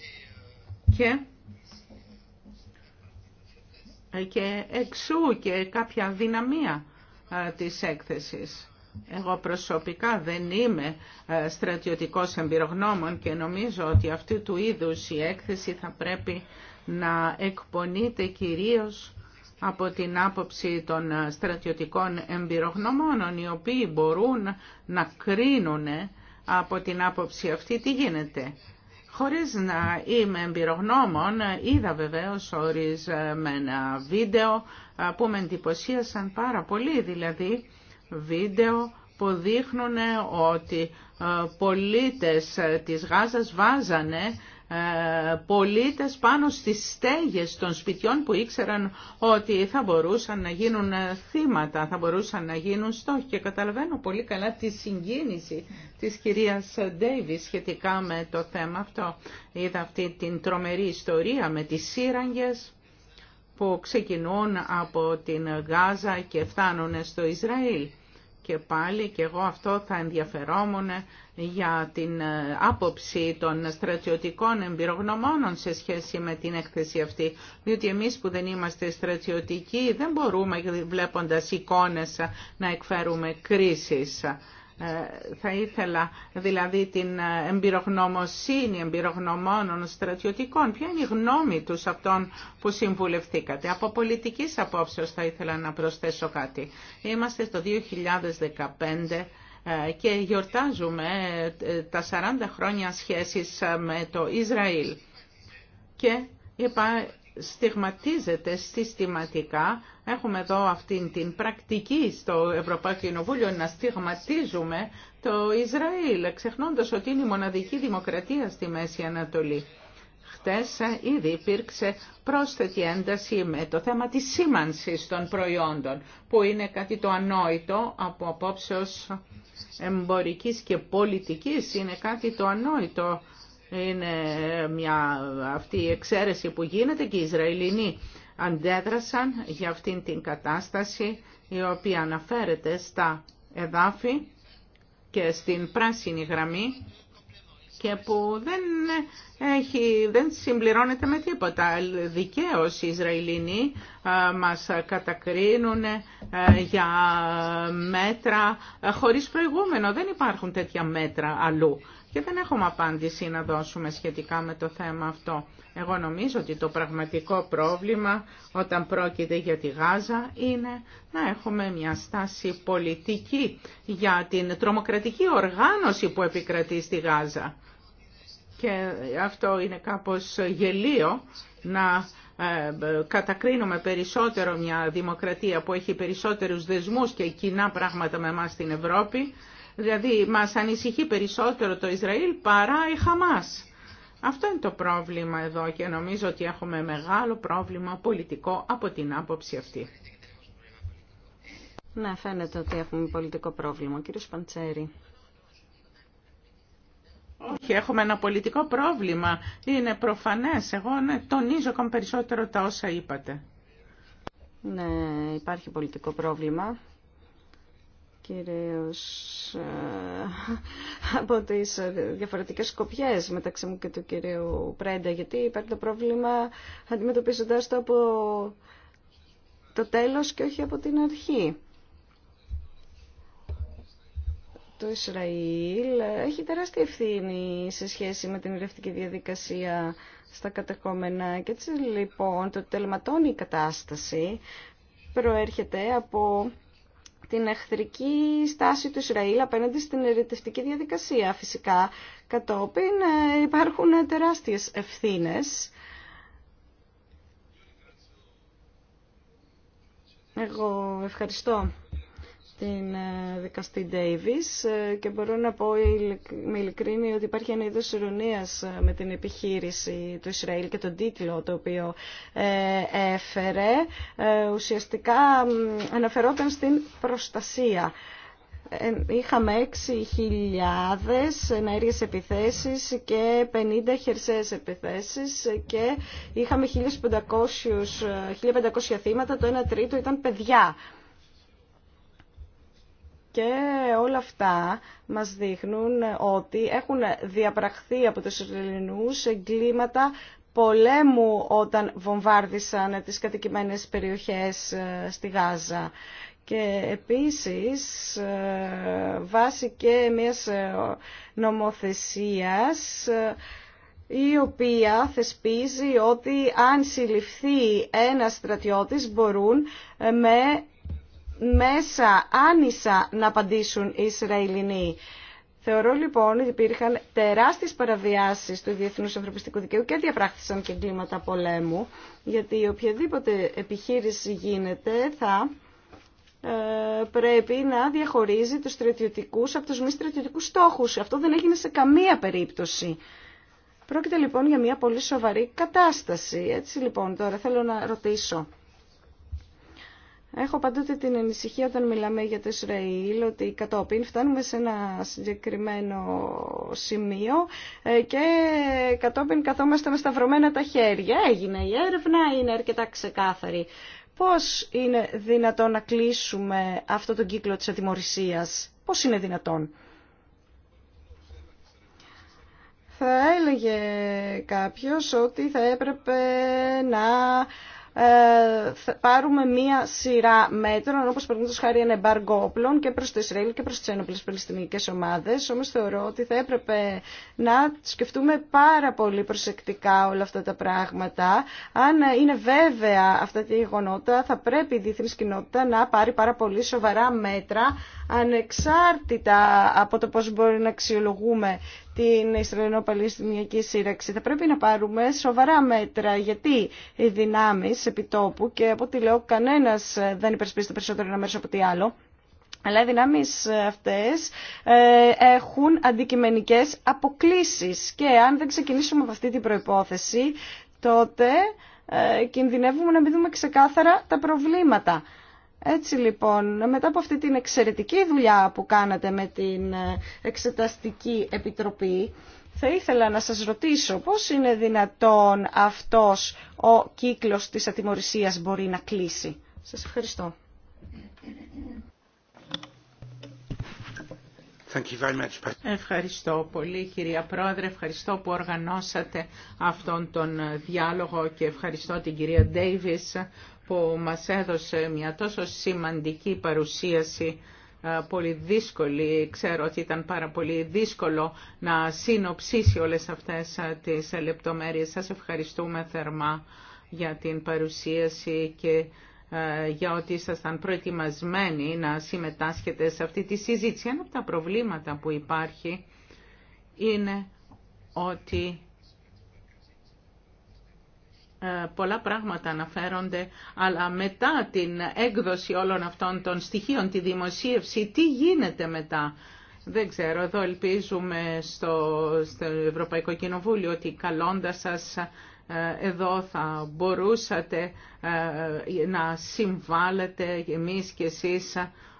Ε, και εξού και κάποια δυναμία ε, της έκθεσης. Εγώ προσωπικά δεν είμαι ε, στρατιωτικός εμπειρογνώμων και νομίζω ότι αυτή του είδους η έκθεση θα πρέπει να εκπονείται κυρίως από την άποψη των ε, στρατιωτικών εμπειρογνωμόνων οι οποίοι μπορούν να κρίνουν ε, από την άποψη αυτή τι γίνεται. Χωρίς να είμαι εμπειρογνώμων, είδα βεβαίως ένα βίντεο που με εντυπωσίασαν πάρα πολύ, δηλαδή βίντεο που δείχνουν ότι ε, πολίτες της Γάζας βάζανε ε, πολίτες πάνω στις στέγες των σπιτιών που ήξεραν ότι θα μπορούσαν να γίνουν ε, θύματα, θα μπορούσαν να γίνουν στόχοι. Και καταλαβαίνω πολύ καλά τη συγκίνηση της κυρίας Ντέιβι σχετικά με το θέμα αυτό. Είδα αυτή την τρομερή ιστορία με τις σύραγγες που ξεκινούν από την Γάζα και φτάνουν στο Ισραήλ. Και πάλι και εγώ αυτό θα ενδιαφερόμουν για την ε, άποψη των στρατιωτικών εμπειρογνωμόνων σε σχέση με την έκθεση αυτή. Διότι εμείς που δεν είμαστε στρατιωτικοί δεν μπορούμε βλέποντας εικόνες να εκφέρουμε κρίσεις. Ε, θα ήθελα δηλαδή την ε, εμπειρογνωμοσύνη εμπειρογνωμόνων στρατιωτικών. Ποια είναι η γνώμη τους αυτών που συμβουλευτήκατε. Από πολιτικής απόψεως θα ήθελα να προσθέσω κάτι. Είμαστε το 2015 ε, και γιορτάζουμε τα 40 χρόνια σχέσεις με το Ισραήλ. Και στιγματίζεται συστηματικά. Έχουμε εδώ αυτή την πρακτική στο Ευρωπαϊκό Κοινοβούλιο να στιγματίζουμε το Ισραήλ, ξεχνώντας ότι είναι η μοναδική δημοκρατία στη Μέση Ανατολή. Χτες ήδη υπήρξε πρόσθετη ένταση με το θέμα της σήμανσης των προϊόντων, που είναι κάτι το ανόητο από απόψεως εμπορικής και πολιτικής, είναι κάτι το ανόητο είναι μια, αυτή η εξαίρεση που γίνεται και οι Ισραηλινοί αντέδρασαν για αυτήν την κατάσταση η οποία αναφέρεται στα εδάφη και στην πράσινη γραμμή και που δεν, έχει, δεν συμπληρώνεται με τίποτα. Δικαίως οι Ισραηλινοί μας κατακρίνουν για μέτρα χωρίς προηγούμενο. Δεν υπάρχουν τέτοια μέτρα αλλού και δεν έχουμε απάντηση να δώσουμε σχετικά με το θέμα αυτό. Εγώ νομίζω ότι το πραγματικό πρόβλημα όταν πρόκειται για τη Γάζα είναι να έχουμε μια στάση πολιτική για την τρομοκρατική οργάνωση που επικρατεί στη Γάζα. Και αυτό είναι κάπως γελίο να ε, κατακρίνουμε περισσότερο μια δημοκρατία που έχει περισσότερους δεσμούς και κοινά πράγματα με εμάς στην Ευρώπη Δηλαδή μας ανησυχεί περισσότερο το Ισραήλ παρά η Χαμάς. Αυτό είναι το πρόβλημα εδώ και νομίζω ότι έχουμε μεγάλο πρόβλημα πολιτικό από την άποψη αυτή. Ναι, φαίνεται ότι έχουμε πολιτικό πρόβλημα. Κύριο Σπαντσέρη. Όχι, έχουμε ένα πολιτικό πρόβλημα. Είναι προφανές. Εγώ ναι, τονίζω ακόμα περισσότερο τα όσα είπατε. Ναι, υπάρχει πολιτικό πρόβλημα κυρίως ε, από τις διαφορετικές σκοπιές μεταξύ μου και του κυρίου Πρέντα, γιατί υπάρχει το πρόβλημα αντιμετωπίζοντας το από το τέλος και όχι από την αρχή. Το Ισραήλ έχει τεράστια ευθύνη σε σχέση με την ρευτική διαδικασία στα κατεχόμενα και έτσι λοιπόν το τελματώνει η κατάσταση προέρχεται από την εχθρική στάση του Ισραήλ απέναντι στην ερετευτική διαδικασία. Φυσικά, κατόπιν ε, υπάρχουν τεράστιες ευθύνες. Εγώ ευχαριστώ την ε, δικαστή Davis ε, και μπορώ να πω με ειλικρίνη ότι υπάρχει ένα είδος ηρωνίας ε, με την επιχείρηση του Ισραήλ και τον τίτλο το οποίο έφερε. Ουσιαστικά αναφερόταν στην προστασία. Είχαμε 6.000 ενέργειες επιθέσεις και 50 χερσαίες επιθέσεις και είχαμε 1.500 θύματα, το 1 τρίτο ήταν παιδιά. Και όλα αυτά μας δείχνουν ότι έχουν διαπραχθεί από τους Ελληνούς εγκλήματα πολέμου όταν βομβάρδισαν τις κατοικημένες περιοχές ε, στη Γάζα. Και επίσης, ε, βάσει και μιας ε, νομοθεσίας, η οποία θεσπίζει ότι αν συλληφθεί ένας στρατιώτης μπορούν με μέσα άνισα να απαντήσουν οι Ισραηλινοί. Θεωρώ λοιπόν ότι υπήρχαν τεράστιες παραβιάσεις του διεθνούς ανθρωπιστικού δικαίου και διαπράχθησαν και κλίματα πολέμου, γιατί οποιαδήποτε επιχείρηση γίνεται θα ε, πρέπει να διαχωρίζει τους στρατιωτικούς από τους μη στρατιωτικούς στόχους. Αυτό δεν έγινε σε καμία περίπτωση. Πρόκειται λοιπόν για μια πολύ σοβαρή κατάσταση. Έτσι λοιπόν τώρα θέλω να ρωτήσω. Έχω παντούτε την ανησυχία όταν μιλάμε για το Ισραήλ ότι κατόπιν φτάνουμε σε ένα συγκεκριμένο σημείο ε, και κατόπιν καθόμαστε με σταυρωμένα τα χέρια. Έγινε η έρευνα, είναι αρκετά ξεκάθαρη. Πώς είναι δυνατόν να κλείσουμε αυτό τον κύκλο της ατιμορρησίας. Πώς είναι δυνατόν. Θα έλεγε κάποιος ότι θα έπρεπε να ε, θα πάρουμε μία σειρά μέτρων, όπως παραδείγματο χάρη ένα εμπάργκο όπλων και προς το Ισραήλ και προς τις ένοπλες Παλαιστινικές ομάδες. Όμως θεωρώ ότι θα έπρεπε να σκεφτούμε πάρα πολύ προσεκτικά όλα αυτά τα πράγματα. Αν είναι βέβαια αυτά τα γεγονότα, θα πρέπει η διεθνής κοινότητα να πάρει πάρα πολύ σοβαρά μέτρα, ανεξάρτητα από το πώς μπορεί να αξιολογούμε την Ισραηλινό-Παλαιστινιακή σύραξη. Θα πρέπει να πάρουμε σοβαρά μέτρα γιατί οι δυνάμει επιτόπου και από ό,τι λέω κανένα δεν υπερασπίζεται περισσότερο ένα μέρο από τι άλλο. Αλλά οι δυνάμεις αυτές ε, έχουν αντικειμενικές αποκλίσεις και αν δεν ξεκινήσουμε από αυτή την προϋπόθεση τότε ε, κινδυνεύουμε να μην δούμε ξεκάθαρα τα προβλήματα. Έτσι λοιπόν, μετά από αυτή την εξαιρετική δουλειά που κάνατε με την ε, Εξεταστική Επιτροπή, θα ήθελα να σας ρωτήσω πώς είναι δυνατόν αυτός ο κύκλος της ατιμορρησίας μπορεί να κλείσει. Σας ευχαριστώ. Ευχαριστώ πολύ κυρία Πρόεδρε, ευχαριστώ που οργανώσατε αυτόν τον ε, διάλογο και ευχαριστώ την κυρία Ντέιβις που μας έδωσε μια τόσο σημαντική παρουσίαση πολύ δύσκολη. Ξέρω ότι ήταν πάρα πολύ δύσκολο να συνοψίσει όλες αυτές τις λεπτομέρειες. Σας ευχαριστούμε θερμά για την παρουσίαση και για ότι ήσασταν προετοιμασμένοι να συμμετάσχετε σε αυτή τη συζήτηση. Ένα από τα προβλήματα που υπάρχει είναι ότι ε, πολλά πράγματα αναφέρονται, αλλά μετά την έκδοση όλων αυτών των στοιχείων, τη δημοσίευση, τι γίνεται μετά. Δεν ξέρω, εδώ ελπίζουμε στο, Ευρωπαϊκό Κοινοβούλιο ότι καλώντας σας ε, εδώ θα μπορούσατε ε, να συμβάλλετε εμείς και εσείς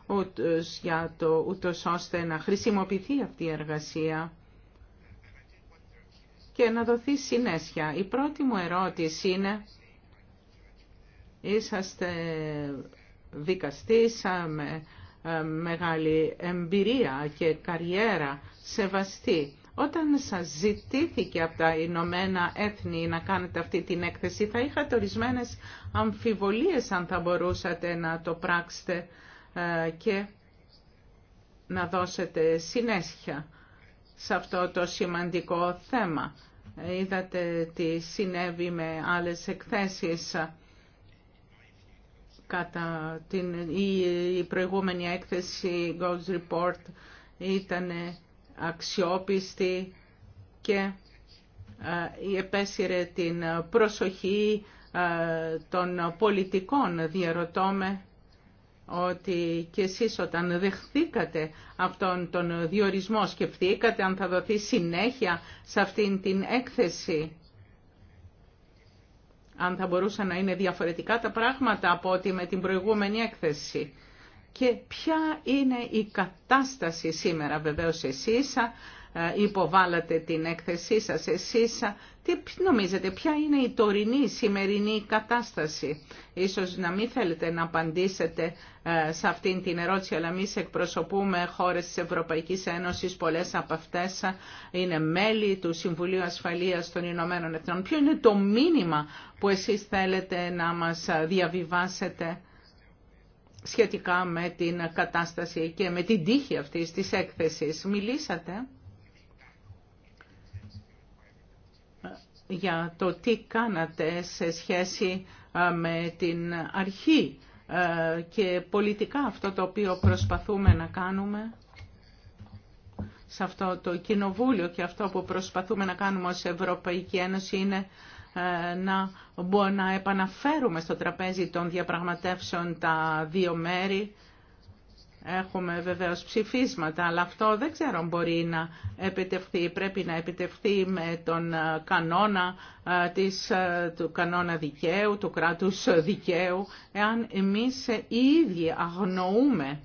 ούτως, για το, ούτως ώστε να χρησιμοποιηθεί αυτή η εργασία και να δοθεί συνέσια. Η πρώτη μου ερώτηση είναι, είσαστε δικαστής με ε, μεγάλη εμπειρία και καριέρα σεβαστή. Όταν σας ζητήθηκε από τα Ηνωμένα Έθνη να κάνετε αυτή την έκθεση, θα είχατε ορισμένες αμφιβολίες αν θα μπορούσατε να το πράξετε ε, και να δώσετε συνέσχεια σε αυτό το σημαντικό θέμα. Είδατε τι συνέβη με άλλες εκθέσεις. Κατά την, η, προηγούμενη έκθεση Gold Report ήταν αξιόπιστη και ε, επέσυρε την προσοχή ε, των πολιτικών. Διαρωτώ ότι και εσείς όταν δεχθήκατε αυτόν τον διορισμό σκεφτήκατε αν θα δοθεί συνέχεια σε αυτήν την έκθεση αν θα μπορούσαν να είναι διαφορετικά τα πράγματα από ότι με την προηγούμενη έκθεση και ποια είναι η κατάσταση σήμερα βεβαίως εσείς ε, υποβάλατε την έκθεσή σας. Εσείς ε, τι νομίζετε, ποια είναι η τωρινή, σημερινή κατάσταση. Ίσως να μην θέλετε να απαντήσετε ε, σε αυτήν την ερώτηση, αλλά εμεί εκπροσωπούμε χώρες της Ευρωπαϊκής Ένωσης, πολλές από αυτές είναι μέλη του Συμβουλίου Ασφαλείας των Ηνωμένων Εθνών. Ποιο είναι το μήνυμα που εσείς θέλετε να μας διαβιβάσετε σχετικά με την κατάσταση και με την τύχη αυτής της έκθεσης. Μιλήσατε για το τι κάνατε σε σχέση ε, με την αρχή ε, και πολιτικά αυτό το οποίο προσπαθούμε να κάνουμε σε αυτό το κοινοβούλιο και αυτό που προσπαθούμε να κάνουμε ως Ευρωπαϊκή Ένωση είναι ε, να μπορούμε να επαναφέρουμε στο τραπέζι των διαπραγματεύσεων τα δύο μέρη Έχουμε βεβαίω ψηφίσματα, αλλά αυτό δεν ξέρω μπορεί να επιτευχθεί. Πρέπει να επιτευχθεί με τον ε, κανόνα, ε, της, ε, του κανόνα δικαίου, του κράτους δικαίου, εάν εμείς οι ίδιοι αγνοούμε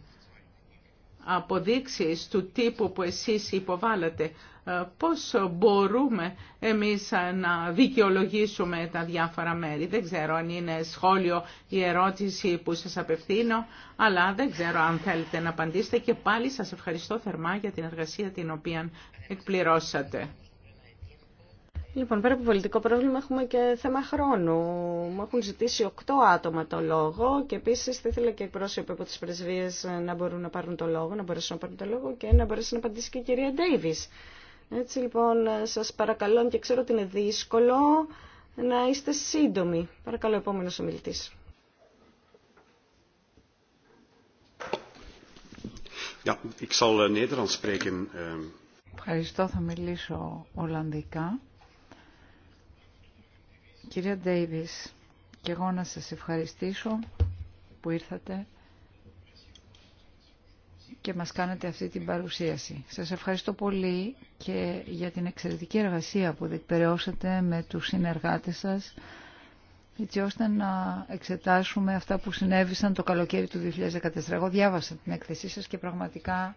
αποδείξεις του τύπου που εσείς υποβάλλατε, ε, πώς μπορούμε εμείς ε, να δικαιολογήσουμε τα διάφορα μέρη. Δεν ξέρω αν είναι σχόλιο ή ερώτηση που σας απευθύνω, αλλά δεν ξέρω αν θέλετε να απαντήσετε και πάλι σας ευχαριστώ θερμά για την εργασία την οποία εκπληρώσατε. Λοιπόν, πέρα από πολιτικό πρόβλημα έχουμε και θέμα χρόνου. Μου έχουν ζητήσει οκτώ άτομα το λόγο και επίση θα ήθελα και πρόσωποι από τι πρεσβείε να μπορούν να πάρουν το λόγο, να μπορέσουν να πάρουν το λόγο και να μπορέσει να απαντήσει και η κυρία Ντέιβι. Έτσι λοιπόν, σα παρακαλώ, και ξέρω ότι είναι δύσκολο, να είστε σύντομοι. Παρακαλώ, επόμενο ομιλητή. Eh, ehm. Ευχαριστώ, θα μιλήσω Ολλανδικά. Κυρία Ντέιβις, και εγώ να σας ευχαριστήσω που ήρθατε και μας κάνετε αυτή την παρουσίαση. Σας ευχαριστώ πολύ και για την εξαιρετική εργασία που διεκπαιρεώσατε με τους συνεργάτες σας έτσι ώστε να εξετάσουμε αυτά που συνέβησαν το καλοκαίρι του 2014. Εγώ διάβασα την έκθεσή σας και πραγματικά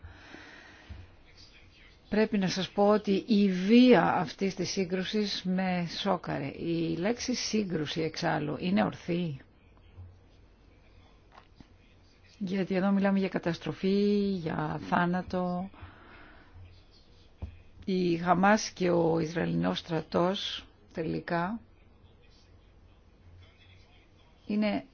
Πρέπει να σας πω ότι η βία αυτής της σύγκρουσης με σόκαρε. Η λέξη σύγκρουση εξάλλου είναι ορθή. Γιατί εδώ μιλάμε για καταστροφή, για θάνατο. Η Χαμάς και ο Ισραηλινός στρατός τελικά είναι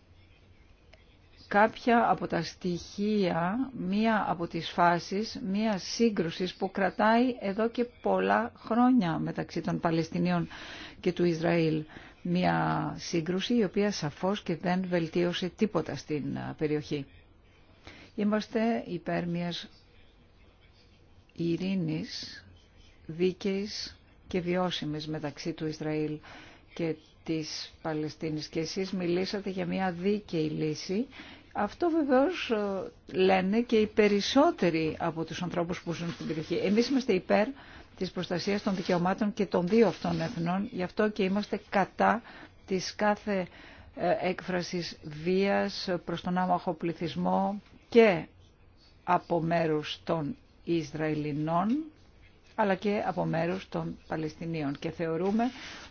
κάποια από τα στοιχεία, μία από τις φάσεις, μία συγκρουση που κρατάει εδώ και πολλά χρόνια μεταξύ των Παλαιστινίων και του Ισραήλ. Μία σύγκρουση η οποία σαφώς και δεν βελτίωσε τίποτα στην περιοχή. Είμαστε υπέρ μιας ειρήνης, δίκαιης και βιώσιμης μεταξύ του Ισραήλ και της Παλαιστίνης και εσείς μιλήσατε για μια δίκαιη λύση αυτό βεβαίως ε, λένε και οι περισσότεροι από τους ανθρώπους που ζουν στην περιοχή. Εμείς είμαστε υπέρ της προστασίας των δικαιωμάτων και των δύο αυτών εθνών, γι' αυτό και είμαστε κατά της κάθε ε, έκφρασης βίας προς τον άμαχο πληθυσμό και από μέρους των Ισραηλινών αλλά και από μέρους των Παλαιστινίων. Και θεωρούμε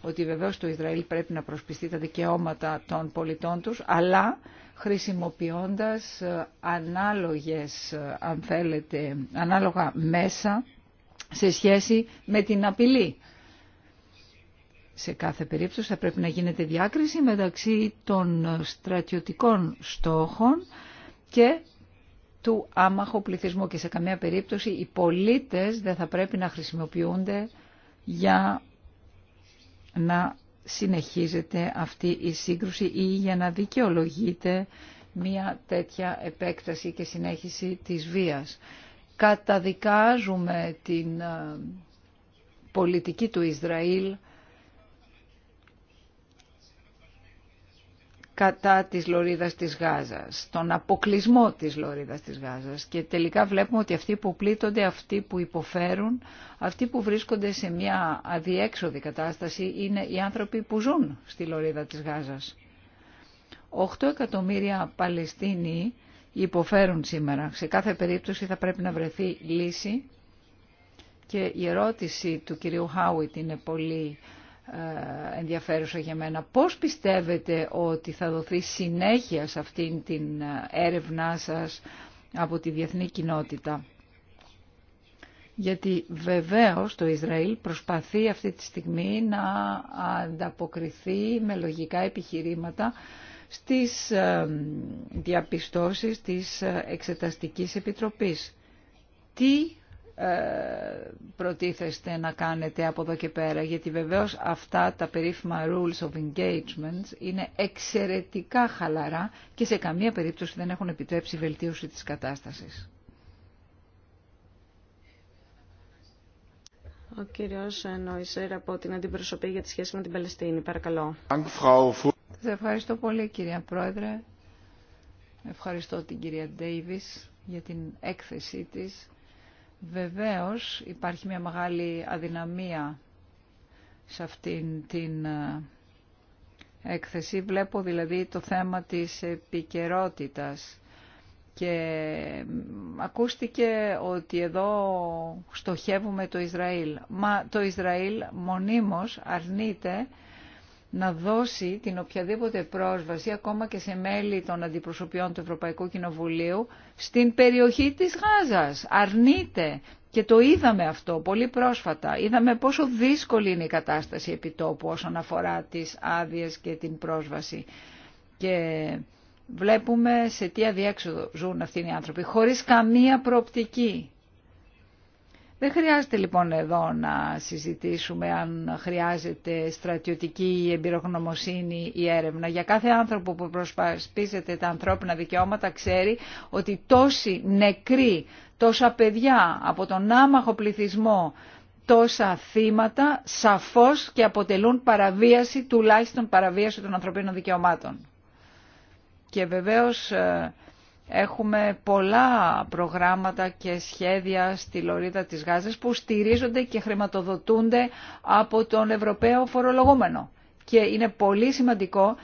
ότι βεβαίως το Ισραήλ πρέπει να προσπιστεί τα δικαιώματα των πολιτών τους, αλλά χρησιμοποιώντας ε, ανάλογες, ε, αν θέλετε, ανάλογα μέσα σε σχέση με την απειλή. Σε κάθε περίπτωση θα πρέπει να γίνεται διάκριση μεταξύ των στρατιωτικών στόχων και του άμαχου πληθυσμού και σε καμία περίπτωση οι πολίτες δεν θα πρέπει να χρησιμοποιούνται για να συνεχίζεται αυτή η σύγκρουση ή για να δικαιολογείται μια τέτοια επέκταση και συνέχιση της βίας. Καταδικάζουμε την ε, πολιτική του Ισραήλ κατά της Λωρίδας της Γάζας, τον αποκλεισμό της Λωρίδας της Γάζας και τελικά βλέπουμε ότι αυτοί που πλήττονται, αυτοί που υποφέρουν, αυτοί που βρίσκονται σε μια αδιέξοδη κατάσταση είναι οι άνθρωποι που ζουν στη Λωρίδα της Γάζας. 8 εκατομμύρια Παλαιστίνοι υποφέρουν σήμερα. Σε κάθε περίπτωση θα πρέπει να βρεθεί λύση και η ερώτηση του κυρίου Χάουιτ είναι πολύ ε, ενδιαφέρουσα για μένα. Πώς πιστεύετε ότι θα δοθεί συνέχεια σε αυτήν την ε, έρευνά σας από τη διεθνή κοινότητα. Γιατί βεβαίως το Ισραήλ προσπαθεί αυτή τη στιγμή να ανταποκριθεί με λογικά επιχειρήματα στις ε, διαπιστώσεις της Εξεταστικής Επιτροπής. Τι ε, προτίθεστε να κάνετε από εδώ και πέρα, γιατί βεβαίως αυτά τα περίφημα rules of engagement είναι εξαιρετικά χαλαρά και σε καμία περίπτωση δεν έχουν επιτρέψει βελτίωση της κατάστασης. Ο κύριος Νόισερ από την Αντιπροσωπή για τη σχέση με την Παλαιστίνη. Παρακαλώ. Σας ευχαριστώ πολύ κυρία Πρόεδρε. Ευχαριστώ την κυρία Ντέιβις για την έκθεσή της Βεβαίως υπάρχει μια μεγάλη αδυναμία σε αυτήν την ε, έκθεση. Βλέπω δηλαδή το θέμα της επικαιρότητα. Και ακούστηκε ότι εδώ στοχεύουμε το Ισραήλ. Μα το Ισραήλ μονίμως αρνείται να δώσει την οποιαδήποτε πρόσβαση, ακόμα και σε μέλη των αντιπροσωπιών του Ευρωπαϊκού Κοινοβουλίου, στην περιοχή της Γάζας. Αρνείται. Και το είδαμε αυτό πολύ πρόσφατα. Είδαμε πόσο δύσκολη είναι η κατάσταση επιτόπου όσον αφορά τις άδειε και την πρόσβαση. Και βλέπουμε σε τι αδιέξοδο ζουν αυτοί οι άνθρωποι, χωρίς καμία προοπτική. Δεν χρειάζεται λοιπόν εδώ να συζητήσουμε αν χρειάζεται στρατιωτική εμπειρογνωμοσύνη ή έρευνα. Για κάθε άνθρωπο που προσπασπίζεται τα ανθρώπινα δικαιώματα ξέρει ότι τόσοι νεκροί, τόσα παιδιά από τον άμαχο πληθυσμό, τόσα θύματα σαφώς και αποτελούν παραβίαση, τουλάχιστον παραβίαση των ανθρωπίνων δικαιωμάτων. Και βεβαίως ε, Έχουμε πολλά προγράμματα και σχέδια στη Λωρίδα της Γάζας που στηρίζονται και χρηματοδοτούνται από τον Ευρωπαίο φορολογούμενο. Και είναι πολύ σημαντικό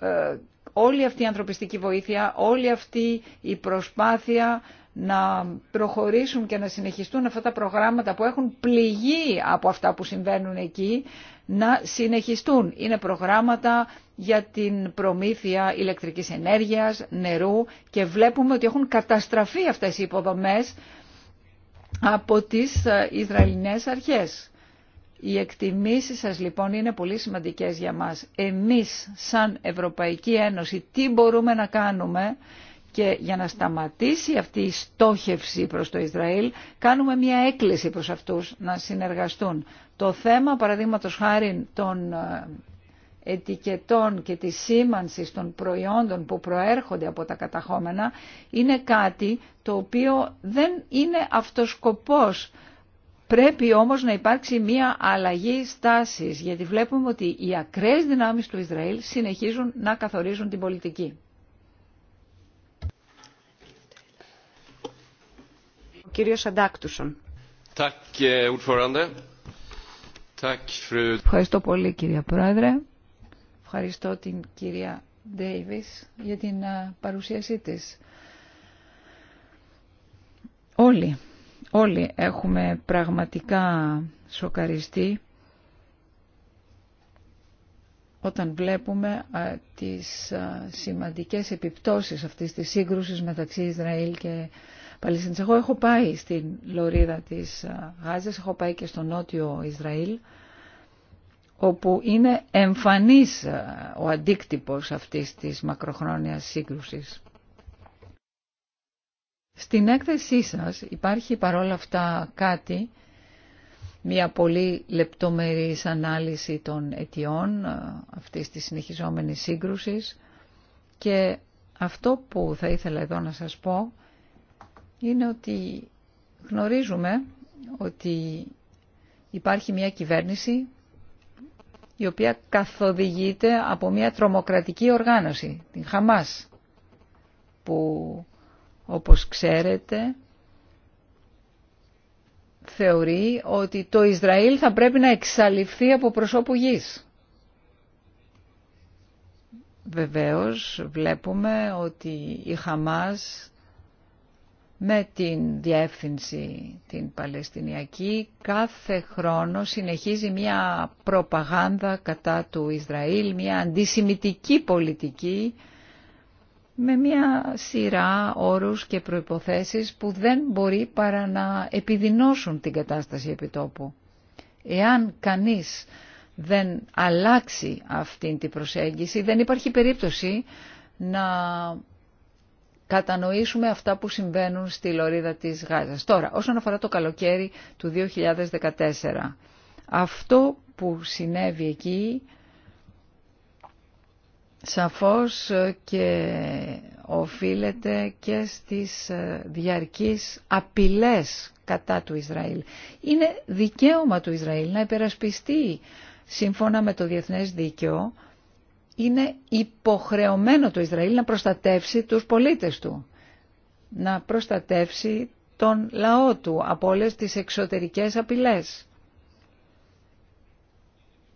ε, όλη αυτή η ανθρωπιστική βοήθεια, όλη αυτή η προσπάθεια να προχωρήσουν και να συνεχιστούν αυτά τα προγράμματα που έχουν πληγεί από αυτά που συμβαίνουν εκεί, να συνεχιστούν. Είναι προγράμματα για την προμήθεια ηλεκτρικής ενέργειας, νερού και βλέπουμε ότι έχουν καταστραφεί αυτές οι υποδομές από τις ε, Ισραηλινές αρχές. Οι εκτιμήσεις σας λοιπόν είναι πολύ σημαντικές για μας. Εμείς σαν Ευρωπαϊκή Ένωση τι μπορούμε να κάνουμε και για να σταματήσει αυτή η στόχευση προς το Ισραήλ κάνουμε μια έκκληση προς αυτούς να συνεργαστούν. Το θέμα, παραδείγματο χάρη των ε, ετικετών και της σήμανσης των προϊόντων που προέρχονται από τα καταχώμενα είναι κάτι το οποίο δεν είναι αυτοσκοπός. Πρέπει όμως να υπάρξει μία αλλαγή στάσης, γιατί βλέπουμε ότι οι ακραίες δυνάμεις του Ισραήλ συνεχίζουν να καθορίζουν την πολιτική. Ο κύριος Αντάκτουσον. Eh, Ευχαριστώ πολύ κυρία Πρόεδρε. Ευχαριστώ την κυρία Ντέιβις για την παρουσίασή της. Όλοι, όλοι έχουμε πραγματικά σοκαριστεί όταν βλέπουμε τις σημαντικές επιπτώσεις αυτής της σύγκρουσης μεταξύ Ισραήλ και Παλαιστίνης. Εγώ έχω πάει στην Λωρίδα της ε, Γάζας, έχω πάει και στο νότιο Ισραήλ, όπου είναι εμφανής ε, ο αντίκτυπος αυτής της μακροχρόνιας σύγκρουσης. Στην έκθεσή σας υπάρχει παρόλα αυτά κάτι, μια πολύ λεπτομερής ανάλυση των αιτιών ε, αυτής της συνεχιζόμενης σύγκρουσης και αυτό που θα ήθελα εδώ να σας πω είναι ότι γνωρίζουμε ότι υπάρχει μια κυβέρνηση η οποία καθοδηγείται από μια τρομοκρατική οργάνωση, την Χαμάς, που όπως ξέρετε θεωρεί ότι το Ισραήλ θα πρέπει να εξαλειφθεί από προσώπου γης. Βεβαίως βλέπουμε ότι η Χαμάς με την διεύθυνση την Παλαιστινιακή κάθε χρόνο συνεχίζει μια προπαγάνδα κατά του Ισραήλ, μια αντισημιτική πολιτική με μια σειρά όρους και προϋποθέσεις που δεν μπορεί παρά να επιδεινώσουν την κατάσταση επιτόπου. Εάν κανείς δεν αλλάξει αυτήν την προσέγγιση, δεν υπάρχει περίπτωση να κατανοήσουμε αυτά που συμβαίνουν στη λωρίδα της Γάζας. Τώρα, όσον αφορά το καλοκαίρι του 2014, αυτό που συνέβη εκεί σαφώς και οφείλεται και στις διαρκείς απειλές κατά του Ισραήλ. Είναι δικαίωμα του Ισραήλ να υπερασπιστεί σύμφωνα με το διεθνές δίκαιο είναι υποχρεωμένο το Ισραήλ να προστατεύσει τους πολίτες του, να προστατεύσει τον λαό του από όλες τις εξωτερικές απειλές.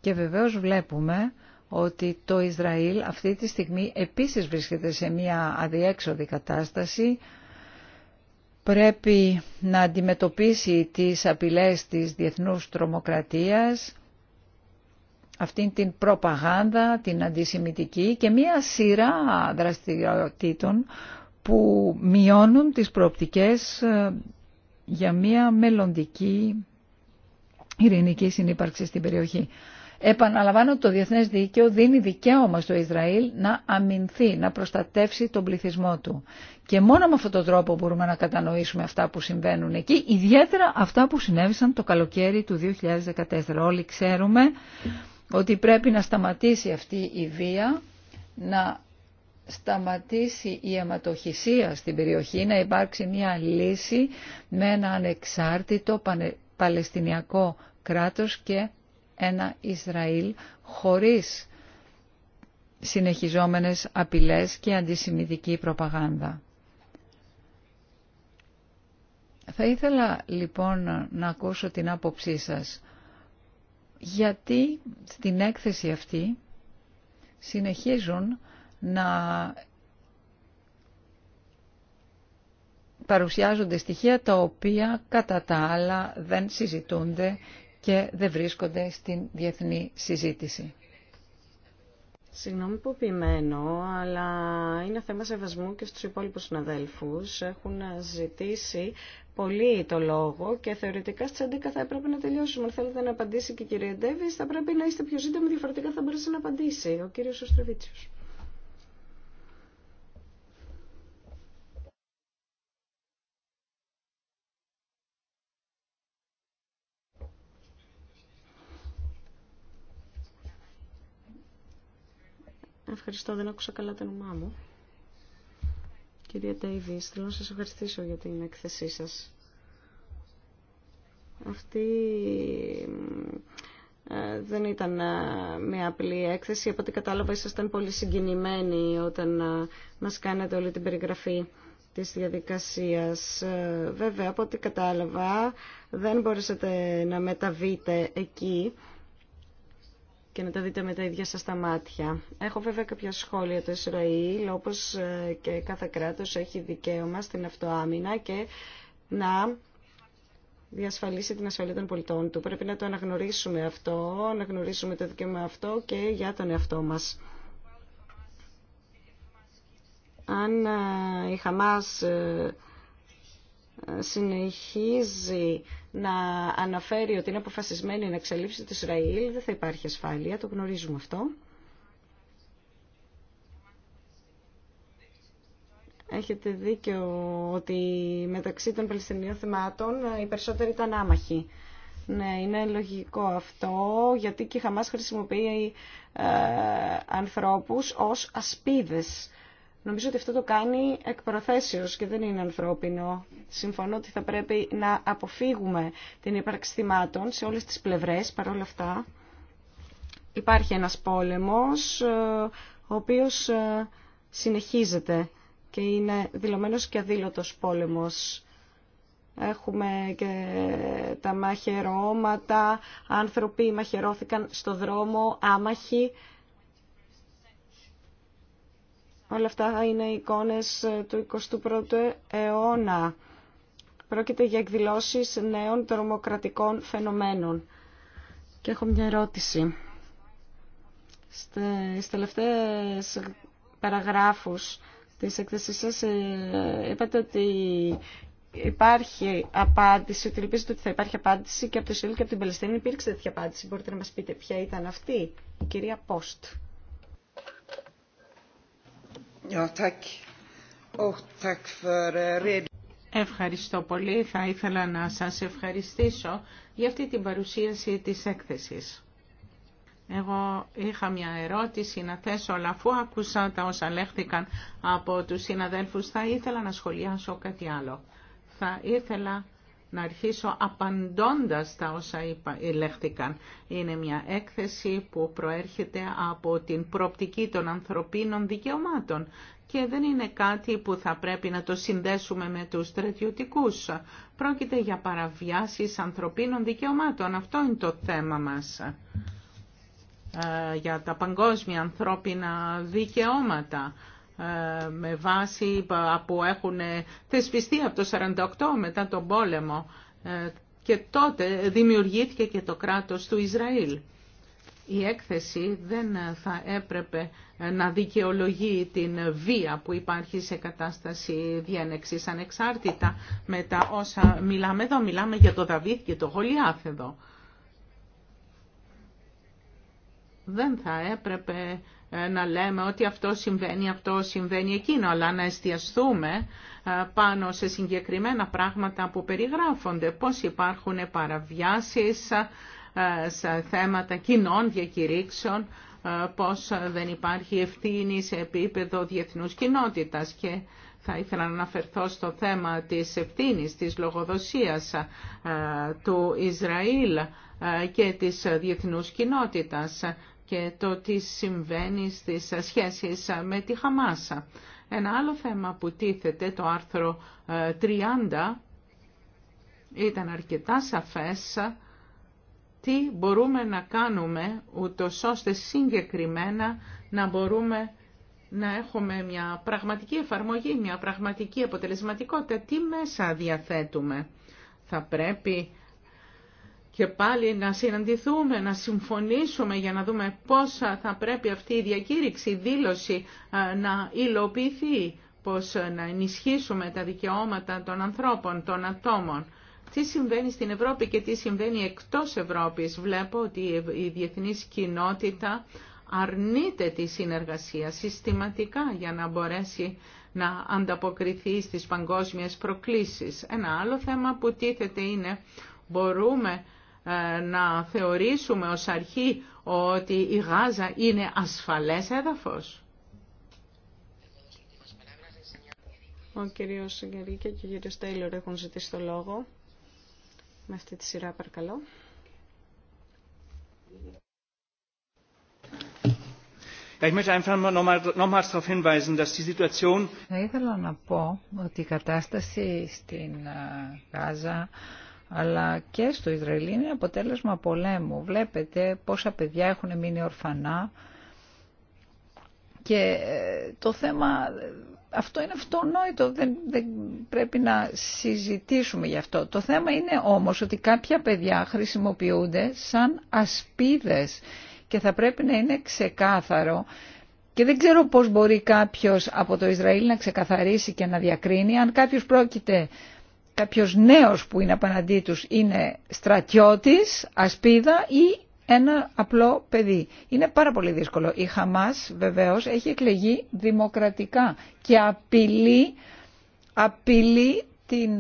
Και βεβαίως βλέπουμε ότι το Ισραήλ αυτή τη στιγμή επίσης βρίσκεται σε μια αδιέξοδη κατάσταση. Πρέπει να αντιμετωπίσει τις απειλές της διεθνούς τρομοκρατίας, αυτήν την προπαγάνδα, την αντισημιτική και μία σειρά δραστηριοτήτων που μειώνουν τις προοπτικές ε, για μία μελλοντική ειρηνική συνύπαρξη στην περιοχή. Επαναλαμβάνω ότι το διεθνές δίκαιο δίνει δικαίωμα στο Ισραήλ να αμυνθεί, να προστατεύσει τον πληθυσμό του. Και μόνο με αυτόν τον τρόπο μπορούμε να κατανοήσουμε αυτά που συμβαίνουν εκεί, ιδιαίτερα αυτά που συνέβησαν το καλοκαίρι του 2014. Όλοι ξέρουμε ότι πρέπει να σταματήσει αυτή η βία, να σταματήσει η αιματοχυσία στην περιοχή, να υπάρξει μια λύση με ένα ανεξάρτητο παλαιστινιακό κράτος και ένα Ισραήλ χωρίς συνεχιζόμενες απειλές και αντισημιτική προπαγάνδα. Θα ήθελα λοιπόν να ακούσω την άποψή σας γιατί στην έκθεση αυτή συνεχίζουν να παρουσιάζονται στοιχεία τα οποία κατά τα άλλα δεν συζητούνται και δεν βρίσκονται στην διεθνή συζήτηση. Συγγνώμη που επιμένω, αλλά είναι θέμα σεβασμού και στους υπόλοιπους συναδέλφους. Έχουν ζητήσει πολύ το λόγο και θεωρητικά στις 11 θα έπρεπε να τελειώσουμε. Αν θέλετε να απαντήσει και η κυρία Ντέβης, θα πρέπει να είστε πιο σύντομοι, διαφορετικά θα μπορέσει να απαντήσει ο κύριος Οστρεβίτσιος. Ευχαριστώ, δεν άκουσα καλά το όνομά μου. Κυρία Ντέιβις, θέλω να σας ευχαριστήσω για την έκθεσή σας. Αυτή ε, δεν ήταν ε, μια απλή έκθεση. Από ό,τι κατάλαβα ήσασταν πολύ συγκινημένοι όταν ε, μας κάνατε όλη την περιγραφή της διαδικασίας. Βέβαια, από ό,τι κατάλαβα δεν μπορέσατε να μεταβείτε εκεί και να τα δείτε με τα ίδια σας τα μάτια. Έχω βέβαια κάποια σχόλια το Ισραήλ, όπως ε, και κάθε κράτος έχει δικαίωμα στην αυτοάμυνα και να διασφαλίσει την ασφαλεία των πολιτών του. Πρέπει να το αναγνωρίσουμε αυτό, να γνωρίσουμε το δικαίωμα αυτό και για τον εαυτό μας. Αν ε, η Χαμάς ε, συνεχίζει να αναφέρει ότι είναι αποφασισμένη να εξελίψει το Ισραήλ, δεν θα υπάρχει ασφάλεια, το γνωρίζουμε αυτό. Έχετε δίκιο ότι μεταξύ των Παλαιστινίων θεμάτων οι περισσότεροι ήταν άμαχοι. Ναι, είναι λογικό αυτό, γιατί και η Χαμάς χρησιμοποιεί ε, ανθρώπους ως ασπίδες Νομίζω ότι αυτό το κάνει εκ προθέσεως και δεν είναι ανθρώπινο. Συμφωνώ ότι θα πρέπει να αποφύγουμε την ύπαρξη θυμάτων σε όλες τις πλευρές, όλα αυτά. Υπάρχει ένας πόλεμος, ε, ο οποίος ε, συνεχίζεται και είναι δηλωμένος και αδήλωτος πόλεμος. Έχουμε και τα μαχαιρώματα, άνθρωποι μαχαιρώθηκαν στο δρόμο, άμαχοι, Όλα αυτά είναι εικόνες ε, του 21ου αιώνα. Πρόκειται για εκδηλώσεις νέων τρομοκρατικών φαινομένων. Και έχω μια ερώτηση. Στις τελευταίες παραγράφους της εκθεσής σας ε, είπατε ότι υπάρχει απάντηση, ότι ελπίζετε ότι θα υπάρχει απάντηση και από το Ισραήλ και από την Παλαιστίνη υπήρξε τέτοια απάντηση. Μπορείτε να μας πείτε ποια ήταν αυτή, η κυρία Πόστ. Eh, Ευχαριστώ πολύ. Θα ήθελα να σας ευχαριστήσω για αυτή την παρουσίαση της έκθεσης. Εγώ είχα μια ερώτηση να θέσω, αλλά αφού άκουσα τα όσα λέχθηκαν από τους συναδέλφους, θα ήθελα να σχολιάσω κάτι άλλο. Θα ήθελα να αρχίσω απαντώντας τα όσα είπα, ελέγχθηκαν. Είναι μια έκθεση που προέρχεται από την προοπτική των ανθρωπίνων δικαιωμάτων και δεν είναι κάτι που θα πρέπει να το συνδέσουμε με τους στρατιωτικούς. Πρόκειται για παραβιάσεις ανθρωπίνων δικαιωμάτων. Αυτό είναι το θέμα μας ε, για τα παγκόσμια ανθρώπινα δικαιώματα ε, με βάση από έχουν θεσπιστεί από το 1948 μετά τον πόλεμο ε, και τότε δημιουργήθηκε και το κράτος του Ισραήλ. Η έκθεση δεν θα έπρεπε να δικαιολογεί την βία που υπάρχει σε κατάσταση διένεξης ανεξάρτητα με τα όσα μιλάμε εδώ. Μιλάμε για το Δαβίδ και το Γολιάθ εδώ. Δεν θα έπρεπε ε, να λέμε ότι αυτό συμβαίνει, αυτό συμβαίνει εκείνο, αλλά να εστιαστούμε ε, πάνω σε συγκεκριμένα πράγματα που περιγράφονται, πώς υπάρχουν παραβιάσεις ε, σε θέματα κοινών διακηρύξεων, πώς δεν υπάρχει ευθύνη σε επίπεδο διεθνούς κοινότητας και θα ήθελα να αναφερθώ στο θέμα της ευθύνης, της λογοδοσίας του Ισραήλ και της διεθνούς κοινότητας και το τι συμβαίνει στις σχέσεις με τη Χαμάσα. Ένα άλλο θέμα που τίθεται, το άρθρο 30, ε, ήταν αρκετά σαφές τι μπορούμε να κάνουμε ούτως ώστε συγκεκριμένα να μπορούμε να έχουμε μια πραγματική εφαρμογή, μια πραγματική αποτελεσματικότητα. Τι μέσα διαθέτουμε. Θα πρέπει και πάλι να συναντηθούμε, να συμφωνήσουμε για να δούμε πόσα θα πρέπει αυτή η διακήρυξη, η δήλωση ε, να υλοποιηθεί, πώς ε, να ενισχύσουμε τα δικαιώματα των ανθρώπων, των ατόμων. Τι συμβαίνει στην Ευρώπη και τι συμβαίνει εκτός Ευρώπης. Βλέπω ότι η διεθνής κοινότητα αρνείται τη συνεργασία συστηματικά για να μπορέσει να ανταποκριθεί στις παγκόσμιες προκλήσεις. Ένα άλλο θέμα που τίθεται είναι μπορούμε ε, να θεωρήσουμε ως αρχή ότι η Γάζα είναι ασφαλές έδαφος. Ο κύριος Γκαρίκια και ο κύριος Τέιλορ έχουν ζητήσει το λόγο. Με αυτή τη σειρά παρακαλώ. Θα ήθελα να πω ότι η κατάσταση στην ε, Γάζα αλλά και στο Ισραήλ είναι αποτέλεσμα πολέμου. Βλέπετε πόσα παιδιά έχουν μείνει ορφανά και ε, το θέμα αυτό είναι αυτονόητο, δεν, δεν πρέπει να συζητήσουμε γι' αυτό. Το θέμα είναι όμως ότι κάποια παιδιά χρησιμοποιούνται σαν ασπίδες και θα πρέπει να είναι ξεκάθαρο και δεν ξέρω πώς μπορεί κάποιος από το Ισραήλ να ξεκαθαρίσει και να διακρίνει αν κάποιος πρόκειται κάποιος νέος που είναι απέναντί τους είναι στρατιώτης, ασπίδα ή ένα απλό παιδί. Είναι πάρα πολύ δύσκολο. Η Χαμάς βεβαίως έχει εκλεγεί δημοκρατικά και απειλεί, απειλεί την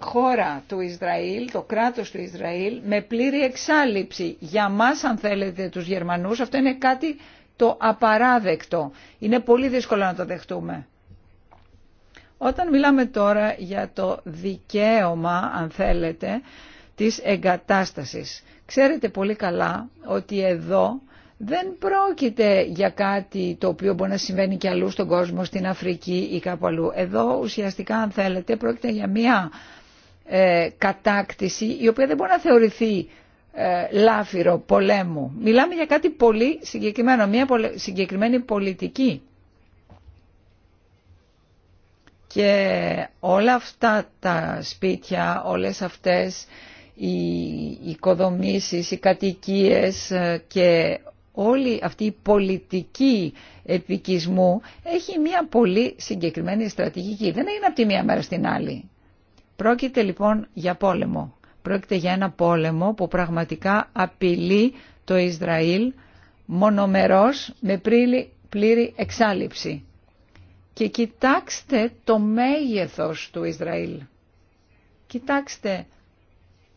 χώρα του Ισραήλ, το κράτος του Ισραήλ με πλήρη εξάλληψη. Για μας αν θέλετε τους Γερμανούς αυτό είναι κάτι το απαράδεκτο. Είναι πολύ δύσκολο να το δεχτούμε. Όταν μιλάμε τώρα για το δικαίωμα, αν θέλετε, της εγκατάστασης. Ξέρετε πολύ καλά ότι εδώ δεν πρόκειται για κάτι το οποίο μπορεί να συμβαίνει και αλλού στον κόσμο, στην Αφρική ή κάπου αλλού. Εδώ ουσιαστικά αν θέλετε πρόκειται για μια ε, κατάκτηση η οποία δεν μπορεί να θεωρηθεί ε, λάφυρο πολέμου. Μιλάμε για κάτι πολύ συγκεκριμένο, μια συγκεκριμένη πολιτική. Και όλα αυτά τα σπίτια, όλες αυτές οι οικοδομήσεις, οι κατοικίες ε, και όλη αυτή η πολιτική επικισμού έχει μια πολύ συγκεκριμένη στρατηγική. Δεν έγινε από τη μία μέρα στην άλλη. Πρόκειται λοιπόν για πόλεμο. Πρόκειται για ένα πόλεμο που πραγματικά απειλεί το Ισραήλ μονομερός με πλήρη εξάλληψη. Και κοιτάξτε το μέγεθος του Ισραήλ. Κοιτάξτε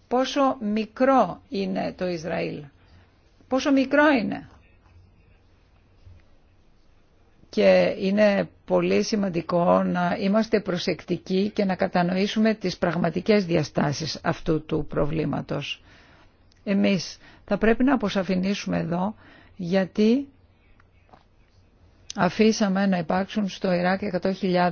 πόσο μικρό είναι το Ισραήλ. Πόσο μικρό είναι. Και είναι πολύ σημαντικό να είμαστε προσεκτικοί και να κατανοήσουμε τις πραγματικές διαστάσεις αυτού του προβλήματος. Εμείς θα πρέπει να αποσαφηνίσουμε εδώ γιατί αφήσαμε να υπάρξουν στο Ιράκ 100.000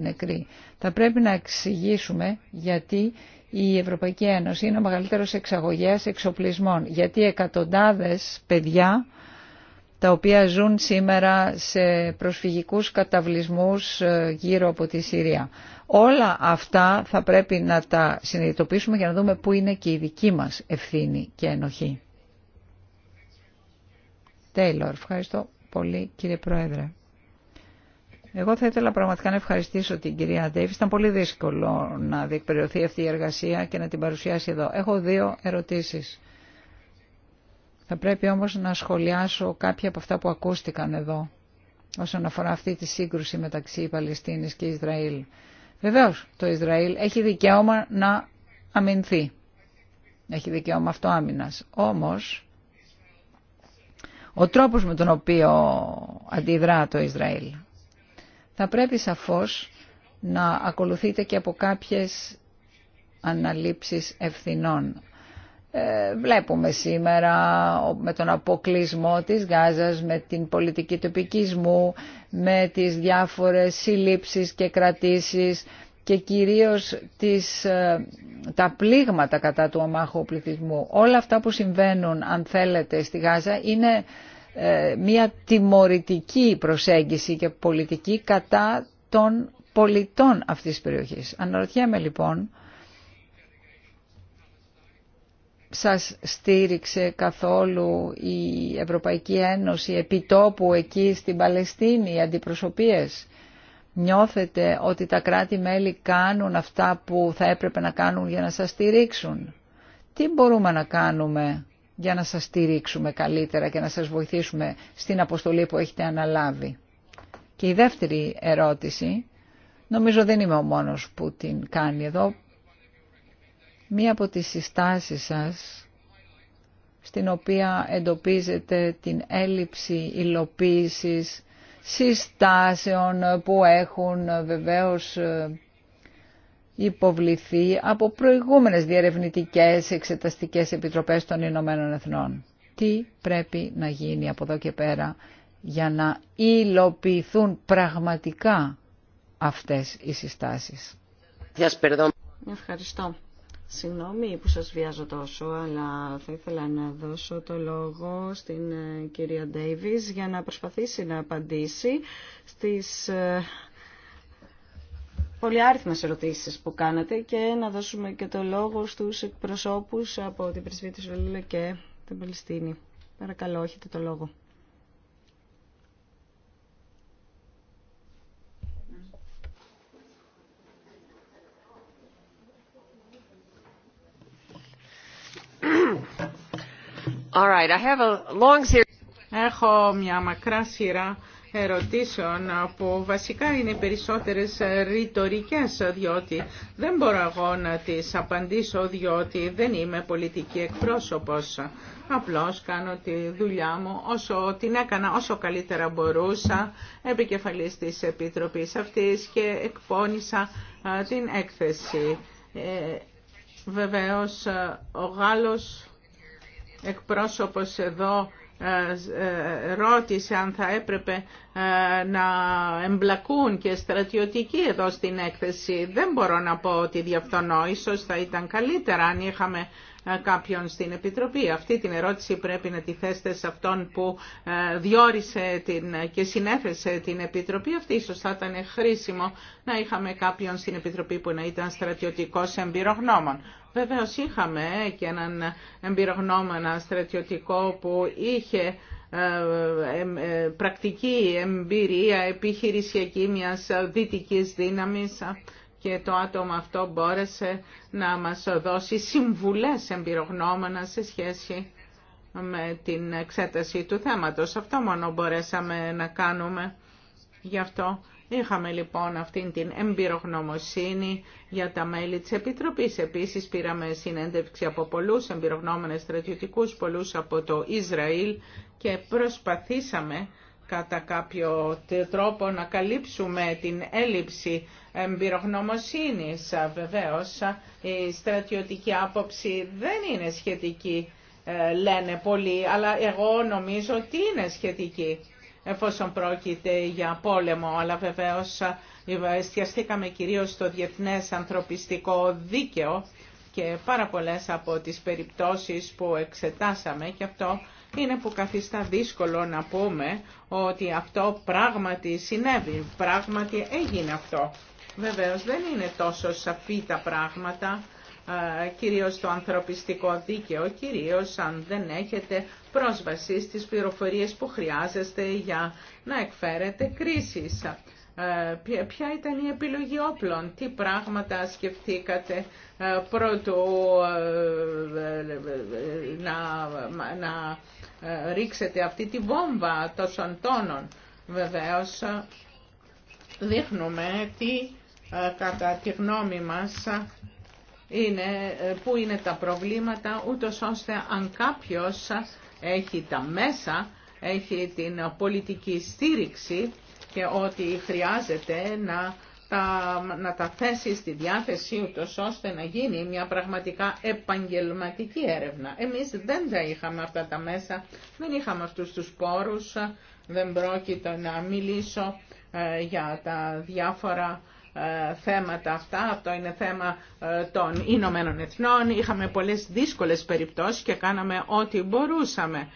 νεκροί. Θα πρέπει να εξηγήσουμε γιατί η Ευρωπαϊκή Ένωση είναι ο μεγαλύτερος εξαγωγέας εξοπλισμών, γιατί εκατοντάδες παιδιά τα οποία ζουν σήμερα σε προσφυγικούς καταβλισμούς ε, γύρω από τη Συρία. Όλα αυτά θα πρέπει να τα συνειδητοποιήσουμε για να δούμε πού είναι και η δική μας ευθύνη και ενοχή. Τέιλορ, ευχαριστώ πολύ κύριε Πρόεδρε. Εγώ θα ήθελα πραγματικά να ευχαριστήσω την κυρία Ντέιβις. Ήταν πολύ δύσκολο να διεκπαιρεωθεί αυτή η εργασία και να την παρουσιάσει εδώ. Έχω δύο ερωτήσεις. Θα πρέπει όμως να σχολιάσω κάποια από αυτά που ακούστηκαν εδώ όσον αφορά αυτή τη σύγκρουση μεταξύ Παλαιστίνης και Ισραήλ. Βεβαίω, το Ισραήλ έχει δικαίωμα να αμυνθεί. Έχει δικαίωμα αυτό Όμως ο τρόπος με τον οποίο αντιδρά το Ισραήλ. Θα πρέπει σαφώς να ακολουθείτε και από κάποιες αναλήψεις ευθυνών. Ε, βλέπουμε σήμερα με τον αποκλεισμό της Γάζας, με την πολιτική τοπικισμού, με τις διάφορες συλλήψεις και κρατήσεις, και κυρίως τις, ε, τα πλήγματα κατά του ομάχου πληθυσμού. Όλα αυτά που συμβαίνουν, αν θέλετε, στη Γάζα είναι ε, μια τιμωρητική προσέγγιση και πολιτική κατά των πολιτών αυτής της περιοχής. Αναρωτιέμαι λοιπόν, σας στήριξε καθόλου η Ευρωπαϊκή Ένωση επιτόπου εκεί στην Παλαιστίνη, οι αντιπροσωπείες. Νιώθετε ότι τα κράτη-μέλη κάνουν αυτά που θα έπρεπε να κάνουν για να σας στηρίξουν. Τι μπορούμε να κάνουμε για να σας στηρίξουμε καλύτερα και να σας βοηθήσουμε στην αποστολή που έχετε αναλάβει. Και η δεύτερη ερώτηση, νομίζω δεν είμαι ο μόνος που την κάνει εδώ, μία από τις συστάσεις σας, στην οποία εντοπίζετε την έλλειψη υλοποίησης συστάσεων που έχουν βεβαίως ε, υποβληθεί από προηγούμενες διερευνητικές εξεταστικές επιτροπές των Ηνωμένων Εθνών. Τι πρέπει να γίνει από εδώ και πέρα για να υλοποιηθούν πραγματικά αυτές οι συστάσεις. Ευχαριστώ. Συγγνώμη που σας βιάζω τόσο, αλλά θα ήθελα να δώσω το λόγο στην ε, κυρία Ντέιβις για να προσπαθήσει να απαντήσει στις ε, πολυάριθμες ερωτήσεις που κάνατε και να δώσουμε και το λόγο στους εκπροσώπους από την Πρεσβή της Βελίλα και την Παλαιστίνη. Παρακαλώ, έχετε το λόγο. Έχω μια μακρά σειρά ερωτήσεων που βασικά είναι περισσότερες ρητορικέ διότι δεν μπορώ εγώ να τις απαντήσω διότι δεν είμαι πολιτική εκπρόσωπος. Απλώς κάνω τη δουλειά μου όσο την έκανα όσο καλύτερα μπορούσα επικεφαλής της Επιτροπής αυτής και εκπώνησα ε, την έκθεση. Ε, βεβαίως ο Γάλλος εκπρόσωπος εδώ ε, ε, ρώτησε αν θα έπρεπε ε, να εμπλακούν και στρατιωτικοί εδώ στην έκθεση. Δεν μπορώ να πω ότι διαφθονώ. Ίσως θα ήταν καλύτερα αν είχαμε ε, κάποιον στην Επιτροπή. Αυτή την ερώτηση πρέπει να τη θέσετε σε αυτόν που ε, διόρισε την και συνέθεσε την Επιτροπή. Αυτή ίσως θα ήταν χρήσιμο να είχαμε κάποιον στην Επιτροπή που να ήταν στρατιωτικός εμπειρογνώμων. Βεβαίως είχαμε και έναν εμπειρογνώμονα στρατιωτικό που είχε ε, πρακτική εμπειρία επιχειρησιακή μιας δυτικής δύναμης και το άτομο αυτό μπόρεσε να μας δώσει συμβουλές εμπειρογνώμονα σε σχέση με την εξέταση του θέματος. Αυτό μόνο μπορέσαμε να κάνουμε. Γι' αυτό είχαμε λοιπόν αυτήν την εμπειρογνωμοσύνη για τα μέλη της Επιτροπής. Επίσης πήραμε συνέντευξη από πολλούς εμπειρογνώμονες στρατιωτικούς, πολλούς από το Ισραήλ και προσπαθήσαμε κατά κάποιο τρόπο να καλύψουμε την έλλειψη εμπειρογνωμοσύνης. Βεβαίως, η στρατιωτική άποψη δεν είναι σχετική, ε, λένε πολλοί, αλλά εγώ νομίζω ότι είναι σχετική εφόσον πρόκειται για πόλεμο, αλλά βεβαίως εστιαστήκαμε κυρίως στο διεθνές ανθρωπιστικό δίκαιο και πάρα πολλές από τις περιπτώσεις που εξετάσαμε και αυτό είναι που καθιστά δύσκολο να πούμε ότι αυτό πράγματι συνέβη, πράγματι έγινε αυτό. Βεβαίως δεν είναι τόσο σαφή τα πράγματα, ε, κυρίως το ανθρωπιστικό δίκαιο, κυρίως αν δεν έχετε πρόσβαση στις πληροφορίες που χρειάζεστε για να εκφέρετε κρίσεις. Ε, ποια ήταν η επιλογή όπλων, τι πράγματα σκεφτήκατε ε, πρώτου να, ρίξετε αυτή τη βόμβα τόσων τόνων. Βεβαίως δείχνουμε τι ε, κατά τη γνώμη μας είναι ε, πού είναι τα προβλήματα ούτως ώστε αν κάποιος έχει τα μέσα, έχει την πολιτική στήριξη και ότι χρειάζεται να τα, να τα θέσει στη διάθεση ούτως ώστε να γίνει μια πραγματικά επαγγελματική έρευνα. Εμείς δεν τα είχαμε αυτά τα μέσα, δεν είχαμε αυτούς τους πόρους, δεν πρόκειται να μιλήσω ε, για τα διάφορα ε, θέματα αυτά. Αυτό είναι θέμα ε, των Ηνωμένων Εθνών. Είχαμε πολλές δύσκολες περιπτώσεις και κάναμε ό,τι μπορούσαμε.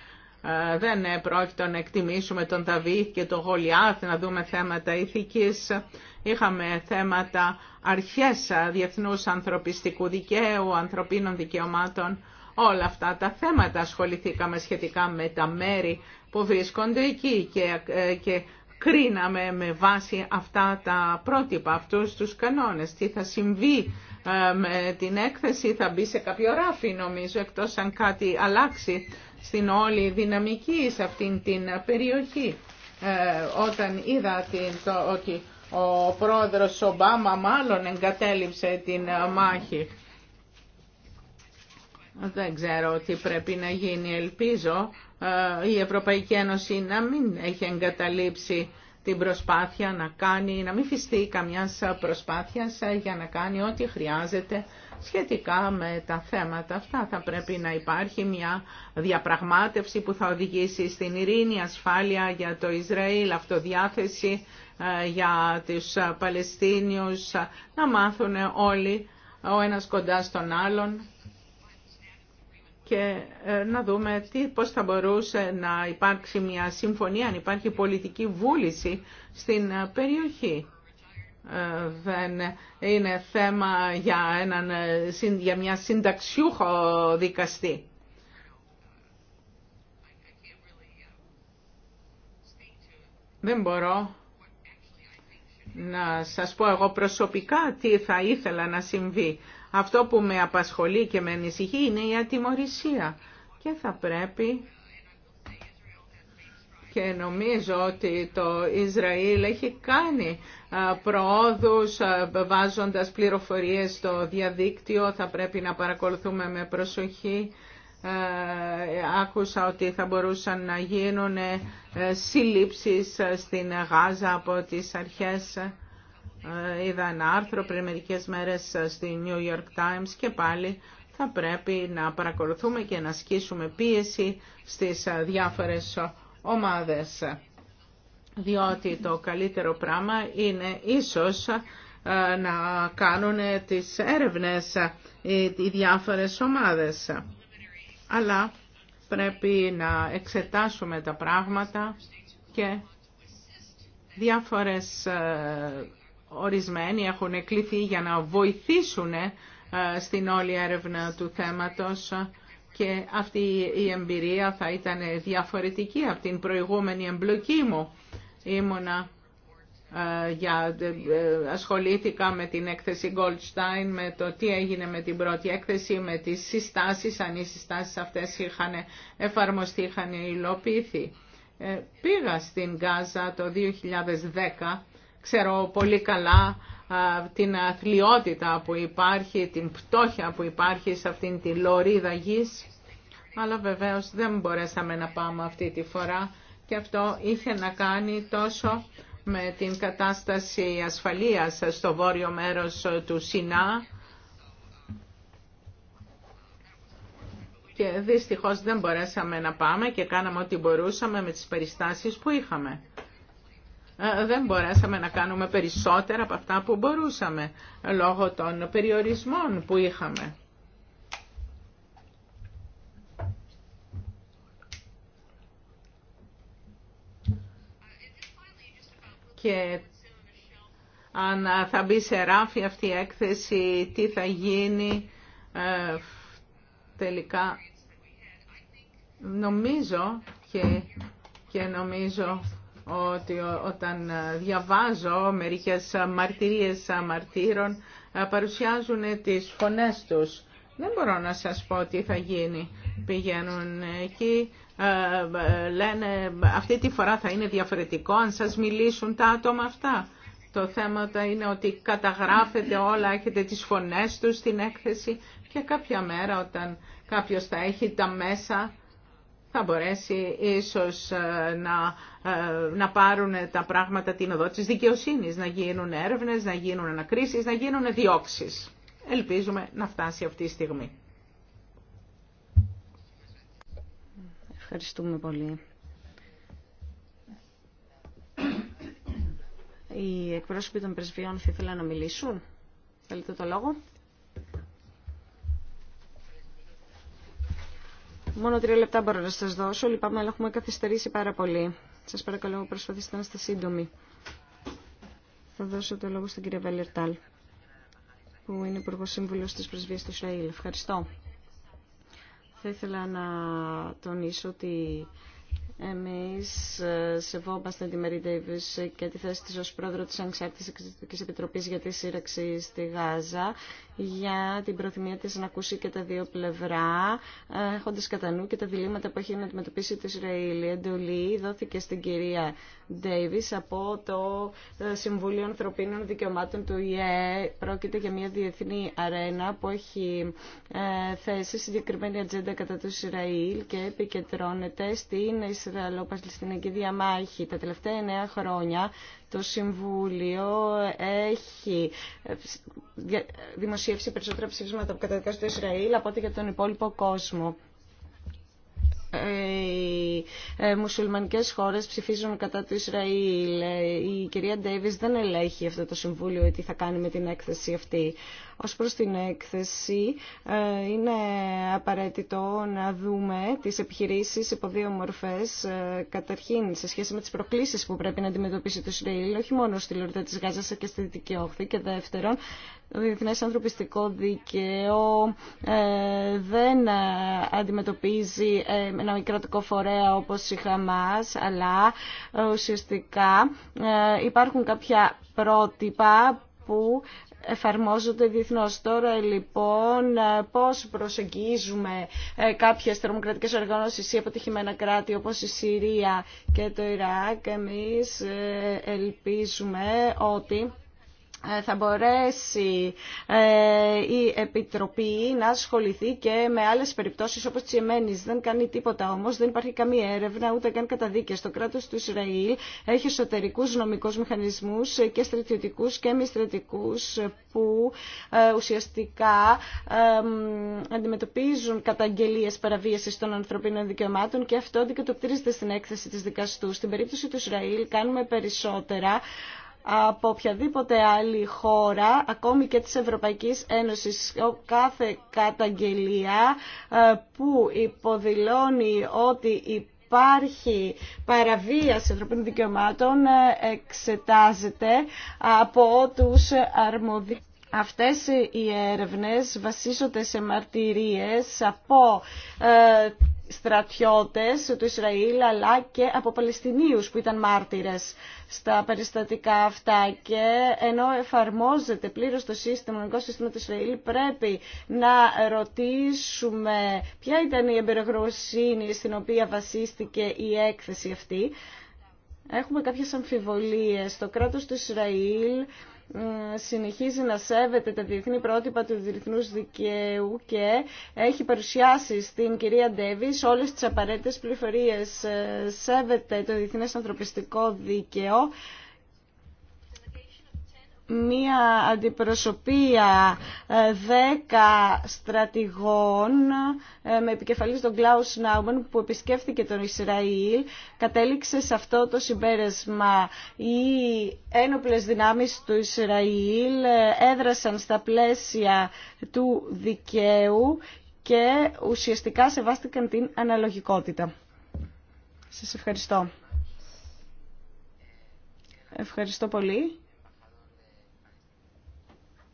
Ε, δεν πρόκειται να εκτιμήσουμε τον Ταβί και τον Γολιάθ, να δούμε θέματα ηθικής. Είχαμε θέματα αρχές διεθνούς ανθρωπιστικού δικαίου, ανθρωπίνων δικαιωμάτων. Όλα αυτά τα θέματα ασχοληθήκαμε σχετικά με τα μέρη που βρίσκονται εκεί και, και κρίναμε με βάση αυτά τα πρότυπα, αυτούς τους κανόνες. Τι θα συμβεί ε, με την έκθεση, θα μπει σε κάποιο ράφι νομίζω, εκτός αν κάτι αλλάξει στην όλη δυναμική σε αυτήν την περιοχή. Ε, όταν είδα ότι ο πρόεδρος Ομπάμα μάλλον εγκατέλειψε την μάχη δεν ξέρω τι πρέπει να γίνει. Ελπίζω ε, η Ευρωπαϊκή Ένωση να μην έχει εγκαταλείψει την προσπάθεια να κάνει, να μην φυστεί καμιά προσπάθεια για να κάνει ό,τι χρειάζεται σχετικά με τα θέματα αυτά. Θα πρέπει να υπάρχει μια διαπραγμάτευση που θα οδηγήσει στην ειρήνη, ασφάλεια για το Ισραήλ, αυτοδιάθεση ε, για τους Παλαιστίνιους, ε, να μάθουν όλοι ο ένας κοντά στον άλλον και ε, να δούμε τι, πώς θα μπορούσε να υπάρξει μια συμφωνία, αν υπάρχει πολιτική βούληση στην ε, περιοχή. Ε, δεν είναι θέμα για, έναν, για μια συνταξιούχο δικαστή. Δεν μπορώ να σας πω εγώ προσωπικά τι θα ήθελα να συμβεί. Αυτό που με απασχολεί και με ανησυχεί είναι η ατιμορρησία και θα πρέπει και νομίζω ότι το Ισραήλ έχει κάνει προόδους βάζοντας πληροφορίες στο διαδίκτυο. Θα πρέπει να παρακολουθούμε με προσοχή. Άκουσα ότι θα μπορούσαν να γίνουν ε, σύλληψεις ε, στην Γάζα από τις αρχές ε, είδα ένα άρθρο πριν μερικές μέρες ε, στη New York Times και πάλι θα πρέπει να παρακολουθούμε και να ασκήσουμε πίεση στις ε, διάφορες ομάδες. Διότι το καλύτερο πράγμα είναι ίσως να κάνουν τις έρευνες οι διάφορες ομάδες. Αλλά πρέπει να εξετάσουμε τα πράγματα και διάφορες ορισμένοι έχουν κληθεί για να βοηθήσουν ε, στην όλη έρευνα του θέματος και αυτή η εμπειρία θα ήταν διαφορετική από την προηγούμενη εμπλοκή μου. Ήμουνα ε, για, ε, ασχολήθηκα με την έκθεση Goldstein, με το τι έγινε με την πρώτη έκθεση, με τις συστάσεις, αν οι συστάσεις αυτές είχαν εφαρμοστεί, είχαν υλοποιηθεί. πήγα στην Γάζα το 2010 Ξέρω πολύ καλά την αθλειότητα που υπάρχει, την πτώχεια που υπάρχει σε αυτήν τη λωρίδα γης. Αλλά βεβαίως δεν μπορέσαμε να πάμε αυτή τη φορά και αυτό είχε να κάνει τόσο με την κατάσταση ασφαλείας στο βόρειο μέρος του Σινά και δυστυχώς δεν μπορέσαμε να πάμε και κάναμε ό,τι μπορούσαμε με τις περιστάσεις που είχαμε. Ε, δεν μπορέσαμε να κάνουμε περισσότερα από αυτά που μπορούσαμε λόγω των περιορισμών που είχαμε. Και αν θα μπει σε ράφη αυτή η έκθεση, τι θα γίνει ε, τελικά. Νομίζω και, και νομίζω ότι όταν διαβάζω μερικές μαρτυρίες μαρτύρων ε, παρουσιάζουν τις φωνές τους. Δεν μπορώ να σας πω τι θα γίνει. Πηγαίνουν εκεί, ε, ε, λένε αυτή τη φορά θα είναι διαφορετικό αν σας μιλήσουν τα άτομα αυτά. Το θέμα είναι ότι καταγράφετε όλα, έχετε τις φωνές τους στην έκθεση και κάποια μέρα όταν κάποιος θα έχει τα μέσα θα μπορέσει ίσως ε, να, ε, να πάρουν τα πράγματα την οδό της δικαιοσύνης, να γίνουν έρευνες, να γίνουν ανακρίσεις, να γίνουν διώξεις. Ελπίζουμε να φτάσει αυτή η στιγμή. Ευχαριστούμε πολύ. Οι εκπρόσωποι των πρεσβειών θα ήθελαν να μιλήσουν. Θέλετε το λόγο. Μόνο τρία λεπτά μπορώ να σα δώσω. Λυπάμαι, αλλά έχουμε καθυστερήσει πάρα πολύ. Σα παρακαλώ, προσπαθήστε να είστε σύντομοι. Θα δώσω το λόγο στην κυρία Βελερτάλ, που είναι υπουργό σύμβουλο τη Πρεσβεία του Ισραήλ. Ευχαριστώ. Θα ήθελα να τονίσω ότι εμείς ε, σεβόμαστε τη Μερή Ντέιβις και τη θέση της ως πρόεδρο της Ανεξάρτητης Εξωτικής Επιτροπής για τη σύραξη στη Γάζα για την προθυμία της να ακούσει και τα δύο πλευρά, ε, έχοντα κατά νου και τα διλήμματα που έχει να αντιμετωπίσει το Ισραήλ. Η εντολή δόθηκε στην κυρία Ντέιβις από το ε, Συμβούλιο Ανθρωπίνων Δικαιωμάτων του ΙΕ. Πρόκειται για μια διεθνή αρένα που έχει ε, θέσει συγκεκριμένη ατζέντα κατά του Ισραήλ και επικεντρώνεται στην ισραηλο διαμάχη. Τα τελευταία εννέα χρόνια το Συμβούλιο έχει ε, δημοσιεύσει περισσότερα ψηφίσματα κατά του του Ισραήλ από ό,τι για τον υπόλοιπο κόσμο ε, οι μουσουλμανικές χώρες ψηφίζουν κατά του Ισραήλ. Ε, η κυρία Ντέιβις δεν ελέγχει αυτό το συμβούλιο τι θα κάνει με την έκθεση αυτή. Ως προς την έκθεση ε, είναι απαραίτητο να δούμε τις επιχειρήσεις υπό δύο μορφές. Ε, καταρχήν σε σχέση με τις προκλήσεις που πρέπει να αντιμετωπίσει το Ισραήλ, όχι μόνο στη Λορδία της Γάζας αλλά και στη Δυτική Όχθη. Και δεύτερον, το Διεθνές Ανθρωπιστικό Δίκαιο ε, δεν αντιμετωπίζει ένα μικρατικό φορέα όπως η Χαμάς, αλλά ουσιαστικά υπάρχουν κάποια πρότυπα που εφαρμόζονται διεθνώς. Τώρα λοιπόν πώς προσεγγίζουμε ε, κάποιες τρομοκρατικές οργανώσεις ή αποτυχημένα κράτη όπως η Συρία και το Ιράκ. Εμείς ε, ελπίζουμε ότι ε, θα μπορέσει ε, η Επιτροπή να ασχοληθεί και με άλλες περιπτώσεις όπως τη Δεν κάνει τίποτα όμως, δεν υπάρχει καμία έρευνα ούτε καν καταδίκες. Το κράτος του Ισραήλ έχει εσωτερικούς νομικούς μηχανισμούς και στρατιωτικούς και μη στρατιωτικούς που ε, ουσιαστικά αντιμετωπίζουν καταγγελίες παραβίασης των ανθρωπίνων δικαιωμάτων και αυτό αντικατοπτρίζεται στην έκθεση της δικαστού. Στην περίπτωση του Ισραήλ κάνουμε περισσότερα από οποιαδήποτε άλλη χώρα, ακόμη και της Ευρωπαϊκής Ένωσης, κάθε καταγγελία ε, που υποδηλώνει ότι υπάρχει παραβίαση ανθρωπίνων δικαιωμάτων ε, εξετάζεται από τους αρμοδίους. Αυτές οι έρευνες βασίζονται σε μαρτυρίες από ε, στρατιώτες του Ισραήλ αλλά και από Παλαιστινίους που ήταν μάρτυρες στα περιστατικά αυτά και ενώ εφαρμόζεται πλήρως το σύστημα, το σύστημα του Ισραήλ πρέπει να ρωτήσουμε ποια ήταν η εμπειρογνωσύνη στην οποία βασίστηκε η έκθεση αυτή. Έχουμε κάποιες αμφιβολίες. Το κράτος του Ισραήλ συνεχίζει να σέβεται τα διεθνή πρότυπα του διεθνούς δικαίου και έχει παρουσιάσει στην κυρία Ντέβις όλες τις απαραίτητες πληροφορίες. Ε, σέβεται το διεθνές ανθρωπιστικό δίκαιο μία αντιπροσωπεία ε, δέκα στρατηγών ε, με επικεφαλής τον Κλάου Σνάουμεν που επισκέφθηκε τον Ισραήλ κατέληξε σε αυτό το συμπέρασμα. Οι ένοπλες δυνάμεις του Ισραήλ ε, έδρασαν στα πλαίσια του δικαίου και ουσιαστικά σεβάστηκαν την αναλογικότητα. Σας ευχαριστώ. Ευχαριστώ πολύ.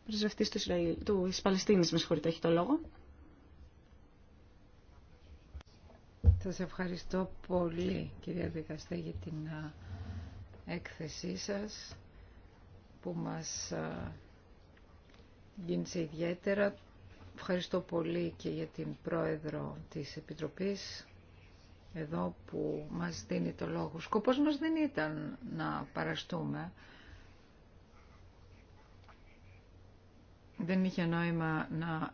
Πρεσβευτής του, του της Παλαιστίνης, με συγχωρείτε, έχει το λόγο. Σα ευχαριστώ πολύ, κυρία Δικαστέ, για την έκθεσή σας που μας γίνησε ιδιαίτερα. Ευχαριστώ πολύ και για την πρόεδρο της Επιτροπής εδώ που μας δίνει το λόγο. Σκοπός μας δεν ήταν να παραστούμε. Δεν είχε νόημα να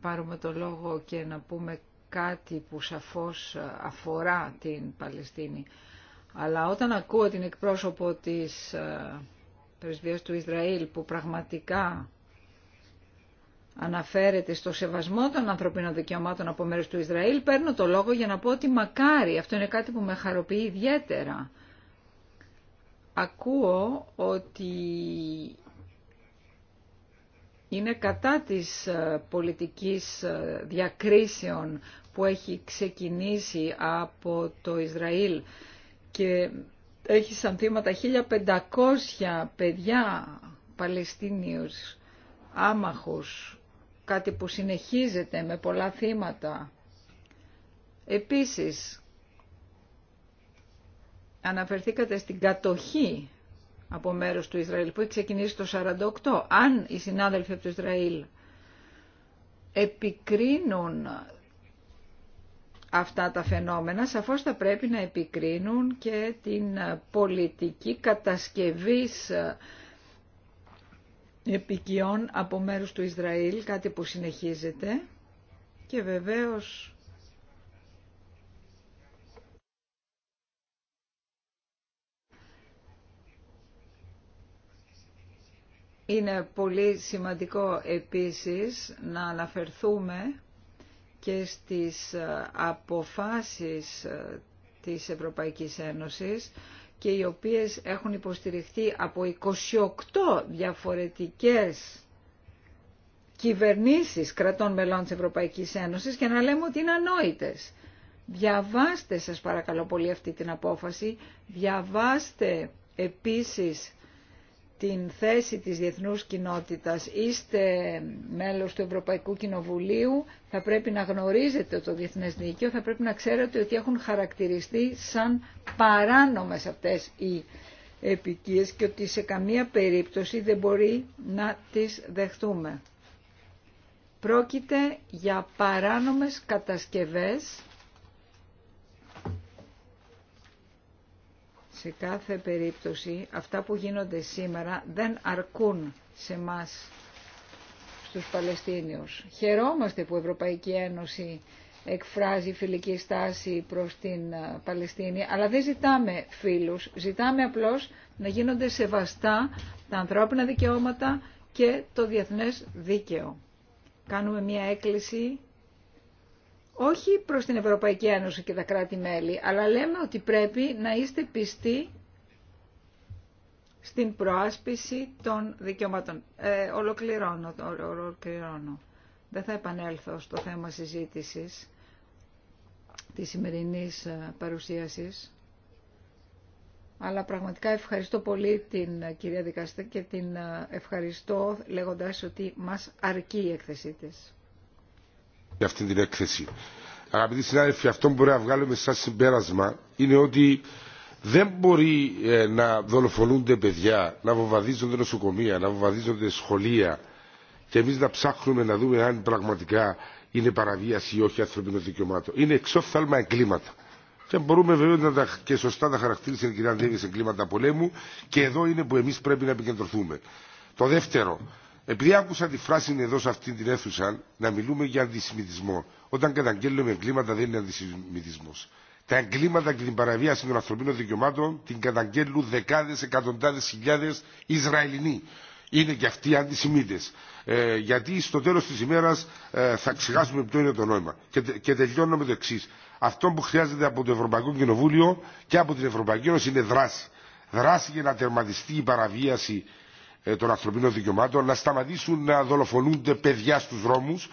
πάρουμε το λόγο και να πούμε κάτι που σαφώς αφορά την Παλαιστίνη. Αλλά όταν ακούω την εκπρόσωπο της ε, πρεσβείας του Ισραήλ που πραγματικά αναφέρεται στο σεβασμό των ανθρωπίνων δικαιωμάτων από μέρους του Ισραήλ, παίρνω το λόγο για να πω ότι μακάρι, αυτό είναι κάτι που με χαροποιεί ιδιαίτερα. Ακούω ότι είναι κατά της ε, πολιτικής ε, διακρίσεων που έχει ξεκινήσει από το Ισραήλ και έχει σαν θύματα 1500 παιδιά Παλαιστίνιους άμαχους, κάτι που συνεχίζεται με πολλά θύματα. Επίσης, αναφερθήκατε στην κατοχή από μέρος του Ισραήλ που έχει ξεκινήσει το 1948. Αν οι συνάδελφοι από το Ισραήλ επικρίνουν αυτά τα φαινόμενα, σαφώς θα πρέπει να επικρίνουν και την πολιτική κατασκευής επικιών από μέρους του Ισραήλ, κάτι που συνεχίζεται και βεβαίως Είναι πολύ σημαντικό επίσης να αναφερθούμε και στις ε, αποφάσεις ε, της Ευρωπαϊκής Ένωσης και οι οποίες έχουν υποστηριχθεί από 28 διαφορετικές κυβερνήσεις κρατών μελών της Ευρωπαϊκής Ένωσης και να λέμε ότι είναι ανόητες. Διαβάστε σας παρακαλώ πολύ αυτή την απόφαση, διαβάστε επίσης την θέση της διεθνούς κοινότητας είστε μέλος του Ευρωπαϊκού Κοινοβουλίου, θα πρέπει να γνωρίζετε το διεθνές δίκαιο, θα πρέπει να ξέρετε ότι έχουν χαρακτηριστεί σαν παράνομες αυτές οι επικίες και ότι σε καμία περίπτωση δεν μπορεί να τις δεχτούμε. Πρόκειται για παράνομες κατασκευές Σε κάθε περίπτωση αυτά που γίνονται σήμερα δεν αρκούν σε μας στους Παλαιστίνιους. Χαιρόμαστε που η Ευρωπαϊκή Ένωση εκφράζει φιλική στάση προς την ε, Παλαιστίνη, αλλά δεν ζητάμε φίλους, ζητάμε απλώς να γίνονται σεβαστά τα ανθρώπινα δικαιώματα και το διεθνές δίκαιο. Κάνουμε μια έκκληση όχι προς την Ευρωπαϊκή Ένωση και τα κράτη-μέλη, αλλά λέμε ότι πρέπει να είστε πιστοί στην προάσπιση των δικαιωμάτων. Ε, ολοκληρώνω, ολοκληρώνω. Δεν θα επανέλθω στο θέμα συζήτησης της σημερινής ε, παρουσίασης. Αλλά πραγματικά ευχαριστώ πολύ την ε, κυρία Δικαστή και την ευχαριστώ λέγοντας ότι μας αρκεί η έκθεσή της για αυτή την έκθεση. Αγαπητοί συνάδελφοι, αυτό που μπορεί να βγάλουμε σαν συμπέρασμα είναι ότι δεν μπορεί ε, να δολοφονούνται παιδιά, να βομβαδίζονται νοσοκομεία, να βομβαδίζονται σχολεία και εμεί να ψάχνουμε να δούμε αν πραγματικά είναι παραβίαση ή όχι ανθρωπίνο δικαιωμάτων. Είναι εξόφθαλμα εγκλήματα. Και μπορούμε βέβαια να τα και σωστά τα χαρακτήρισε η κυρία Ντέβη εγκλήματα πολέμου και εδώ είναι που εμεί πρέπει να επικεντρωθούμε. Το δεύτερο, επειδή άκουσα τη φράση εδώ σε αυτή την αίθουσα να μιλούμε για αντισημιτισμό. Όταν καταγγέλνουμε εγκλήματα δεν είναι αντισημιτισμό. Τα εγκλήματα και την παραβίαση των ανθρωπίνων δικαιωμάτων την καταγγέλνουν δεκάδε, εκατοντάδε χιλιάδε Ισραηλινοί. Είναι και αυτοί αντισημίτε. Ε, γιατί στο τέλο τη ημέρα ε, θα ξεχάσουμε ποιο είναι το νόημα. Και, και τελειώνω με το εξή. Αυτό που χρειάζεται από το Ευρωπαϊκό Κοινοβούλιο και από την Ευρωπαϊκή Ένωση είναι δράση. Δράση για να τερματιστεί η παραβίαση ε, των ανθρωπίνων δικαιωμάτων, να σταματήσουν να δολοφονούνται παιδιά στους δρόμους,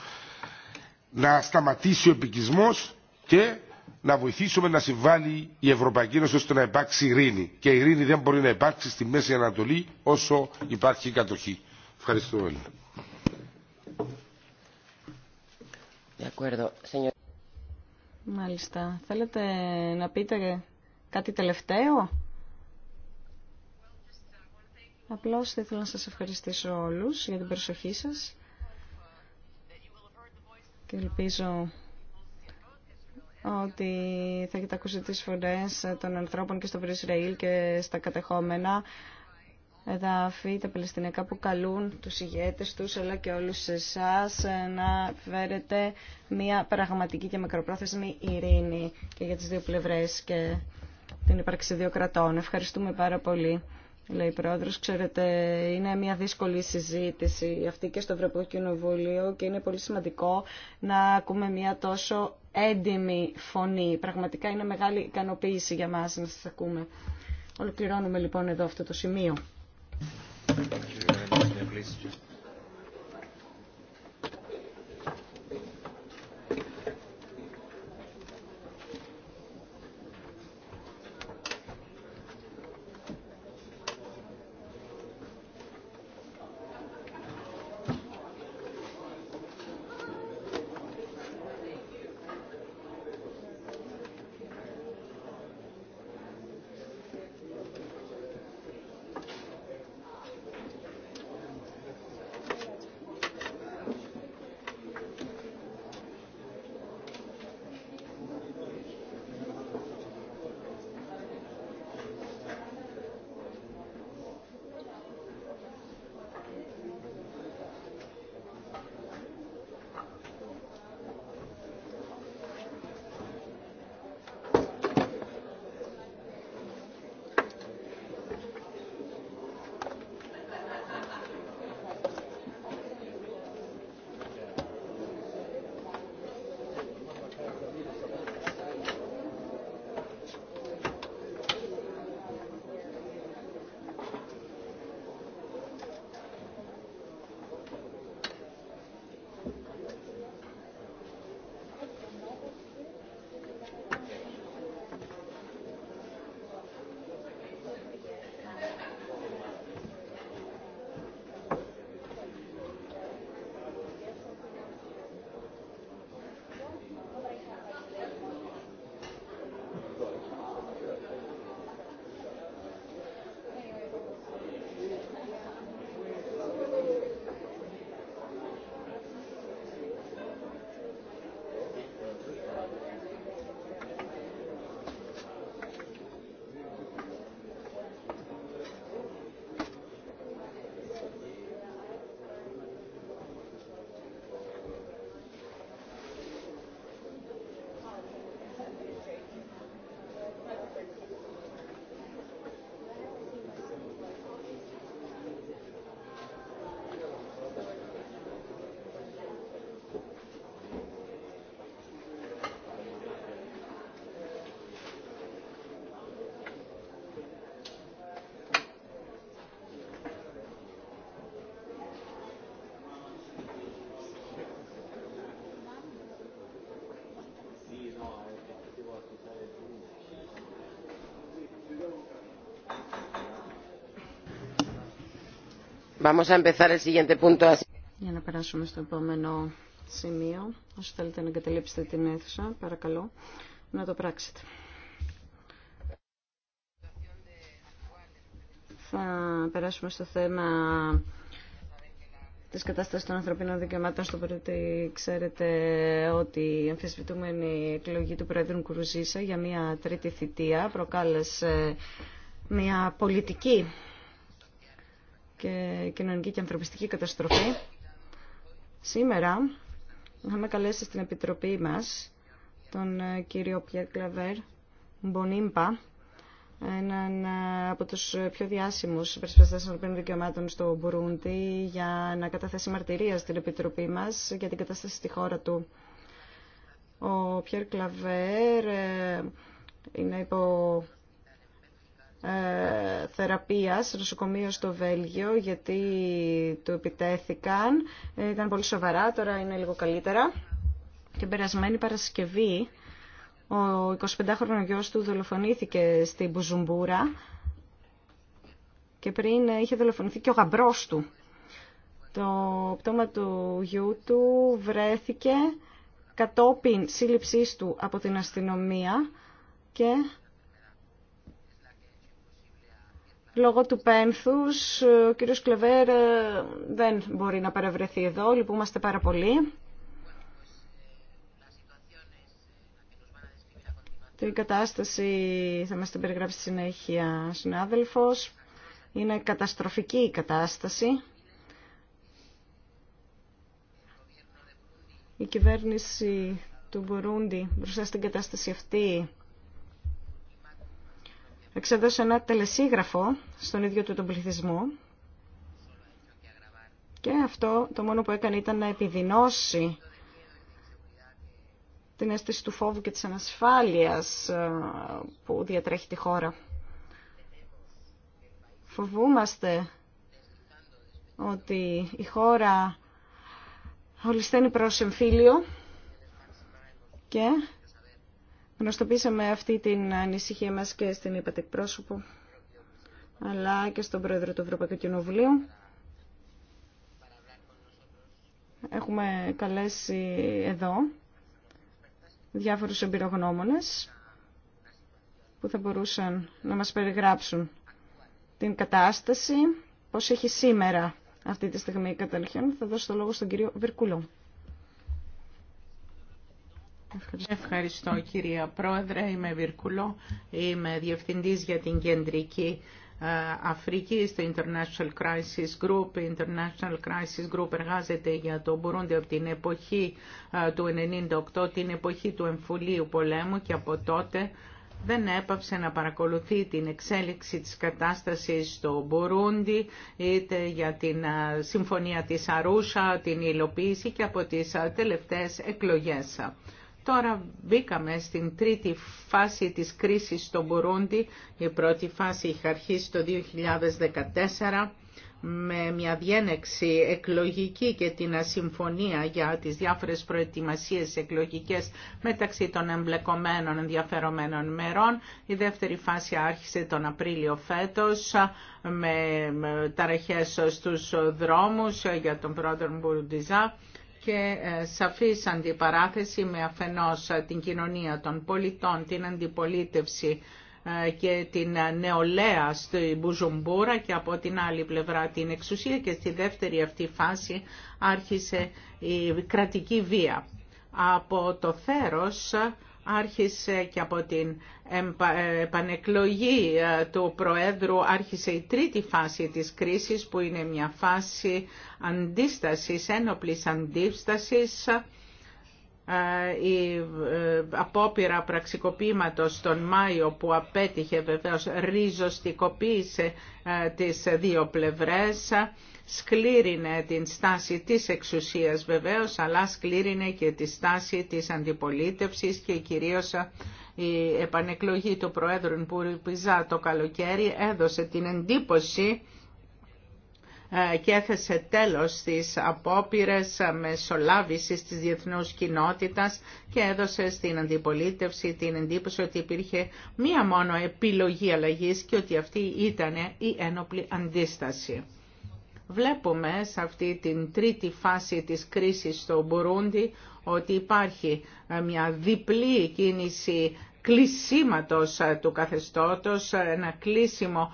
να σταματήσει ο επικισμός και να βοηθήσουμε να συμβάλλει η Ευρωπαϊκή Ένωση ώστε να υπάρξει ειρήνη. Και η ειρήνη δεν μπορεί να υπάρξει στη Μέση Ανατολή όσο υπάρχει κατοχή. Ευχαριστώ πολύ. Μάλιστα. Θέλετε να πείτε κάτι τελευταίο? Απλώς θα ήθελα να σας ευχαριστήσω όλους για την προσοχή σας και ελπίζω ότι θα έχετε ακούσει τις φωνές των ανθρώπων και στο Ισραήλ και στα κατεχόμενα εδάφη, τα Παλαιστινιακά που καλούν τους ηγέτες τους αλλά και όλους εσάς να φέρετε μια πραγματική και μακροπρόθεσμη ειρήνη και για τις δύο πλευρές και την ύπαρξη δύο κρατών. Ευχαριστούμε πάρα πολύ λέει πρόεδρος, ξέρετε, είναι μια δύσκολη συζήτηση αυτή και στο Ευρωπαϊκό Κοινοβούλιο και είναι πολύ σημαντικό να ακούμε μια τόσο έντιμη φωνή. Πραγματικά είναι μεγάλη ικανοποίηση για μας να σας ακούμε. Ολοκληρώνουμε λοιπόν εδώ αυτό το σημείο. Vamos Για να περάσουμε στο επόμενο σημείο. Όσοι θέλετε να εγκαταλείψετε την αίθουσα, παρακαλώ να το πράξετε. Θα περάσουμε στο θέμα της κατάστασης των ανθρωπίνων δικαιωμάτων στο ότι ξέρετε ότι η αμφισβητούμενη εκλογή του Πρόεδρου Κουρουζίσα για μια τρίτη θητεία προκάλεσε μια πολιτική και κοινωνική και ανθρωπιστική καταστροφή. Σήμερα είχαμε καλέσει στην Επιτροπή μας τον ε, κύριο Πιέρ Κλαβέρ Μπονίμπα, έναν ε, από τους πιο διάσημους των ανθρωπίνων δικαιωμάτων στο Μπουρούντι για να καταθέσει μαρτυρία στην Επιτροπή μας για την κατάσταση στη χώρα του. Ο Πιέρ Κλαβέρ ε, είναι υπό ε, θεραπείας νοσοκομείο στο Βέλγιο γιατί του επιτέθηκαν. Ε, ήταν πολύ σοβαρά, τώρα είναι λίγο καλύτερα. Και περασμένη Παρασκευή ο 25χρονος γιος του δολοφονήθηκε στην Μπουζουμπούρα και πριν είχε δολοφονηθεί και ο γαμπρός του. Το πτώμα του γιού του βρέθηκε κατόπιν σύλληψής του από την αστυνομία και Λόγω του πένθους, ο κύριος Κλεβέρ ε, δεν μπορεί να παρευρεθεί εδώ, λυπούμαστε πάρα πολύ. Την κατάσταση θα μας την περιγράψει συνέχεια συνέχεια συνάδελφος. Είναι καταστροφική η κατάσταση. Η κυβέρνηση του Μπουρούντι μπροστά στην κατάσταση αυτή εξέδωσε ένα τελεσίγραφο στον ίδιο του τον πληθυσμό και αυτό το μόνο που έκανε ήταν να επιδεινώσει την αίσθηση του φόβου και της ανασφάλειας ε, που διατρέχει τη χώρα. Φοβούμαστε ότι η χώρα ολισθαίνει προς εμφύλιο και Γνωστοποίησαμε αυτή την ανησυχία μας και στην είπατε πρόσωπο, αλλά και στον Πρόεδρο του Ευρωπαϊκού Κοινοβουλίου. Έχουμε καλέσει εδώ διάφορους εμπειρογνώμονες που θα μπορούσαν να μας περιγράψουν την κατάσταση, πώς έχει σήμερα αυτή τη στιγμή καταρχήν. Θα δώσω το λόγο στον κύριο Βερκούλο. Ευχαριστώ. κυρία Πρόεδρε, είμαι Βιρκουλό. είμαι Διευθυντής για την Κεντρική ε, Αφρική στο International Crisis Group. Η International Crisis Group εργάζεται για το Μπουρούντι από την εποχή ε, του 1998, την εποχή του εμφουλίου πολέμου και από τότε δεν έπαψε να παρακολουθεί την εξέλιξη της κατάστασης στο Μπουρούντι, είτε για την ε, Συμφωνία της Αρούσα, την υλοποίηση και από τις τελευταίες εκλογές. Τώρα μπήκαμε στην τρίτη φάση της κρίσης στο Μπουρούντι. Η πρώτη φάση είχε αρχίσει το 2014 με μια διένεξη εκλογική και την ασυμφωνία για τις διάφορες προετοιμασίες εκλογικές μεταξύ των εμπλεκομένων ενδιαφερομένων μερών. Η δεύτερη φάση άρχισε τον Απρίλιο φέτος με ταραχές στους δρόμους για τον πρόεδρο Μπουρουντιζά και ε, σαφής αντιπαράθεση με αφενός ε, την κοινωνία των πολιτών, την αντιπολίτευση ε, και την νεολαία στη Μπουζουμπούρα και από την άλλη πλευρά την εξουσία και στη δεύτερη αυτή φάση άρχισε η κρατική βία. Από το θέρος άρχισε και από την ε, επανεκλογή ε, του Προέδρου άρχισε η τρίτη φάση της κρίσης που είναι μια φάση αντίστασης, ένοπλης αντίστασης ε, η απόπειρα πραξικοπήματος τον Μάιο που απέτυχε βεβαίως ριζοστικοποίησε τις δύο πλευρές σκλήρινε την στάση της εξουσίας βεβαίως, αλλά σκλήρινε και τη στάση της αντιπολίτευσης και κυρίως ε, η επανεκλογή του Προέδρου Πουριπιζά το καλοκαίρι έδωσε την εντύπωση ε, και έθεσε τέλος στις απόπειρες μεσολάβησης της διεθνούς κοινότητας και έδωσε στην αντιπολίτευση την εντύπωση ότι υπήρχε μία μόνο επιλογή αλλαγής και ότι αυτή ήταν η ένοπλη αντίσταση. Βλέπουμε σε αυτή την τρίτη φάση της κρίσης στο Μπουρούντι ότι υπάρχει ε, μια διπλή κίνηση κλεισίματος ε, του καθεστώτος, ε, ένα κλείσιμο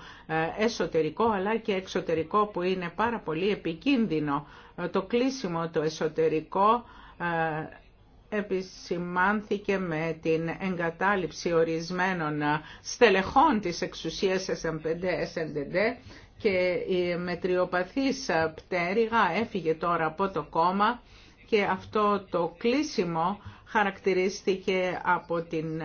εσωτερικό αλλά και εξωτερικό που είναι πάρα πολύ επικίνδυνο. Το κλείσιμο το εσωτερικό επισημάνθηκε με την εγκατάλειψη ορισμένων στελεχών της εξουσίας SM5-SNDD και η μετριοπαθής πτέρυγα έφυγε τώρα από το κόμμα και αυτό το κλείσιμο χαρακτηρίστηκε από την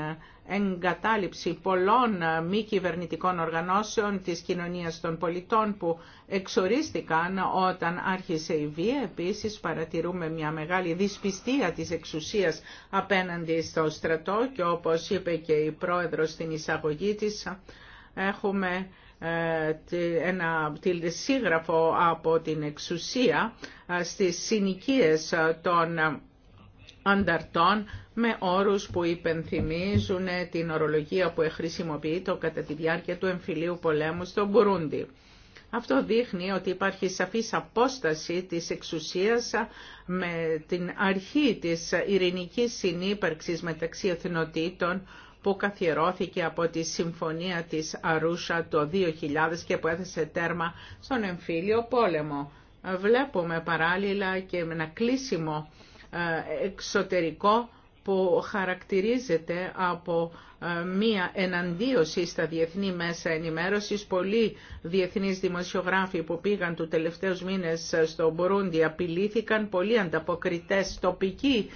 εγκατάλειψη πολλών μη κυβερνητικών οργανώσεων της κοινωνίας των πολιτών που εξορίστηκαν όταν άρχισε η βία. Επίσης παρατηρούμε μια μεγάλη δυσπιστία της εξουσίας απέναντι στο στρατό και όπως είπε και η πρόεδρος στην εισαγωγή της έχουμε ένα τηλεσίγραφο από την εξουσία ε, στις συνοικίες ε, των ανταρτών με όρους που υπενθυμίζουν την ορολογία που χρησιμοποιείται το κατά τη διάρκεια του εμφυλίου πολέμου στο Μπουρούντι. Αυτό δείχνει ότι υπάρχει σαφής απόσταση της εξουσίας ε, με την αρχή της ειρηνικής συνύπαρξης μεταξύ εθνοτήτων που καθιερώθηκε από τη Συμφωνία της Αρούσα το 2000 και που έθεσε τέρμα στον εμφύλιο πόλεμο. Βλέπουμε παράλληλα και με ένα κλείσιμο ε, εξωτερικό που χαρακτηρίζεται από ε, μία εναντίωση στα διεθνή μέσα ενημέρωσης. Πολλοί διεθνείς δημοσιογράφοι που πήγαν του τελευταίου μήνες ε, στο Μπουρούντι απειλήθηκαν, πολλοί ανταποκριτές τοπικοί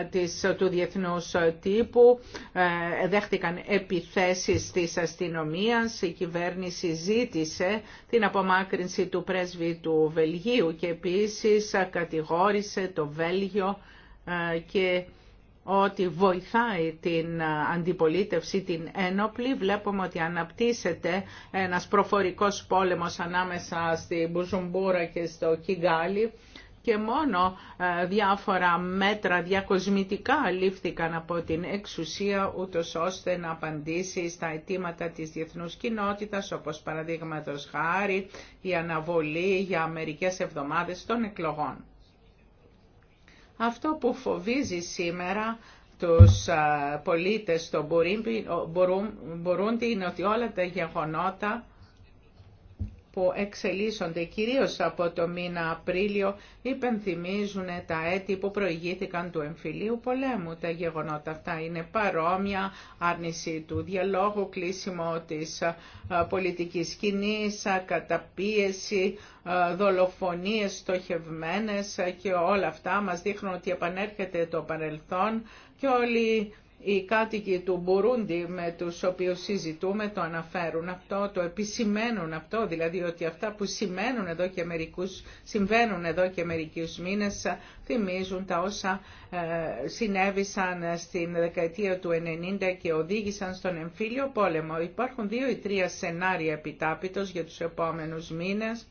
ε, της, του διεθνούς τύπου δέχτηκαν επιθέσεις της αστυνομίας. Η κυβέρνηση ζήτησε την απομάκρυνση του πρέσβη του Βελγίου και επίσης κατηγόρησε το Βέλγιο και ότι βοηθάει την ε, αντιπολίτευση, την ένοπλη. Βλέπουμε ότι αναπτύσσεται ένας προφορικός πόλεμος ανάμεσα στη Μπουζουμπούρα και στο Κιγκάλι και μόνο ε, διάφορα μέτρα διακοσμητικά λήφθηκαν από την εξουσία ούτως ώστε να απαντήσει στα αιτήματα της διεθνούς κοινότητας όπως παραδείγματος χάρη η αναβολή για μερικές εβδομάδες των εκλογών. Αυτό που φοβίζει σήμερα τους πολίτες στο Μπουρούντι είναι ότι όλα τα γεγονότα που εξελίσσονται κυρίως από το μήνα Απρίλιο υπενθυμίζουν τα έτη που προηγήθηκαν του εμφυλίου πολέμου. Τα γεγονότα αυτά είναι παρόμοια, άρνηση του διαλόγου, κλείσιμο της πολιτικής σκηνής, καταπίεση, δολοφονίες στοχευμένες και όλα αυτά μας δείχνουν ότι επανέρχεται το παρελθόν και όλοι οι κάτοικοι του Μπουρούντι με τους οποίους συζητούμε το αναφέρουν αυτό, το επισημαίνουν αυτό, δηλαδή ότι αυτά που σημαίνουν εδώ και μερικούς, συμβαίνουν εδώ και μερικούς μήνες θυμίζουν τα όσα ε, συνέβησαν στην δεκαετία του 90 και οδήγησαν στον εμφύλιο πόλεμο. Υπάρχουν δύο ή τρία σενάρια επιτάπητος για τους επόμενους μήνες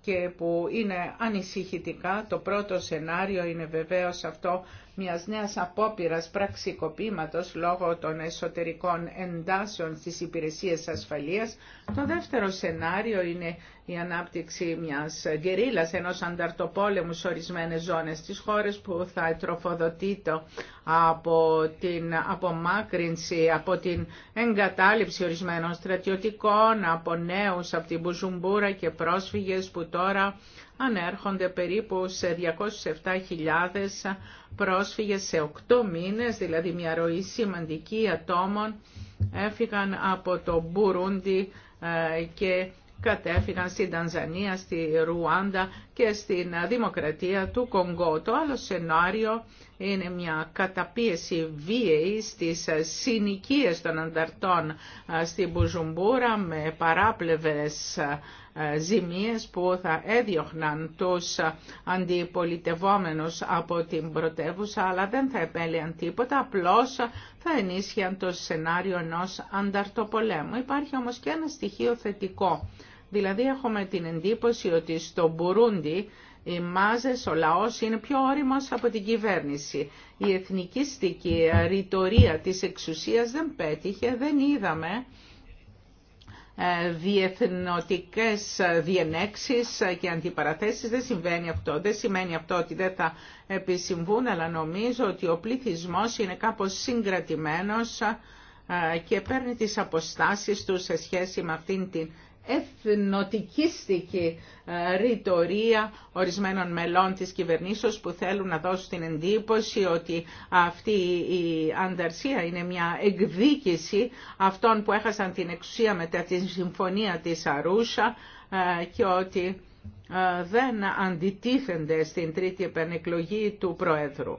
και που είναι ανησυχητικά. Το πρώτο σενάριο είναι βεβαίως αυτό μιας νέας απόπειρας πραξικοπήματος λόγω των εσωτερικών εντάσεων στις υπηρεσίες ασφαλείας. Το δεύτερο σενάριο είναι η ανάπτυξη μιας γκερίλας, ενός ανταρτοπόλεμου σε ορισμένες ζώνες της χώρας που θα τροφοδοτείται από την απομάκρυνση, από την εγκατάλειψη ορισμένων στρατιωτικών, από νέους, από την Μπουζουμπούρα και πρόσφυγες που τώρα ανέρχονται περίπου σε 207.000 πρόσφυγες σε 8 μήνες, δηλαδή μια ροή σημαντική ατόμων έφυγαν από το Μπουρούντι ε, και κατέφυγαν στην Τανζανία, στη Ρουάντα και στην Δημοκρατία του Κονγκό. Το άλλο σενάριο είναι μια καταπίεση βίαιη στις συνοικίες των ανταρτών ε, στην Μπουζουμπούρα με παράπλευρες ε, ε, ζημίες που θα έδιωχναν τους ε, αντιπολιτευόμενους από την πρωτεύουσα, αλλά δεν θα επέλυαν τίποτα, απλώς θα ενίσχυαν το σενάριο ενός ανταρτοπολέμου. Υπάρχει όμως και ένα στοιχείο θετικό. Δηλαδή έχουμε την εντύπωση ότι στο Μπουρούντι οι μάζες, ο λαός είναι πιο όριμος από την κυβέρνηση. Η εθνικιστική ρητορία της εξουσίας δεν πέτυχε, δεν είδαμε ε, διεθνωτικές διενέξεις και αντιπαραθέσεις. Δεν συμβαίνει αυτό. Δεν σημαίνει αυτό ότι δεν θα επισυμβούν, αλλά νομίζω ότι ο πληθυσμός είναι κάπως συγκρατημένος ε, και παίρνει τις αποστάσεις του σε σχέση με αυτήν την εθνοτικίστικη ε, ρητορία ορισμένων μελών της κυβερνήσεως που θέλουν να δώσουν την εντύπωση ότι αυτή η ανταρσία είναι μια εκδίκηση αυτών που έχασαν την εξουσία μετά τη συμφωνία της Αρούσα ε, και ότι ε, δεν αντιτίθενται στην τρίτη επανεκλογή του Προέδρου.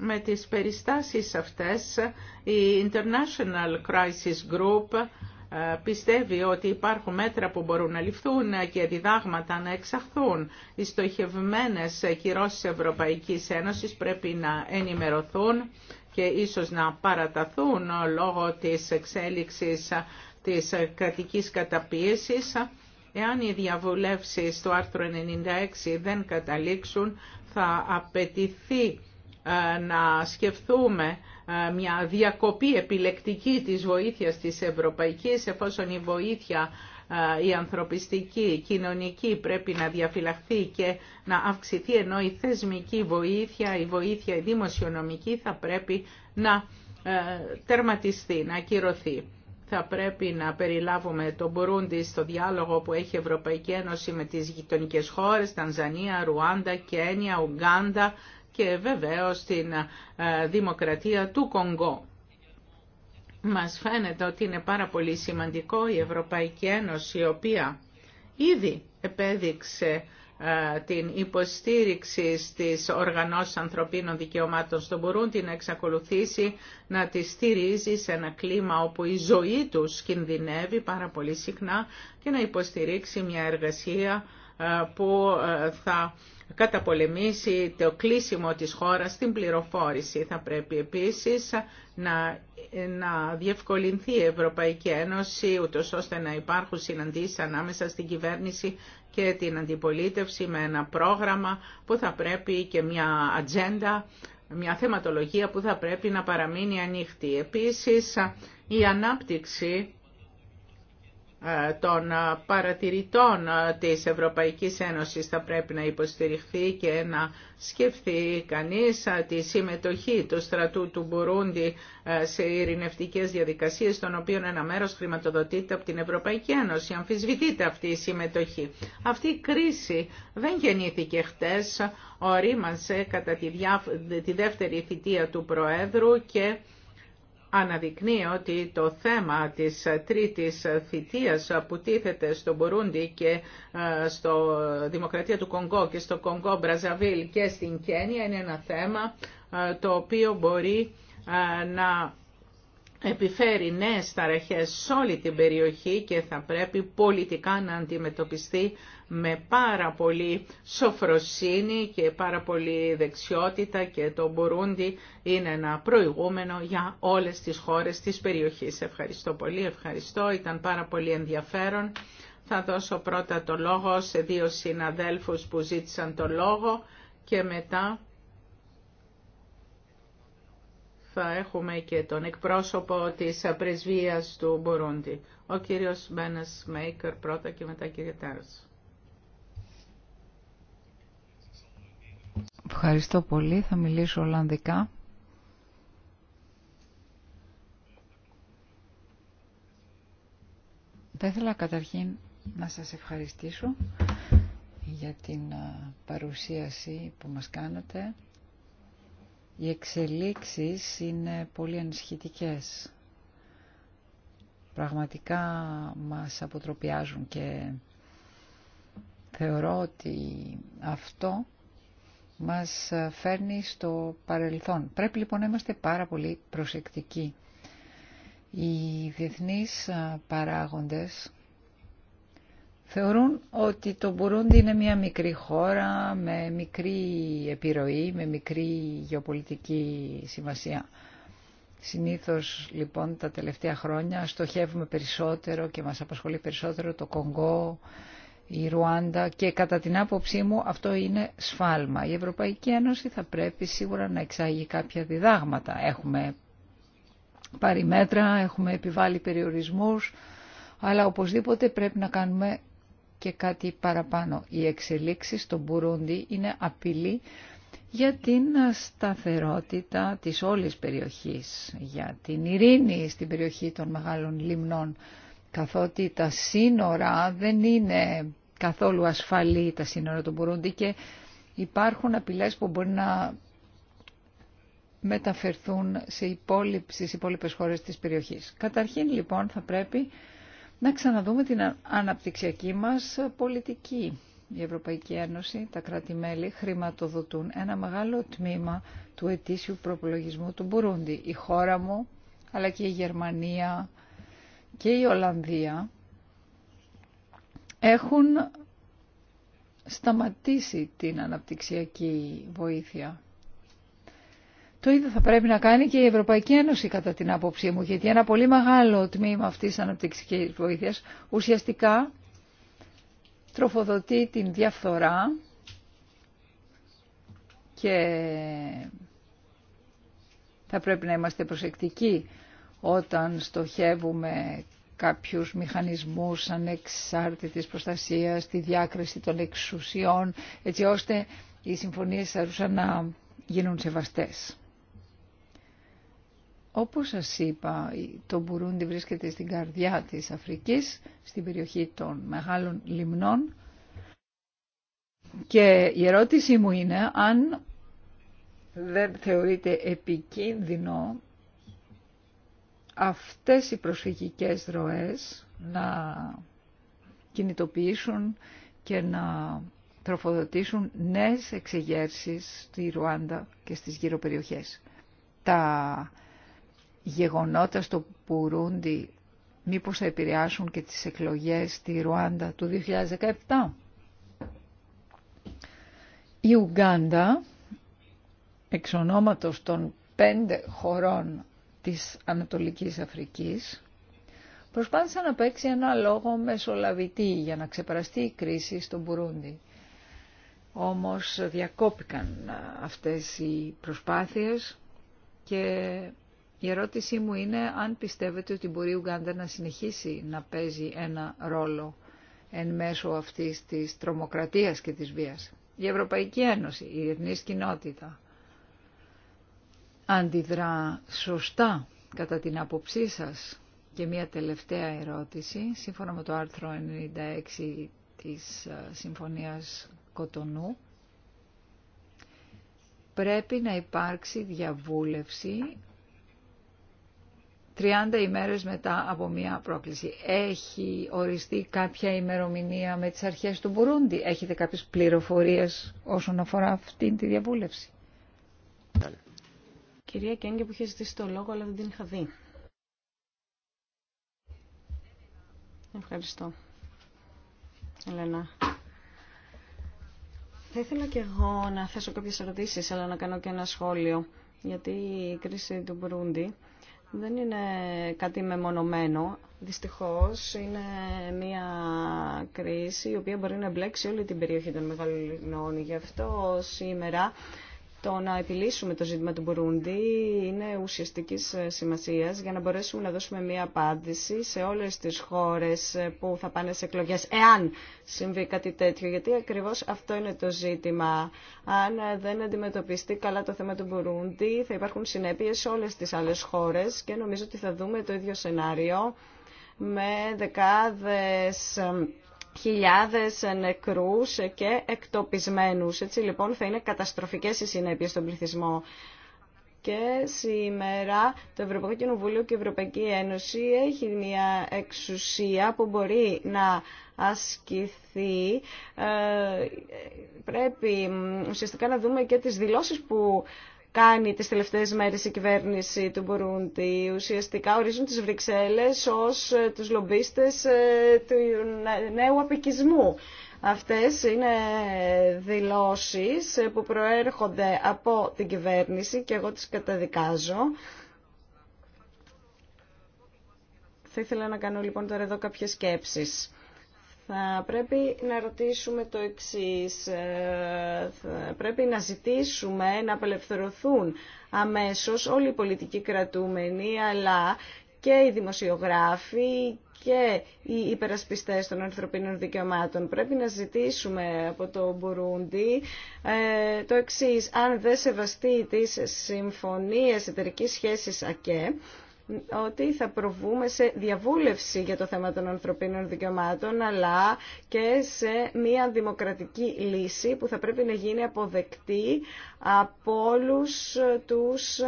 Με τις περιστάσεις αυτές, η International Crisis Group ε, πιστεύει ότι υπάρχουν μέτρα που μπορούν να ληφθούν και διδάγματα να εξαχθούν. Οι στοχευμένες κυρώσεις Ευρωπαϊκής Ένωσης πρέπει να ενημερωθούν και ίσως να παραταθούν λόγω της εξέλιξης της κρατικής καταπίεσης. Εάν οι διαβουλεύσεις του άρθρου 96 δεν καταλήξουν, θα απαιτηθεί ε, να σκεφτούμε ε, μια διακοπή επιλεκτική της βοήθειας της Ευρωπαϊκής, εφόσον η βοήθεια ε, η ανθρωπιστική, η κοινωνική πρέπει να διαφυλαχθεί και να αυξηθεί, ενώ η θεσμική βοήθεια, η βοήθεια η δημοσιονομική θα πρέπει να ε, τερματιστεί, να ακυρωθεί. Θα πρέπει να περιλάβουμε τον Μπουρούντι στο διάλογο που έχει η Ευρωπαϊκή Ένωση με τις γειτονικές χώρες, Τανζανία, Ρουάντα, Κένια, Ουγγάντα, και βεβαίως στην ε, δημοκρατία του Κονγκό. Μας φαίνεται ότι είναι πάρα πολύ σημαντικό η Ευρωπαϊκή Ένωση, η οποία ήδη επέδειξε ε, την υποστήριξη στις οργανώσεις ανθρωπίνων δικαιωμάτων στον Μπουρούντι να εξακολουθήσει να τη στηρίζει σε ένα κλίμα όπου η ζωή τους κινδυνεύει πάρα πολύ συχνά και να υποστηρίξει μια εργασία ε, που θα καταπολεμήσει το κλείσιμο της χώρας στην πληροφόρηση. Θα πρέπει επίσης να, να διευκολυνθεί η Ευρωπαϊκή Ένωση, ούτω ώστε να υπάρχουν συναντήσεις ανάμεσα στην κυβέρνηση και την αντιπολίτευση με ένα πρόγραμμα που θα πρέπει και μια ατζέντα μια θεματολογία που θα πρέπει να παραμείνει ανοιχτή. Επίσης, η ανάπτυξη ε, των ε, παρατηρητών ε, της Ευρωπαϊκής Ένωσης θα πρέπει να υποστηριχθεί και να σκεφτεί κανείς τη συμμετοχή του στρατού του Μπουρούντι σε ειρηνευτικές διαδικασίες των οποίων ένα μέρος χρηματοδοτείται από την Ευρωπαϊκή Ένωση. Αμφισβητείται αυτή η συμμετοχή. Αυτή η κρίση δεν γεννήθηκε χτες, ορίμασε κατά τη δεύτερη θητεία του Προέδρου και αναδεικνύει ότι το θέμα της τρίτης θητείας που τίθεται στο Μπουρούντι και ε, στο Δημοκρατία του Κονγκό και στο Κονγκό Μπραζαβίλ και στην Κένια είναι ένα θέμα ε, το οποίο μπορεί ε, να επιφέρει νέες ταραχές σε όλη την περιοχή και θα πρέπει πολιτικά να αντιμετωπιστεί με πάρα πολύ σοφροσύνη και πάρα πολύ δεξιότητα και το Μπουρούντι είναι ένα προηγούμενο για όλες τις χώρες της περιοχής. Ευχαριστώ πολύ, ευχαριστώ, ήταν πάρα πολύ ενδιαφέρον. Θα δώσω πρώτα το λόγο σε δύο συναδέλφους που ζήτησαν το λόγο και μετά θα έχουμε και τον εκπρόσωπο της πρεσβείας του Μπουρούντι. Ο κύριος Μπένας Μέικερ πρώτα και μετά κύριε Ευχαριστώ πολύ. Θα μιλήσω Ολλανδικά. Θα ήθελα καταρχήν να σας ευχαριστήσω για την παρουσίαση που μας κάνατε. Οι εξελίξεις είναι πολύ ανησυχητικές. Πραγματικά μας αποτροπιάζουν και θεωρώ ότι αυτό μας φέρνει στο παρελθόν. Πρέπει λοιπόν να είμαστε πάρα πολύ προσεκτικοί. Οι διεθνείς παράγοντες θεωρούν ότι το Μπουρούντι είναι μια μικρή χώρα με μικρή επιρροή, με μικρή γεωπολιτική σημασία. Συνήθως λοιπόν τα τελευταία χρόνια στοχεύουμε περισσότερο και μας απασχολεί περισσότερο το Κονγκό, η Ρουάντα και κατά την άποψή μου αυτό είναι σφάλμα. Η Ευρωπαϊκή Ένωση θα πρέπει σίγουρα να εξάγει κάποια διδάγματα. Έχουμε πάρει μέτρα, έχουμε επιβάλει περιορισμούς, αλλά οπωσδήποτε πρέπει να κάνουμε και κάτι παραπάνω. Οι εξελίξεις στον Μπουρούντι είναι απειλή για την σταθερότητα της όλης περιοχής, για την ειρήνη στην περιοχή των μεγάλων λιμνών καθότι τα σύνορα δεν είναι καθόλου ασφαλή τα σύνορα του Μπουρούντι και υπάρχουν απειλές που μπορεί να μεταφερθούν σε υπόλοιπ, στις υπόλοιπες χώρες της περιοχής. Καταρχήν λοιπόν θα πρέπει να ξαναδούμε την αναπτυξιακή μας πολιτική. Η Ευρωπαϊκή Ένωση, τα κράτη-μέλη χρηματοδοτούν ένα μεγάλο τμήμα του ετήσιου προπολογισμού του Μπουρούντι. Η χώρα μου, αλλά και η Γερμανία, και η Ολλανδία έχουν σταματήσει την αναπτυξιακή βοήθεια. Το ίδιο θα πρέπει να κάνει και η Ευρωπαϊκή Ένωση κατά την άποψή μου, γιατί ένα πολύ μεγάλο τμήμα αυτής της αναπτυξιακής βοήθειας ουσιαστικά τροφοδοτεί την διαφθορά και θα πρέπει να είμαστε προσεκτικοί όταν στοχεύουμε κάποιους μηχανισμούς ανεξάρτητης προστασίας, τη διάκριση των εξουσιών, έτσι ώστε οι συμφωνίες αρούσαν να γίνουν σεβαστές. Όπως σας είπα, το Μπουρούντι βρίσκεται στην καρδιά της Αφρικής, στην περιοχή των μεγάλων λιμνών. Και η ερώτησή μου είναι αν δεν θεωρείται επικίνδυνο αυτές οι προσφυγικές ροές να κινητοποιήσουν και να τροφοδοτήσουν νέες εξεγέρσεις στη Ρουάντα και στις γύρω περιοχές. Τα γεγονότα στο Πουρούντι μήπως θα επηρεάσουν και τις εκλογές στη Ρουάντα του 2017. Η Ουγγάντα, εξ ονόματος των πέντε χωρών της Ανατολικής Αφρικής, προσπάθησε να παίξει ένα λόγο μεσολαβητή για να ξεπεραστεί η κρίση στον Μπουρούντι. Όμως διακόπηκαν ε, αυτές οι προσπάθειες και η ερώτησή μου είναι αν πιστεύετε ότι μπορεί η Ουγγάντα να συνεχίσει να παίζει ένα ρόλο εν μέσω αυτής της τρομοκρατίας και της βίας. Η Ευρωπαϊκή Ένωση, η Εθνής Κοινότητα, αντιδρά σωστά κατά την άποψή σας. Και μία τελευταία ερώτηση, σύμφωνα με το άρθρο 96 της ε, Συμφωνίας Κοτονού, πρέπει να υπάρξει διαβούλευση 30 ημέρες μετά από μία πρόκληση. Έχει οριστεί κάποια ημερομηνία με τις αρχές του Μπουρούντι. Έχετε κάποιες πληροφορίες όσον αφορά αυτή τη διαβούλευση κυρία Κέγκε που είχε ζητήσει το λόγο, αλλά δεν την είχα δει. Ευχαριστώ. Ελένα. Θα ήθελα και εγώ να θέσω κάποιες ερωτήσεις, αλλά να κάνω και ένα σχόλιο. Γιατί η κρίση του Μπρούντι δεν είναι κάτι μεμονωμένο. Δυστυχώς είναι μια κρίση η οποία μπορεί να εμπλέξει όλη την περιοχή των Μεγαλυνών. Γι' αυτό σήμερα το να επιλύσουμε το ζήτημα του Μπουρούντι είναι ουσιαστική ε, σημασία για να μπορέσουμε να δώσουμε μία απάντηση σε όλες τις χώρες ε, που θα πάνε σε εκλογέ. εάν συμβεί κάτι τέτοιο, γιατί ακριβώς αυτό είναι το ζήτημα. Αν ε, δεν αντιμετωπιστεί καλά το θέμα του Μπουρούντι, θα υπάρχουν συνέπειε σε όλες τις άλλες χώρε και νομίζω ότι θα δούμε το ίδιο σενάριο με δεκάδες χιλιάδες νεκρούς και εκτοπισμένους. Έτσι λοιπόν θα είναι καταστροφικές οι συνέπειες στον πληθυσμό. Και σήμερα το Ευρωπαϊκό Κοινοβούλιο και η Ευρωπαϊκή Ένωση έχει μια εξουσία που μπορεί να ασκηθεί. Ε, πρέπει ουσιαστικά να δούμε και τις δηλώσεις που κάνει τις τελευταίες μέρες η κυβέρνηση του Μπουρούντι. Ουσιαστικά ορίζουν τις Βρυξέλλες ως ε, τους λομπίστες ε, του νέου απικισμού. Αυτές είναι δηλώσεις ε, που προέρχονται από την κυβέρνηση και εγώ τις καταδικάζω. Θα ήθελα να κάνω λοιπόν τώρα εδώ κάποιες σκέψεις. Θα πρέπει να ρωτήσουμε το εξής. Ε, πρέπει να ζητήσουμε να απελευθερωθούν αμέσως όλοι οι πολιτικοί κρατούμενοι, αλλά και οι δημοσιογράφοι και οι υπερασπιστές των ανθρωπίνων δικαιωμάτων. Πρέπει να ζητήσουμε από το Μπουρούντι ε, το εξής. Αν δεν σεβαστεί τις συμφωνίες εταιρικής σχέσης ΑΚΕ, ότι θα προβούμε σε διαβούλευση για το θέμα των ανθρωπίνων δικαιωμάτων, αλλά και σε μια δημοκρατική λύση που θα πρέπει να γίνει αποδεκτή από όλους τους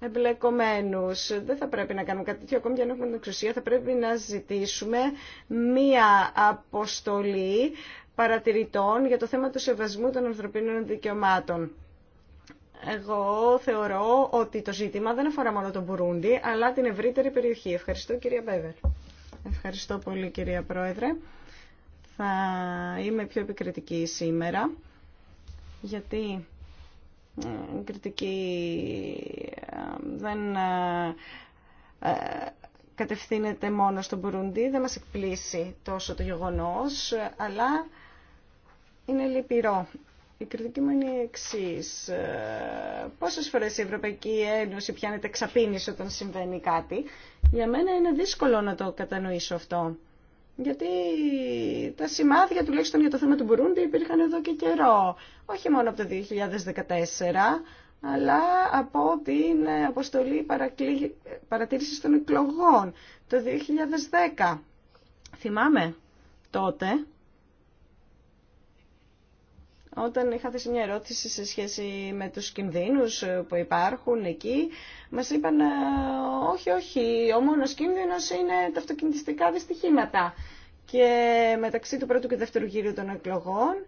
εμπλεκομένους. Δεν θα πρέπει να κάνουμε κάτι τέτοιο, ακόμη για να έχουμε την εξουσία, θα πρέπει να ζητήσουμε μία αποστολή παρατηρητών για το θέμα του σεβασμού των ανθρωπίνων δικαιωμάτων. Εγώ θεωρώ ότι το ζήτημα δεν αφορά μόνο τον Μπουρούντι, αλλά την ευρύτερη περιοχή. Ευχαριστώ κυρία Μπέβερ. Ευχαριστώ πολύ κυρία Πρόεδρε. Θα είμαι πιο επικριτική σήμερα, γιατί ε, η κριτική ε, δεν ε, κατευθύνεται μόνο στον Μπουρούντι, δεν μας εκπλήσει τόσο το γεγονός, αλλά είναι λυπηρό η κριτική μου είναι η εξή. Ε, Πόσε φορέ η Ευρωπαϊκή Ένωση πιάνεται ξαπίνη όταν συμβαίνει κάτι. Για μένα είναι δύσκολο να το κατανοήσω αυτό. Γιατί τα σημάδια, τουλάχιστον για το θέμα του Μπουρούντι, υπήρχαν εδώ και καιρό. Όχι μόνο από το 2014, αλλά από την αποστολή παρατήρηση των εκλογών το 2010. Θυμάμαι τότε όταν είχα θέσει μια ερώτηση σε σχέση με τους κινδύνους που υπάρχουν εκεί, μας είπαν «Ε, όχι, όχι, ο μόνος κίνδυνος είναι τα αυτοκινητιστικά δυστυχήματα. Και μεταξύ του πρώτου και δεύτερου γύρου των εκλογών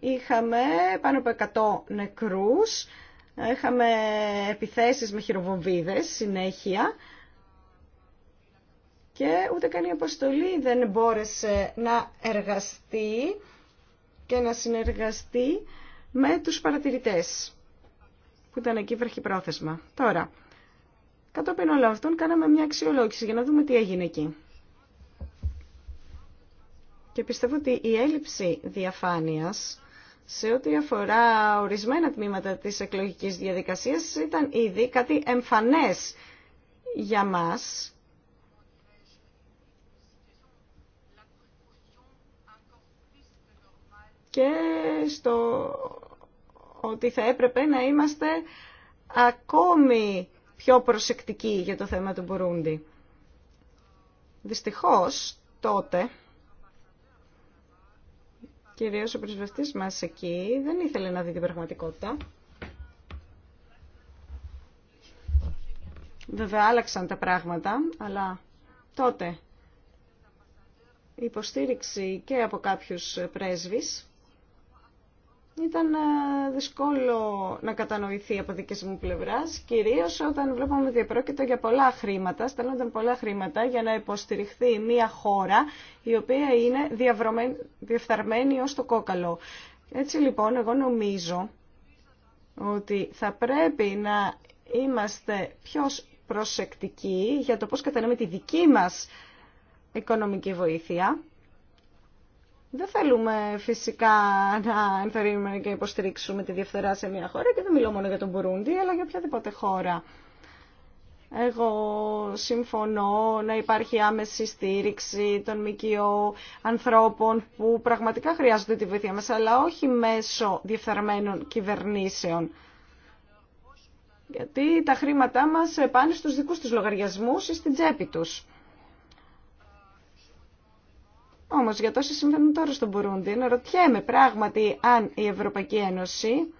είχαμε πάνω από 100 νεκρούς, είχαμε επιθέσεις με χειροβομβίδες συνέχεια και ούτε καν η αποστολή δεν μπόρεσε να εργαστεί και να συνεργαστεί με τους παρατηρητές που ήταν εκεί βραχυπρόθεσμα. Τώρα, κατόπιν όλων αυτών κάναμε μια αξιολόγηση για να δούμε τι έγινε εκεί. Και πιστεύω ότι η έλλειψη διαφάνειας σε ό,τι αφορά ορισμένα τμήματα της εκλογικής διαδικασίας ήταν ήδη κάτι εμφανές για μας και στο ότι θα έπρεπε να είμαστε ακόμη πιο προσεκτικοί για το θέμα του Μπουρούντι. Δυστυχώς τότε, κυρίως ο πρεσβευτής μας εκεί δεν ήθελε να δει την πραγματικότητα. Βέβαια άλλαξαν τα πράγματα, αλλά τότε υποστήριξη και από κάποιους πρέσβεις ήταν ε, δύσκολο να κατανοηθεί από δική μου πλευρά, κυρίω όταν βλέπαμε ότι πρόκειται για πολλά χρήματα, στέλνονταν πολλά χρήματα για να υποστηριχθεί μια χώρα η οποία είναι διαφθαρμένη ως το κόκαλο. Έτσι λοιπόν, εγώ νομίζω ότι θα πρέπει να είμαστε πιο προσεκτικοί για το πώς κατανοούμε τη δική μας οικονομική βοήθεια δεν θέλουμε φυσικά να ενθαρρύνουμε και υποστηρίξουμε τη διαφθορά σε μια χώρα και δεν μιλώ μόνο για τον Μπουρούντι, αλλά για οποιαδήποτε χώρα. Εγώ συμφωνώ να υπάρχει άμεση στήριξη των ΜΚΟ ανθρώπων που πραγματικά χρειάζονται τη βοήθεια μας, αλλά όχι μέσω διεφθαρμένων κυβερνήσεων. Γιατί τα χρήματά μας πάνε στους δικούς τους λογαριασμούς ή στην τσέπη τους. Όμω, για τόσα συμβαίνουν τώρα στον Μπουρούντι, αναρωτιέμαι πράγματι αν η Ευρωπαϊκή Ένωση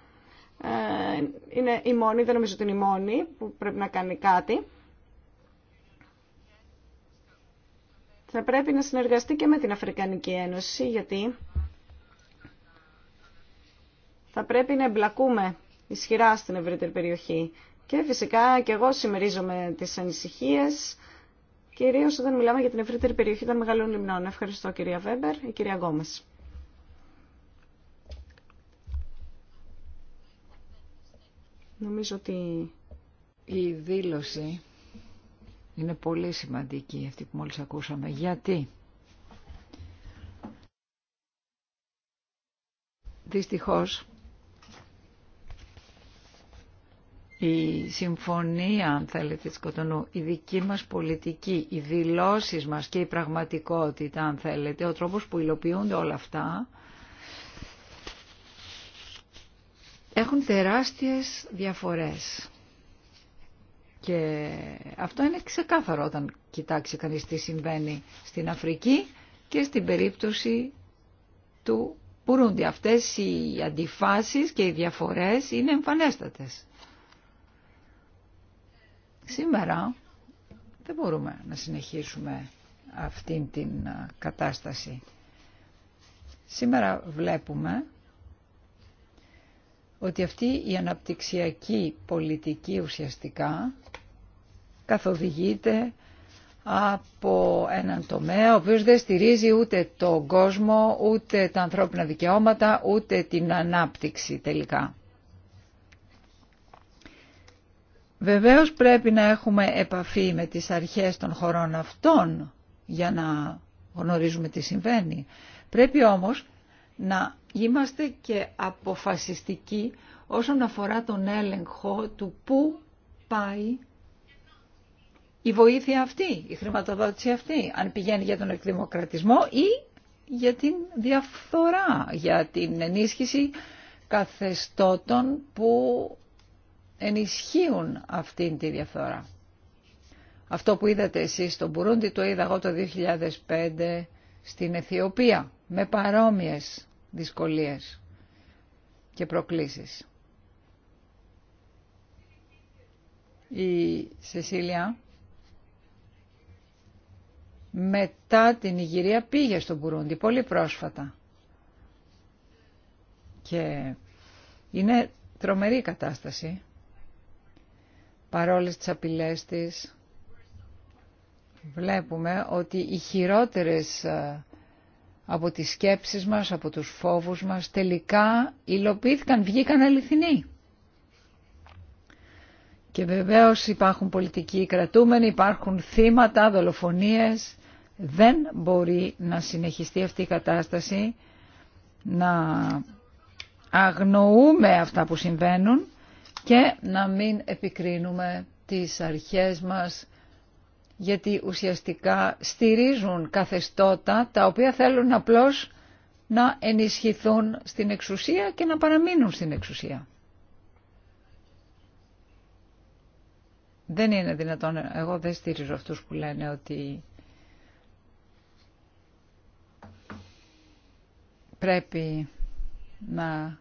ε, είναι η μόνη, δεν νομίζω ότι είναι η μόνη που πρέπει να κάνει κάτι. Θα πρέπει να συνεργαστεί και με την Αφρικανική Ένωση, γιατί θα πρέπει να εμπλακούμε ισχυρά στην ευρύτερη περιοχή. Και φυσικά και εγώ συμμερίζομαι τις ανησυχίες Κυρίω όταν μιλάμε για την ευρύτερη περιοχή των μεγάλων λιμνών. Ευχαριστώ κυρία Βέμπερ, η κυρία Γκόμε. Νομίζω ότι η δήλωση είναι πολύ σημαντική αυτή που μόλις ακούσαμε. Γιατί δυστυχώς η συμφωνία, αν θέλετε, της Κοτονού, η δική μας πολιτική, οι δηλώσεις μας και η πραγματικότητα, αν θέλετε, ο τρόπος που υλοποιούνται όλα αυτά, έχουν τεράστιες διαφορές. Και αυτό είναι ξεκάθαρο όταν κοιτάξει κανείς τι συμβαίνει στην Αφρική και στην περίπτωση του Πουρούντι. Αυτές οι αντιφάσεις και οι διαφορές είναι εμφανέστατες. Σήμερα δεν μπορούμε να συνεχίσουμε αυτήν την κατάσταση. Σήμερα βλέπουμε ότι αυτή η αναπτυξιακή πολιτική ουσιαστικά καθοδηγείται από έναν τομέα ο οποίος δεν στηρίζει ούτε τον κόσμο, ούτε τα ανθρώπινα δικαιώματα, ούτε την ανάπτυξη τελικά. Βεβαίως πρέπει να έχουμε επαφή με τις αρχές των χωρών αυτών για να γνωρίζουμε τι συμβαίνει. Πρέπει όμως να είμαστε και αποφασιστικοί όσον αφορά τον έλεγχο του πού πάει η βοήθεια αυτή, η χρηματοδότηση αυτή, αν πηγαίνει για τον εκδημοκρατισμό ή για την διαφθορά, για την ενίσχυση καθεστώτων που ενισχύουν αυτήν τη διαφθορά. Αυτό που είδατε εσείς στο Μπουρούντι το είδα εγώ το 2005 στην Αιθιοπία με παρόμοιες δυσκολίες και προκλήσεις. Η Σεσίλια μετά την Ιγυρία πήγε στο Μπουρούντι πολύ πρόσφατα και είναι τρομερή κατάσταση παρόλες τις απειλές της, βλέπουμε ότι οι χειρότερες ε, από τις σκέψεις μας, από τους φόβους μας, τελικά υλοποιήθηκαν, βγήκαν αληθινοί. Και βεβαίως υπάρχουν πολιτικοί κρατούμενοι, υπάρχουν θύματα, δολοφονίες. Δεν μπορεί να συνεχιστεί αυτή η κατάσταση, να αγνοούμε αυτά που συμβαίνουν και να μην επικρίνουμε τις αρχές μας γιατί ουσιαστικά στηρίζουν καθεστώτα τα οποία θέλουν απλώς να ενισχυθούν στην εξουσία και να παραμείνουν στην εξουσία. Δεν είναι δυνατόν, εγώ δεν στηρίζω αυτούς που λένε ότι πρέπει να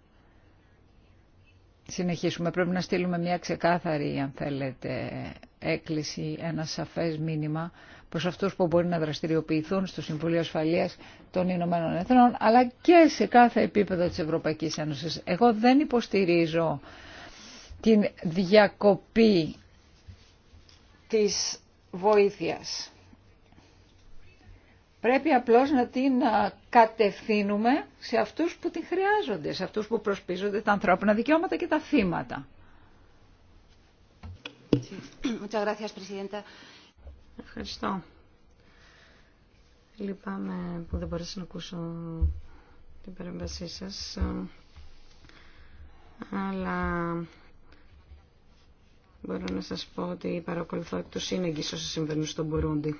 συνεχίσουμε. Πρέπει να στείλουμε μια ξεκάθαρη, αν θέλετε, έκκληση, ένα σαφές μήνυμα προς αυτούς που μπορεί να δραστηριοποιηθούν στο Συμβουλίο Ασφαλείας των Ηνωμένων Εθνών, αλλά και σε κάθε επίπεδο της Ευρωπαϊκής Ένωσης. Εγώ δεν υποστηρίζω την διακοπή της βοήθειας. Πρέπει απλώς να την κατευθύνουμε σε αυτούς που την χρειάζονται, σε αυτούς που προσπίζονται τα ανθρώπινα δικαιώματα και τα θύματα. Ευχαριστώ. Λυπάμαι που δεν μπορέσα να ακούσω την παρέμβασή σας. Αλλά μπορώ να σας πω ότι παρακολουθώ εκ του σύνεγγυς όσα συμβαίνουν στον Μπουρούντι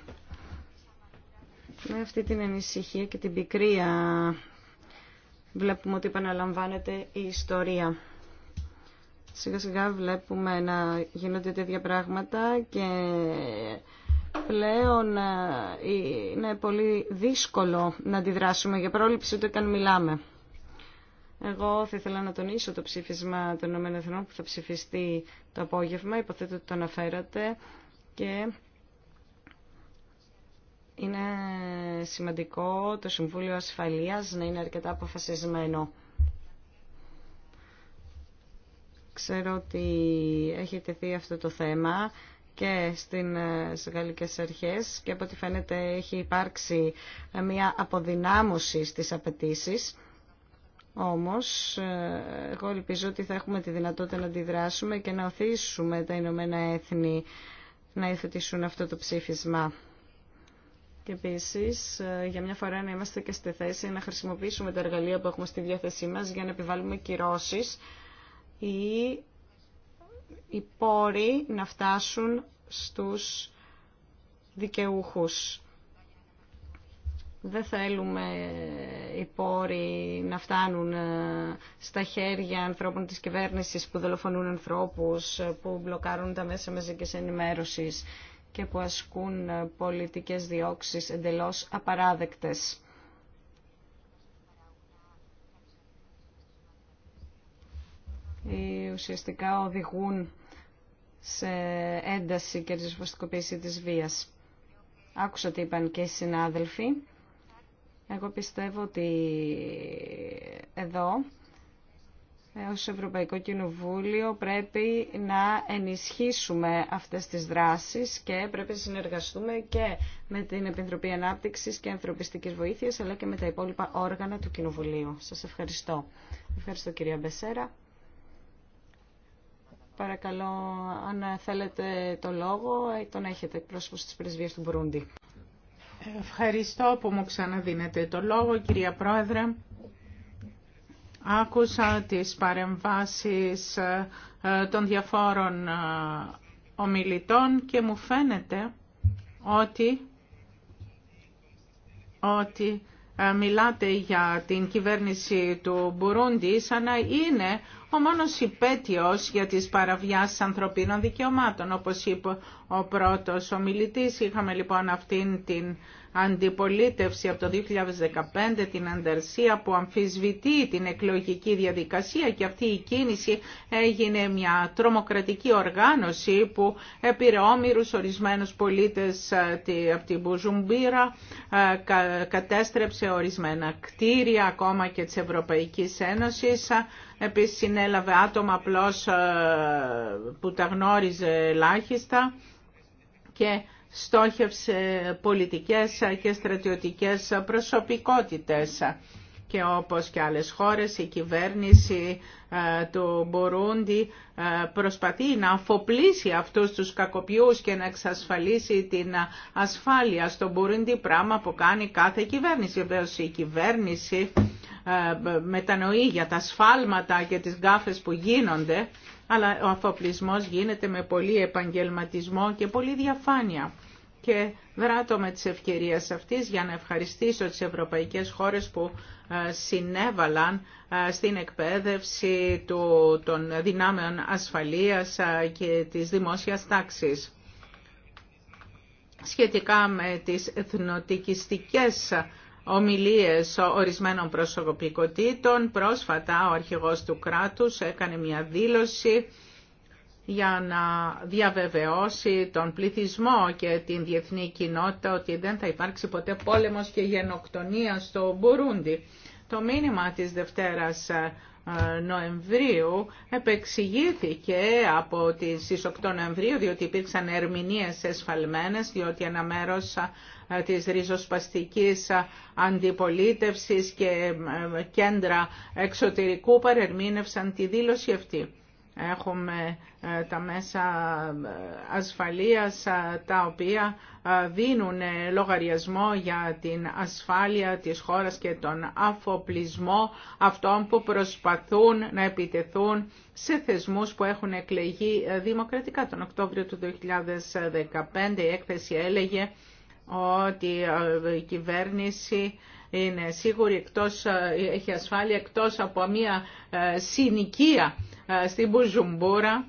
με αυτή την ανησυχία και την πικρία βλέπουμε ότι επαναλαμβάνεται η ιστορία. Σιγά σιγά βλέπουμε να γίνονται τέτοια πράγματα και πλέον ε, είναι πολύ δύσκολο να αντιδράσουμε για πρόληψη ούτε καν μιλάμε. Εγώ θα ήθελα να τονίσω το ψήφισμα των ΗΕ που θα ψηφιστεί το απόγευμα, υποθέτω ότι το αναφέρατε και είναι σημαντικό το Συμβούλιο Ασφαλείας να είναι αρκετά αποφασισμένο. Ξέρω ότι έχει τεθεί αυτό το θέμα και στην, ε, στις γαλλικές αρχές και από ό,τι φαίνεται έχει υπάρξει ε, μια αποδυνάμωση στις απαιτήσει. Όμως, ε, εγώ ελπίζω ότι θα έχουμε τη δυνατότητα να αντιδράσουμε και να οθήσουμε τα Ηνωμένα Έθνη να υιοθετήσουν αυτό το ψήφισμα. Και επίση, ε, για μια φορά να είμαστε και στη θέση να χρησιμοποιήσουμε τα εργαλεία που έχουμε στη διάθεσή μα για να επιβάλλουμε κυρώσει ή οι πόροι να φτάσουν στους δικαιούχους. Δεν θέλουμε οι πόροι να φτάνουν ε, στα χέρια ανθρώπων της κυβέρνησης που δολοφονούν ανθρώπους, ε, που μπλοκάρουν τα μέσα μαζικής ενημέρωσης και που ασκούν ε, πολιτικές διώξεις εντελώς απαράδεκτες. Οι ουσιαστικά οδηγούν σε ένταση και ριζοσφαστικοποίηση της βίας. Άκουσα τι είπαν και οι συνάδελφοι. Εγώ πιστεύω ότι εδώ ως Ευρωπαϊκό Κοινοβούλιο πρέπει να ενισχύσουμε αυτές τις δράσεις και πρέπει να συνεργαστούμε και με την Επιτροπή Ανάπτυξης και Ανθρωπιστικής Βοήθειας αλλά και με τα υπόλοιπα όργανα του Κοινοβουλίου. Σας ευχαριστώ. Ευχαριστώ κυρία Μπεσέρα. Παρακαλώ αν θέλετε το λόγο τον έχετε πρόσωπο της Πρεσβείας του Μπουρούντι. Ευχαριστώ που μου ξαναδίνετε το λόγο κυρία Πρόεδρε. Άκουσα τις παρεμβάσεις ε, των διαφόρων ε, ομιλητών και μου φαίνεται ότι, ότι ε, μιλάτε για την κυβέρνηση του Μπουρούντι σαν να είναι ο μόνος υπέτειος για τις παραβιάσεις ανθρωπίνων δικαιωμάτων. Όπως είπε ο πρώτος ομιλητής, είχαμε λοιπόν αυτήν την αντιπολίτευση από το 2015, την Αντερσία που αμφισβητεί την εκλογική διαδικασία και αυτή η κίνηση έγινε μια τρομοκρατική οργάνωση που έπειρε όμοιρους ορισμένους πολίτες ε, από την Μπουζουμπίρα, ε, κατέστρεψε ορισμένα κτίρια ακόμα και της Ευρωπαϊκής Ένωσης Επίσης συνέλαβε άτομα απλώς ε, που τα γνώριζε ελάχιστα και στόχευσε πολιτικές και στρατιωτικές προσωπικότητες. Και όπως και άλλες χώρες, η κυβέρνηση ε, του Μπορούντι ε, προσπαθεί να αφοπλίσει αυτούς τους κακοποιούς και να εξασφαλίσει την ασφάλεια στο Μπορούντι, πράγμα που κάνει κάθε κυβέρνηση. Βέβαια, η κυβέρνηση ε, μετανοεί για τα σφάλματα και τις γκάφες που γίνονται, αλλά ο αφοπλισμός γίνεται με πολύ επαγγελματισμό και πολύ διαφάνεια. Και δράτω με τις ευκαιρίες αυτής για να ευχαριστήσω τις ευρωπαϊκές χώρες που ε, συνέβαλαν ε, στην εκπαίδευση των δυνάμεων ασφαλείας και της δημόσιας τάξης. Σχετικά με τις εθνοτικιστικές ομιλίες ορισμένων προσωπικότητων. Πρόσφατα ο αρχηγός του κράτους έκανε μια δήλωση για να διαβεβαιώσει τον πληθυσμό και την διεθνή κοινότητα ότι δεν θα υπάρξει ποτέ πόλεμος και γενοκτονία στο Μπουρούντι. Το μήνυμα της Δευτέρας ε, Νοεμβρίου επεξηγήθηκε από τις 8 Νοεμβρίου διότι υπήρξαν ερμηνείες εσφαλμένες διότι ένα μέρος ε, της ριζοσπαστικής ε, αντιπολίτευσης και κέντρα εξωτερικού παρερμήνευσαν τη δήλωση αυτή. Έχουμε ε, τα μέσα ε, ασφαλείας ε, τα οποία δίνουν λογαριασμό για την ασφάλεια της χώρας και τον αφοπλισμό αυτών που προσπαθούν να επιτεθούν σε θεσμούς που έχουν εκλεγεί δημοκρατικά. Τον Οκτώβριο του 2015 η έκθεση έλεγε ότι η κυβέρνηση είναι σίγουρη, εκτός, ε, έχει ασφάλεια εκτός από μια ε, συνοικία ε, στην Μπουζουμπούρα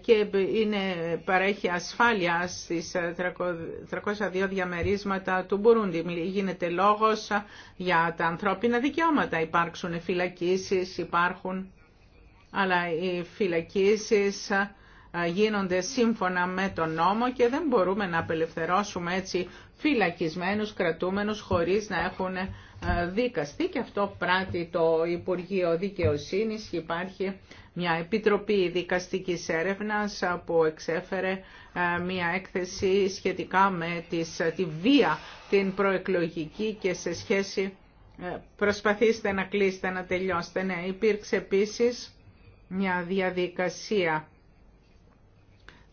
και είναι, παρέχει ασφάλεια στις 302 διαμερίσματα του Μπουρούντι. Γίνεται λόγος για τα ανθρώπινα δικαιώματα. Υπάρξουν φυλακίσεις, υπάρχουν, αλλά οι φυλακίσεις γίνονται σύμφωνα με τον νόμο και δεν μπορούμε να απελευθερώσουμε έτσι φυλακισμένους, κρατούμενους χωρίς να έχουν δίκαστεί και αυτό πράττει το Υπουργείο Δικαιοσύνης και υπάρχει μια Επιτροπή Δικαστικής Έρευνας που εξέφερε μια έκθεση σχετικά με τις, τη βία την προεκλογική και σε σχέση προσπαθήστε να κλείσετε, να τελειώσετε. Ναι, υπήρξε επίσης μια διαδικασία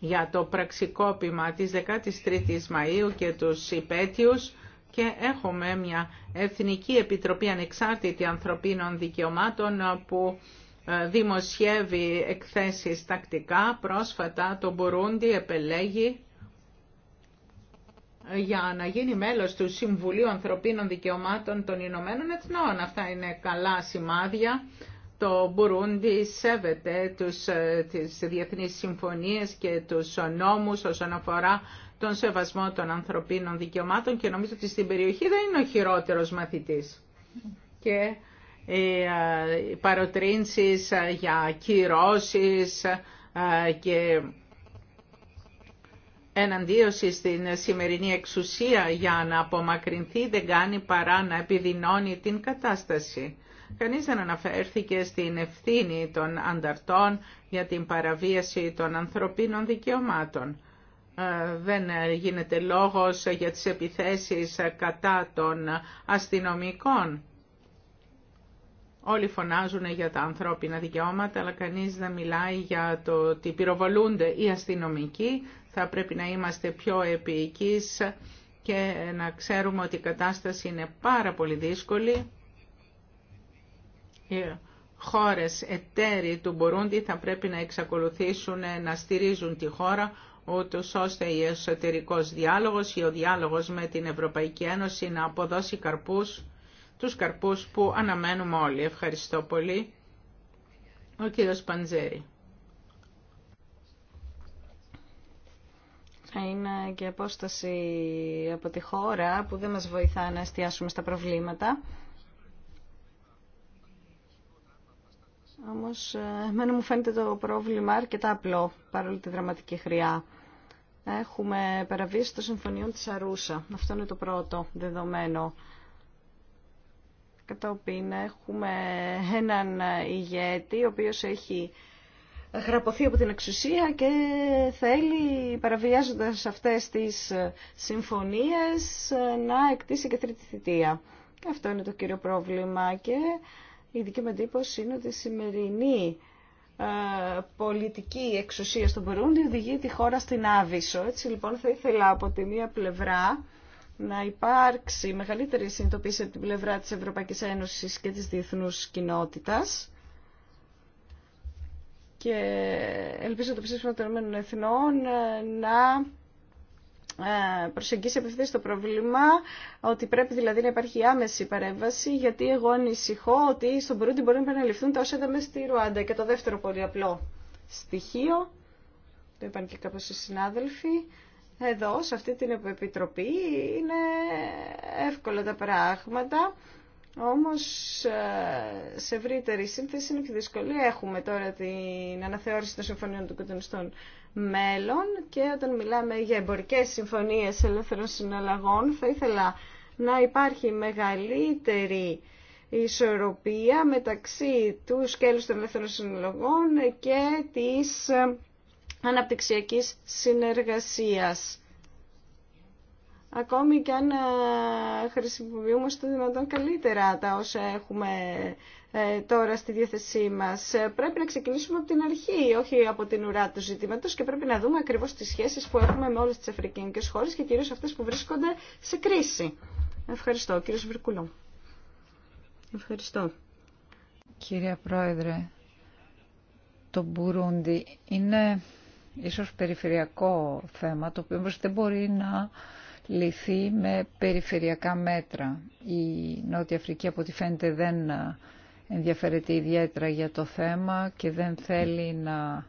για το πραξικόπημα της 13ης Μαΐου και του υπέτειους και έχουμε μια Εθνική Επιτροπή Ανεξάρτητη Ανθρωπίνων Δικαιωμάτων που ε, δημοσιεύει εκθέσεις τακτικά. Πρόσφατα το Μπουρούντι επελέγει ε, για να γίνει μέλος του Συμβουλίου Ανθρωπίνων Δικαιωμάτων των Ηνωμένων Εθνών. Αυτά είναι καλά σημάδια το Μπουρούντι σέβεται τους, ε, τις διεθνείς συμφωνίες και τους νόμους όσον αφορά τον σεβασμό των ανθρωπίνων δικαιωμάτων και νομίζω ότι στην περιοχή δεν είναι ο χειρότερος μαθητής. Και ε, οι παροτρύνσεις για κυρώσεις ε, και εναντίωση στην σημερινή εξουσία για να απομακρυνθεί δεν κάνει παρά να επιδεινώνει την κατάσταση. Κανείς δεν αναφέρθηκε στην ευθύνη των ανταρτών για την παραβίαση των ανθρωπίνων δικαιωμάτων. Ε, δεν γίνεται λόγος για τις επιθέσεις κατά των αστυνομικών. Όλοι φωνάζουν για τα ανθρώπινα δικαιώματα, αλλά κανείς δεν μιλάει για το ότι πυροβολούνται οι αστυνομικοί. Θα πρέπει να είμαστε πιο επίοικείς και να ξέρουμε ότι η κατάσταση είναι πάρα πολύ δύσκολη οι χώρες εταίροι του Μπορούντι θα πρέπει να εξακολουθήσουν να στηρίζουν τη χώρα ούτως ώστε η εσωτερικός διάλογος ή ο διάλογος με την Ευρωπαϊκή Ένωση να αποδώσει καρπούς, τους καρπούς που αναμένουμε όλοι. Ευχαριστώ πολύ. Ο κύριος Παντζέρη. είναι και απόσταση από τη χώρα που δεν μας βοηθά να εστιάσουμε στα προβλήματα. Όμως, ε, εμένα μου φαίνεται το πρόβλημα αρκετά απλό, παρόλη τη δραματική χρειά. Έχουμε παραβίαση των συμφωνιών της Αρούσα. Αυτό είναι το πρώτο δεδομένο. Κατά Κατόπιν έχουμε έναν ηγέτη, ο οποίος έχει γραπωθεί από την εξουσία και θέλει, παραβιάζοντας αυτές τις συμφωνίες, να εκτίσει και τρίτη αυτό είναι το κύριο πρόβλημα. Και η δική μου εντύπωση είναι ότι η σημερινή ε, πολιτική εξουσία στον Περούντι οδηγεί τη χώρα στην Άβυσσο. Έτσι λοιπόν θα ήθελα από τη μία πλευρά να υπάρξει μεγαλύτερη συνειδητοποίηση από την πλευρά της Ευρωπαϊκής Ένωσης και της διεθνούς κοινότητας και ελπίζω το ψήφισμα των Ηνωμένων Εθνών ε, να ε, προσεγγίσει απευθείας το πρόβλημα, ότι πρέπει δηλαδή να υπάρχει άμεση παρέμβαση, γιατί εγώ ανησυχώ ότι στον Περούντι μπορεί να επαναληφθούν τα όσα είδαμε στη Ρουάντα. Και το δεύτερο πολύ απλό στοιχείο, το είπαν και κάπω οι συνάδελφοι, εδώ, σε αυτή την επιτροπή, είναι εύκολα τα πράγματα. Όμως ε, σε ευρύτερη σύνθεση είναι πιο δυσκολία. Έχουμε τώρα την αναθεώρηση των συμφωνίων των κοντονιστών μέλλον και όταν μιλάμε για εμπορικές συμφωνίες ελεύθερων συναλλαγών θα ήθελα να υπάρχει μεγαλύτερη ισορροπία μεταξύ του σκέλους των ελεύθερων συναλλαγών και της αναπτυξιακής συνεργασίας. Ακόμη και αν ε, χρησιμοποιούμε στο δυνατόν καλύτερα τα όσα έχουμε ε, τώρα στη διάθεσή μας. Ε, πρέπει να ξεκινήσουμε από την αρχή, όχι από την ουρά του ζητήματος και πρέπει να δούμε ακριβώς τις σχέσεις που έχουμε με όλες τις αφρικανικές χώρες και κυρίως αυτές που βρίσκονται σε κρίση. Ευχαριστώ. κύριε Βρυκούλο. Ευχαριστώ. Κύριε Πρόεδρε, το Μπουρούντι είναι ίσως περιφερειακό θέμα, το οποίο δεν μπορεί να λυθεί με περιφερειακά μέτρα. Η Νότια Αφρική από ό,τι φαίνεται δεν ενδιαφέρεται ιδιαίτερα για το θέμα και δεν θέλει να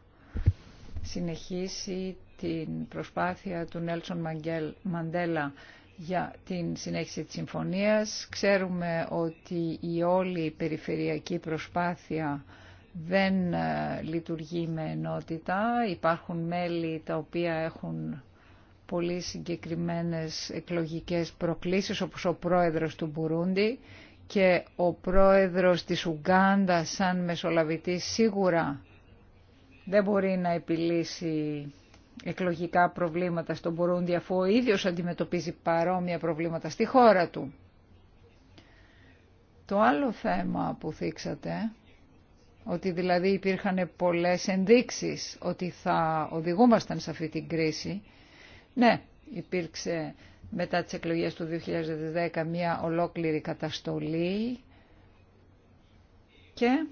συνεχίσει την προσπάθεια του Νέλσον Μαντέλα για την συνέχιση της συμφωνίας. Ξέρουμε ότι η όλη περιφερειακή προσπάθεια δεν ε, λειτουργεί με ενότητα. Υπάρχουν μέλη τα οποία έχουν πολύ συγκεκριμένες εκλογικές προκλήσεις, όπως ο πρόεδρος του Μπουρούντι και ο πρόεδρος της Ουγκάντα σαν μεσολαβητής σίγουρα δεν μπορεί να επιλύσει εκλογικά προβλήματα στον Μπουρούντι αφού ο ίδιος αντιμετωπίζει παρόμοια προβλήματα στη χώρα του. Το άλλο θέμα που θίξατε, ότι δηλαδή υπήρχαν πολλές ενδείξεις ότι θα οδηγούμασταν σε αυτή την κρίση, ναι, υπήρξε μετά τις εκλογές του 2010 μια ολόκληρη καταστολή και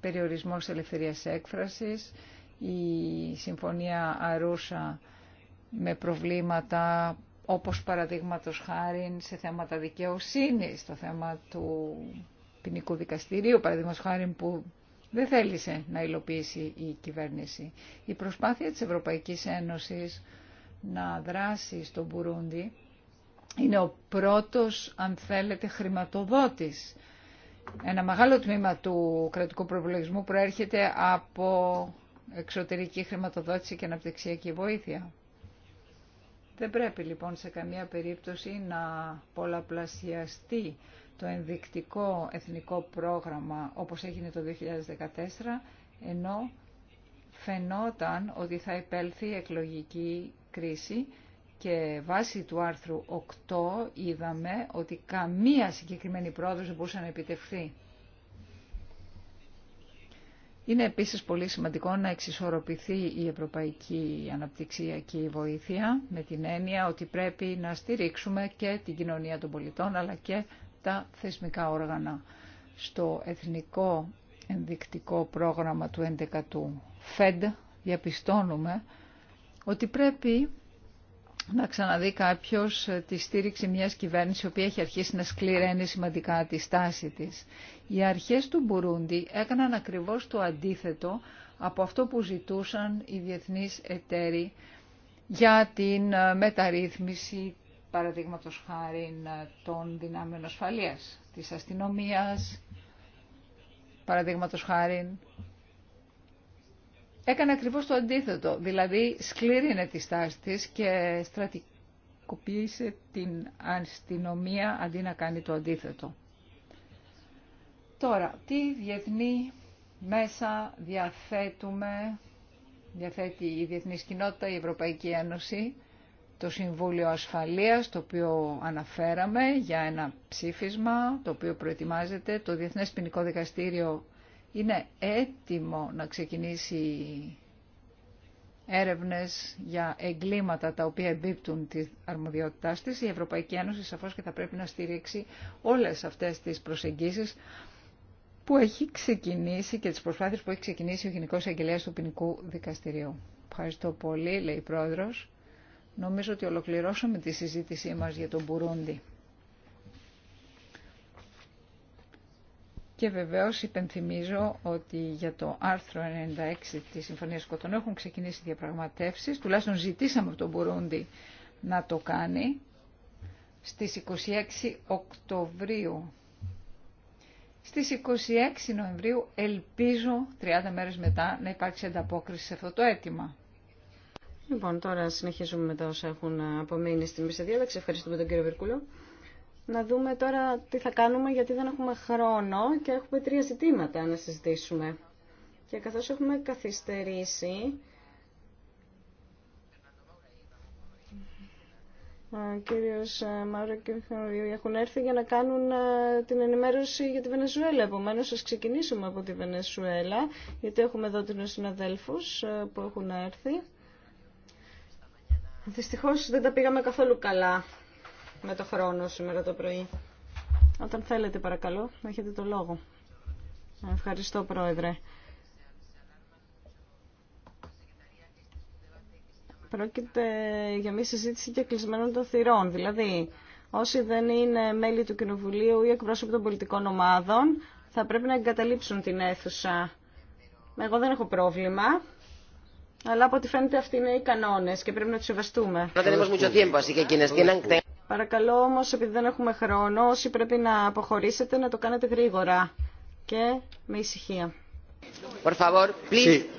περιορισμός ελευθερίας έκφρασης, η Συμφωνία Αρούσα με προβλήματα όπως παραδείγματος χάρη σε θέματα δικαιοσύνης, το θέμα του ποινικού δικαστηρίου, παραδείγματος χάρη που δεν θέλησε να υλοποιήσει η κυβέρνηση. Η προσπάθεια της Ευρωπαϊκής Ένωσης να δράσει στο Μπουρούντι. Είναι ο πρώτος, αν θέλετε, χρηματοδότης. Ένα μεγάλο τμήμα του κρατικού προπολογισμού προέρχεται από εξωτερική χρηματοδότηση και αναπτυξιακή βοήθεια. Δεν πρέπει λοιπόν σε καμία περίπτωση να πολλαπλασιαστεί το ενδεικτικό εθνικό πρόγραμμα όπως έγινε το 2014, ενώ φαινόταν ότι θα υπέλθει εκλογική κρίση και βάσει του άρθρου 8 είδαμε ότι καμία συγκεκριμένη πρόοδος δεν μπορούσε να επιτευχθεί. Είναι επίσης πολύ σημαντικό να εξισορροπηθεί η ευρωπαϊκή αναπτυξιακή βοήθεια με την έννοια ότι πρέπει να στηρίξουμε και την κοινωνία των πολιτών αλλά και τα θεσμικά όργανα. Στο εθνικό ενδεικτικό πρόγραμμα του 11ου ΦΕΔ διαπιστώνουμε ότι πρέπει να ξαναδεί κάποιο ε, τη στήριξη μια κυβέρνηση η οποία έχει αρχίσει να σκληραίνει σημαντικά τη στάση της. Οι αρχές του Μπουρούντι έκαναν ακριβώς το αντίθετο από αυτό που ζητούσαν οι διεθνείς εταίροι για την ε, μεταρρύθμιση παραδείγματο χάρη ε, των δυνάμεων ασφαλεία, της αστυνομίας, παραδείγματο χάρη έκανε ακριβώς το αντίθετο. Δηλαδή σκλήρινε τη στάση της και στρατικοποίησε την αστυνομία αντί να κάνει το αντίθετο. Τώρα, τι διεθνή μέσα διαθέτουμε, διαθέτει η Διεθνής Κοινότητα, η Ευρωπαϊκή Ένωση, το Συμβούλιο Ασφαλείας, το οποίο αναφέραμε για ένα ψήφισμα, το οποίο προετοιμάζεται, το Διεθνές Ποινικό Δικαστήριο είναι έτοιμο να ξεκινήσει έρευνες για εγκλήματα τα οποία εμπίπτουν τη αρμοδιότητά της. Η Ευρωπαϊκή Ένωση σαφώς και θα πρέπει να στηρίξει όλες αυτές τις προσεγγίσεις που έχει ξεκινήσει και τις προσπάθειες που έχει ξεκινήσει ο Γενικός Αγγελέας του Ποινικού Δικαστηρίου. Ευχαριστώ πολύ, λέει η Πρόεδρος. Νομίζω ότι ολοκληρώσαμε τη συζήτησή μας για τον Μπουρούντι. Και βεβαίως υπενθυμίζω ότι για το άρθρο 96 της Συμφωνίας Κοτονού έχουν ξεκινήσει διαπραγματεύσεις, τουλάχιστον ζητήσαμε από τον Μπουρούντι να το κάνει στις 26 Οκτωβρίου. Στις 26 Νοεμβρίου ελπίζω 30 μέρες μετά να υπάρξει ανταπόκριση σε αυτό το αίτημα. Λοιπόν, τώρα συνεχίζουμε με τα όσα έχουν απομείνει στην μισή διάταξη. Ευχαριστούμε τον κύριο Βερκούλο να δούμε τώρα τι θα κάνουμε γιατί δεν έχουμε χρόνο και έχουμε τρία ζητήματα να συζητήσουμε. Και καθώς έχουμε καθυστερήσει, ο κύριος ε, Μάουρα και ο έχουν έρθει για να κάνουν ε, την ενημέρωση για τη Βενεζουέλα. Επομένω, ας ξεκινήσουμε από τη Βενεζουέλα, γιατί έχουμε εδώ τους συναδέλφους ε, που έχουν έρθει. Δυστυχώς δεν τα πήγαμε καθόλου καλά με το χρόνο σήμερα το πρωί. Όταν θέλετε παρακαλώ, έχετε το λόγο. Ευχαριστώ Πρόεδρε. Πρόκειται για μια συζήτηση και κλεισμένων των θυρών. Δηλαδή, όσοι δεν είναι μέλη του Κοινοβουλίου ή εκπρόσωποι των πολιτικών ομάδων, θα πρέπει να εγκαταλείψουν την αίθουσα. Εγώ δεν έχω πρόβλημα. Αλλά από ό,τι φαίνεται αυτοί είναι οι κανόνες και πρέπει να τους σεβαστούμε. Παρακαλώ όμως, επειδή δεν έχουμε χρόνο, όσοι πρέπει να αποχωρήσετε, να το κάνετε γρήγορα και με ησυχία. Por favor, please.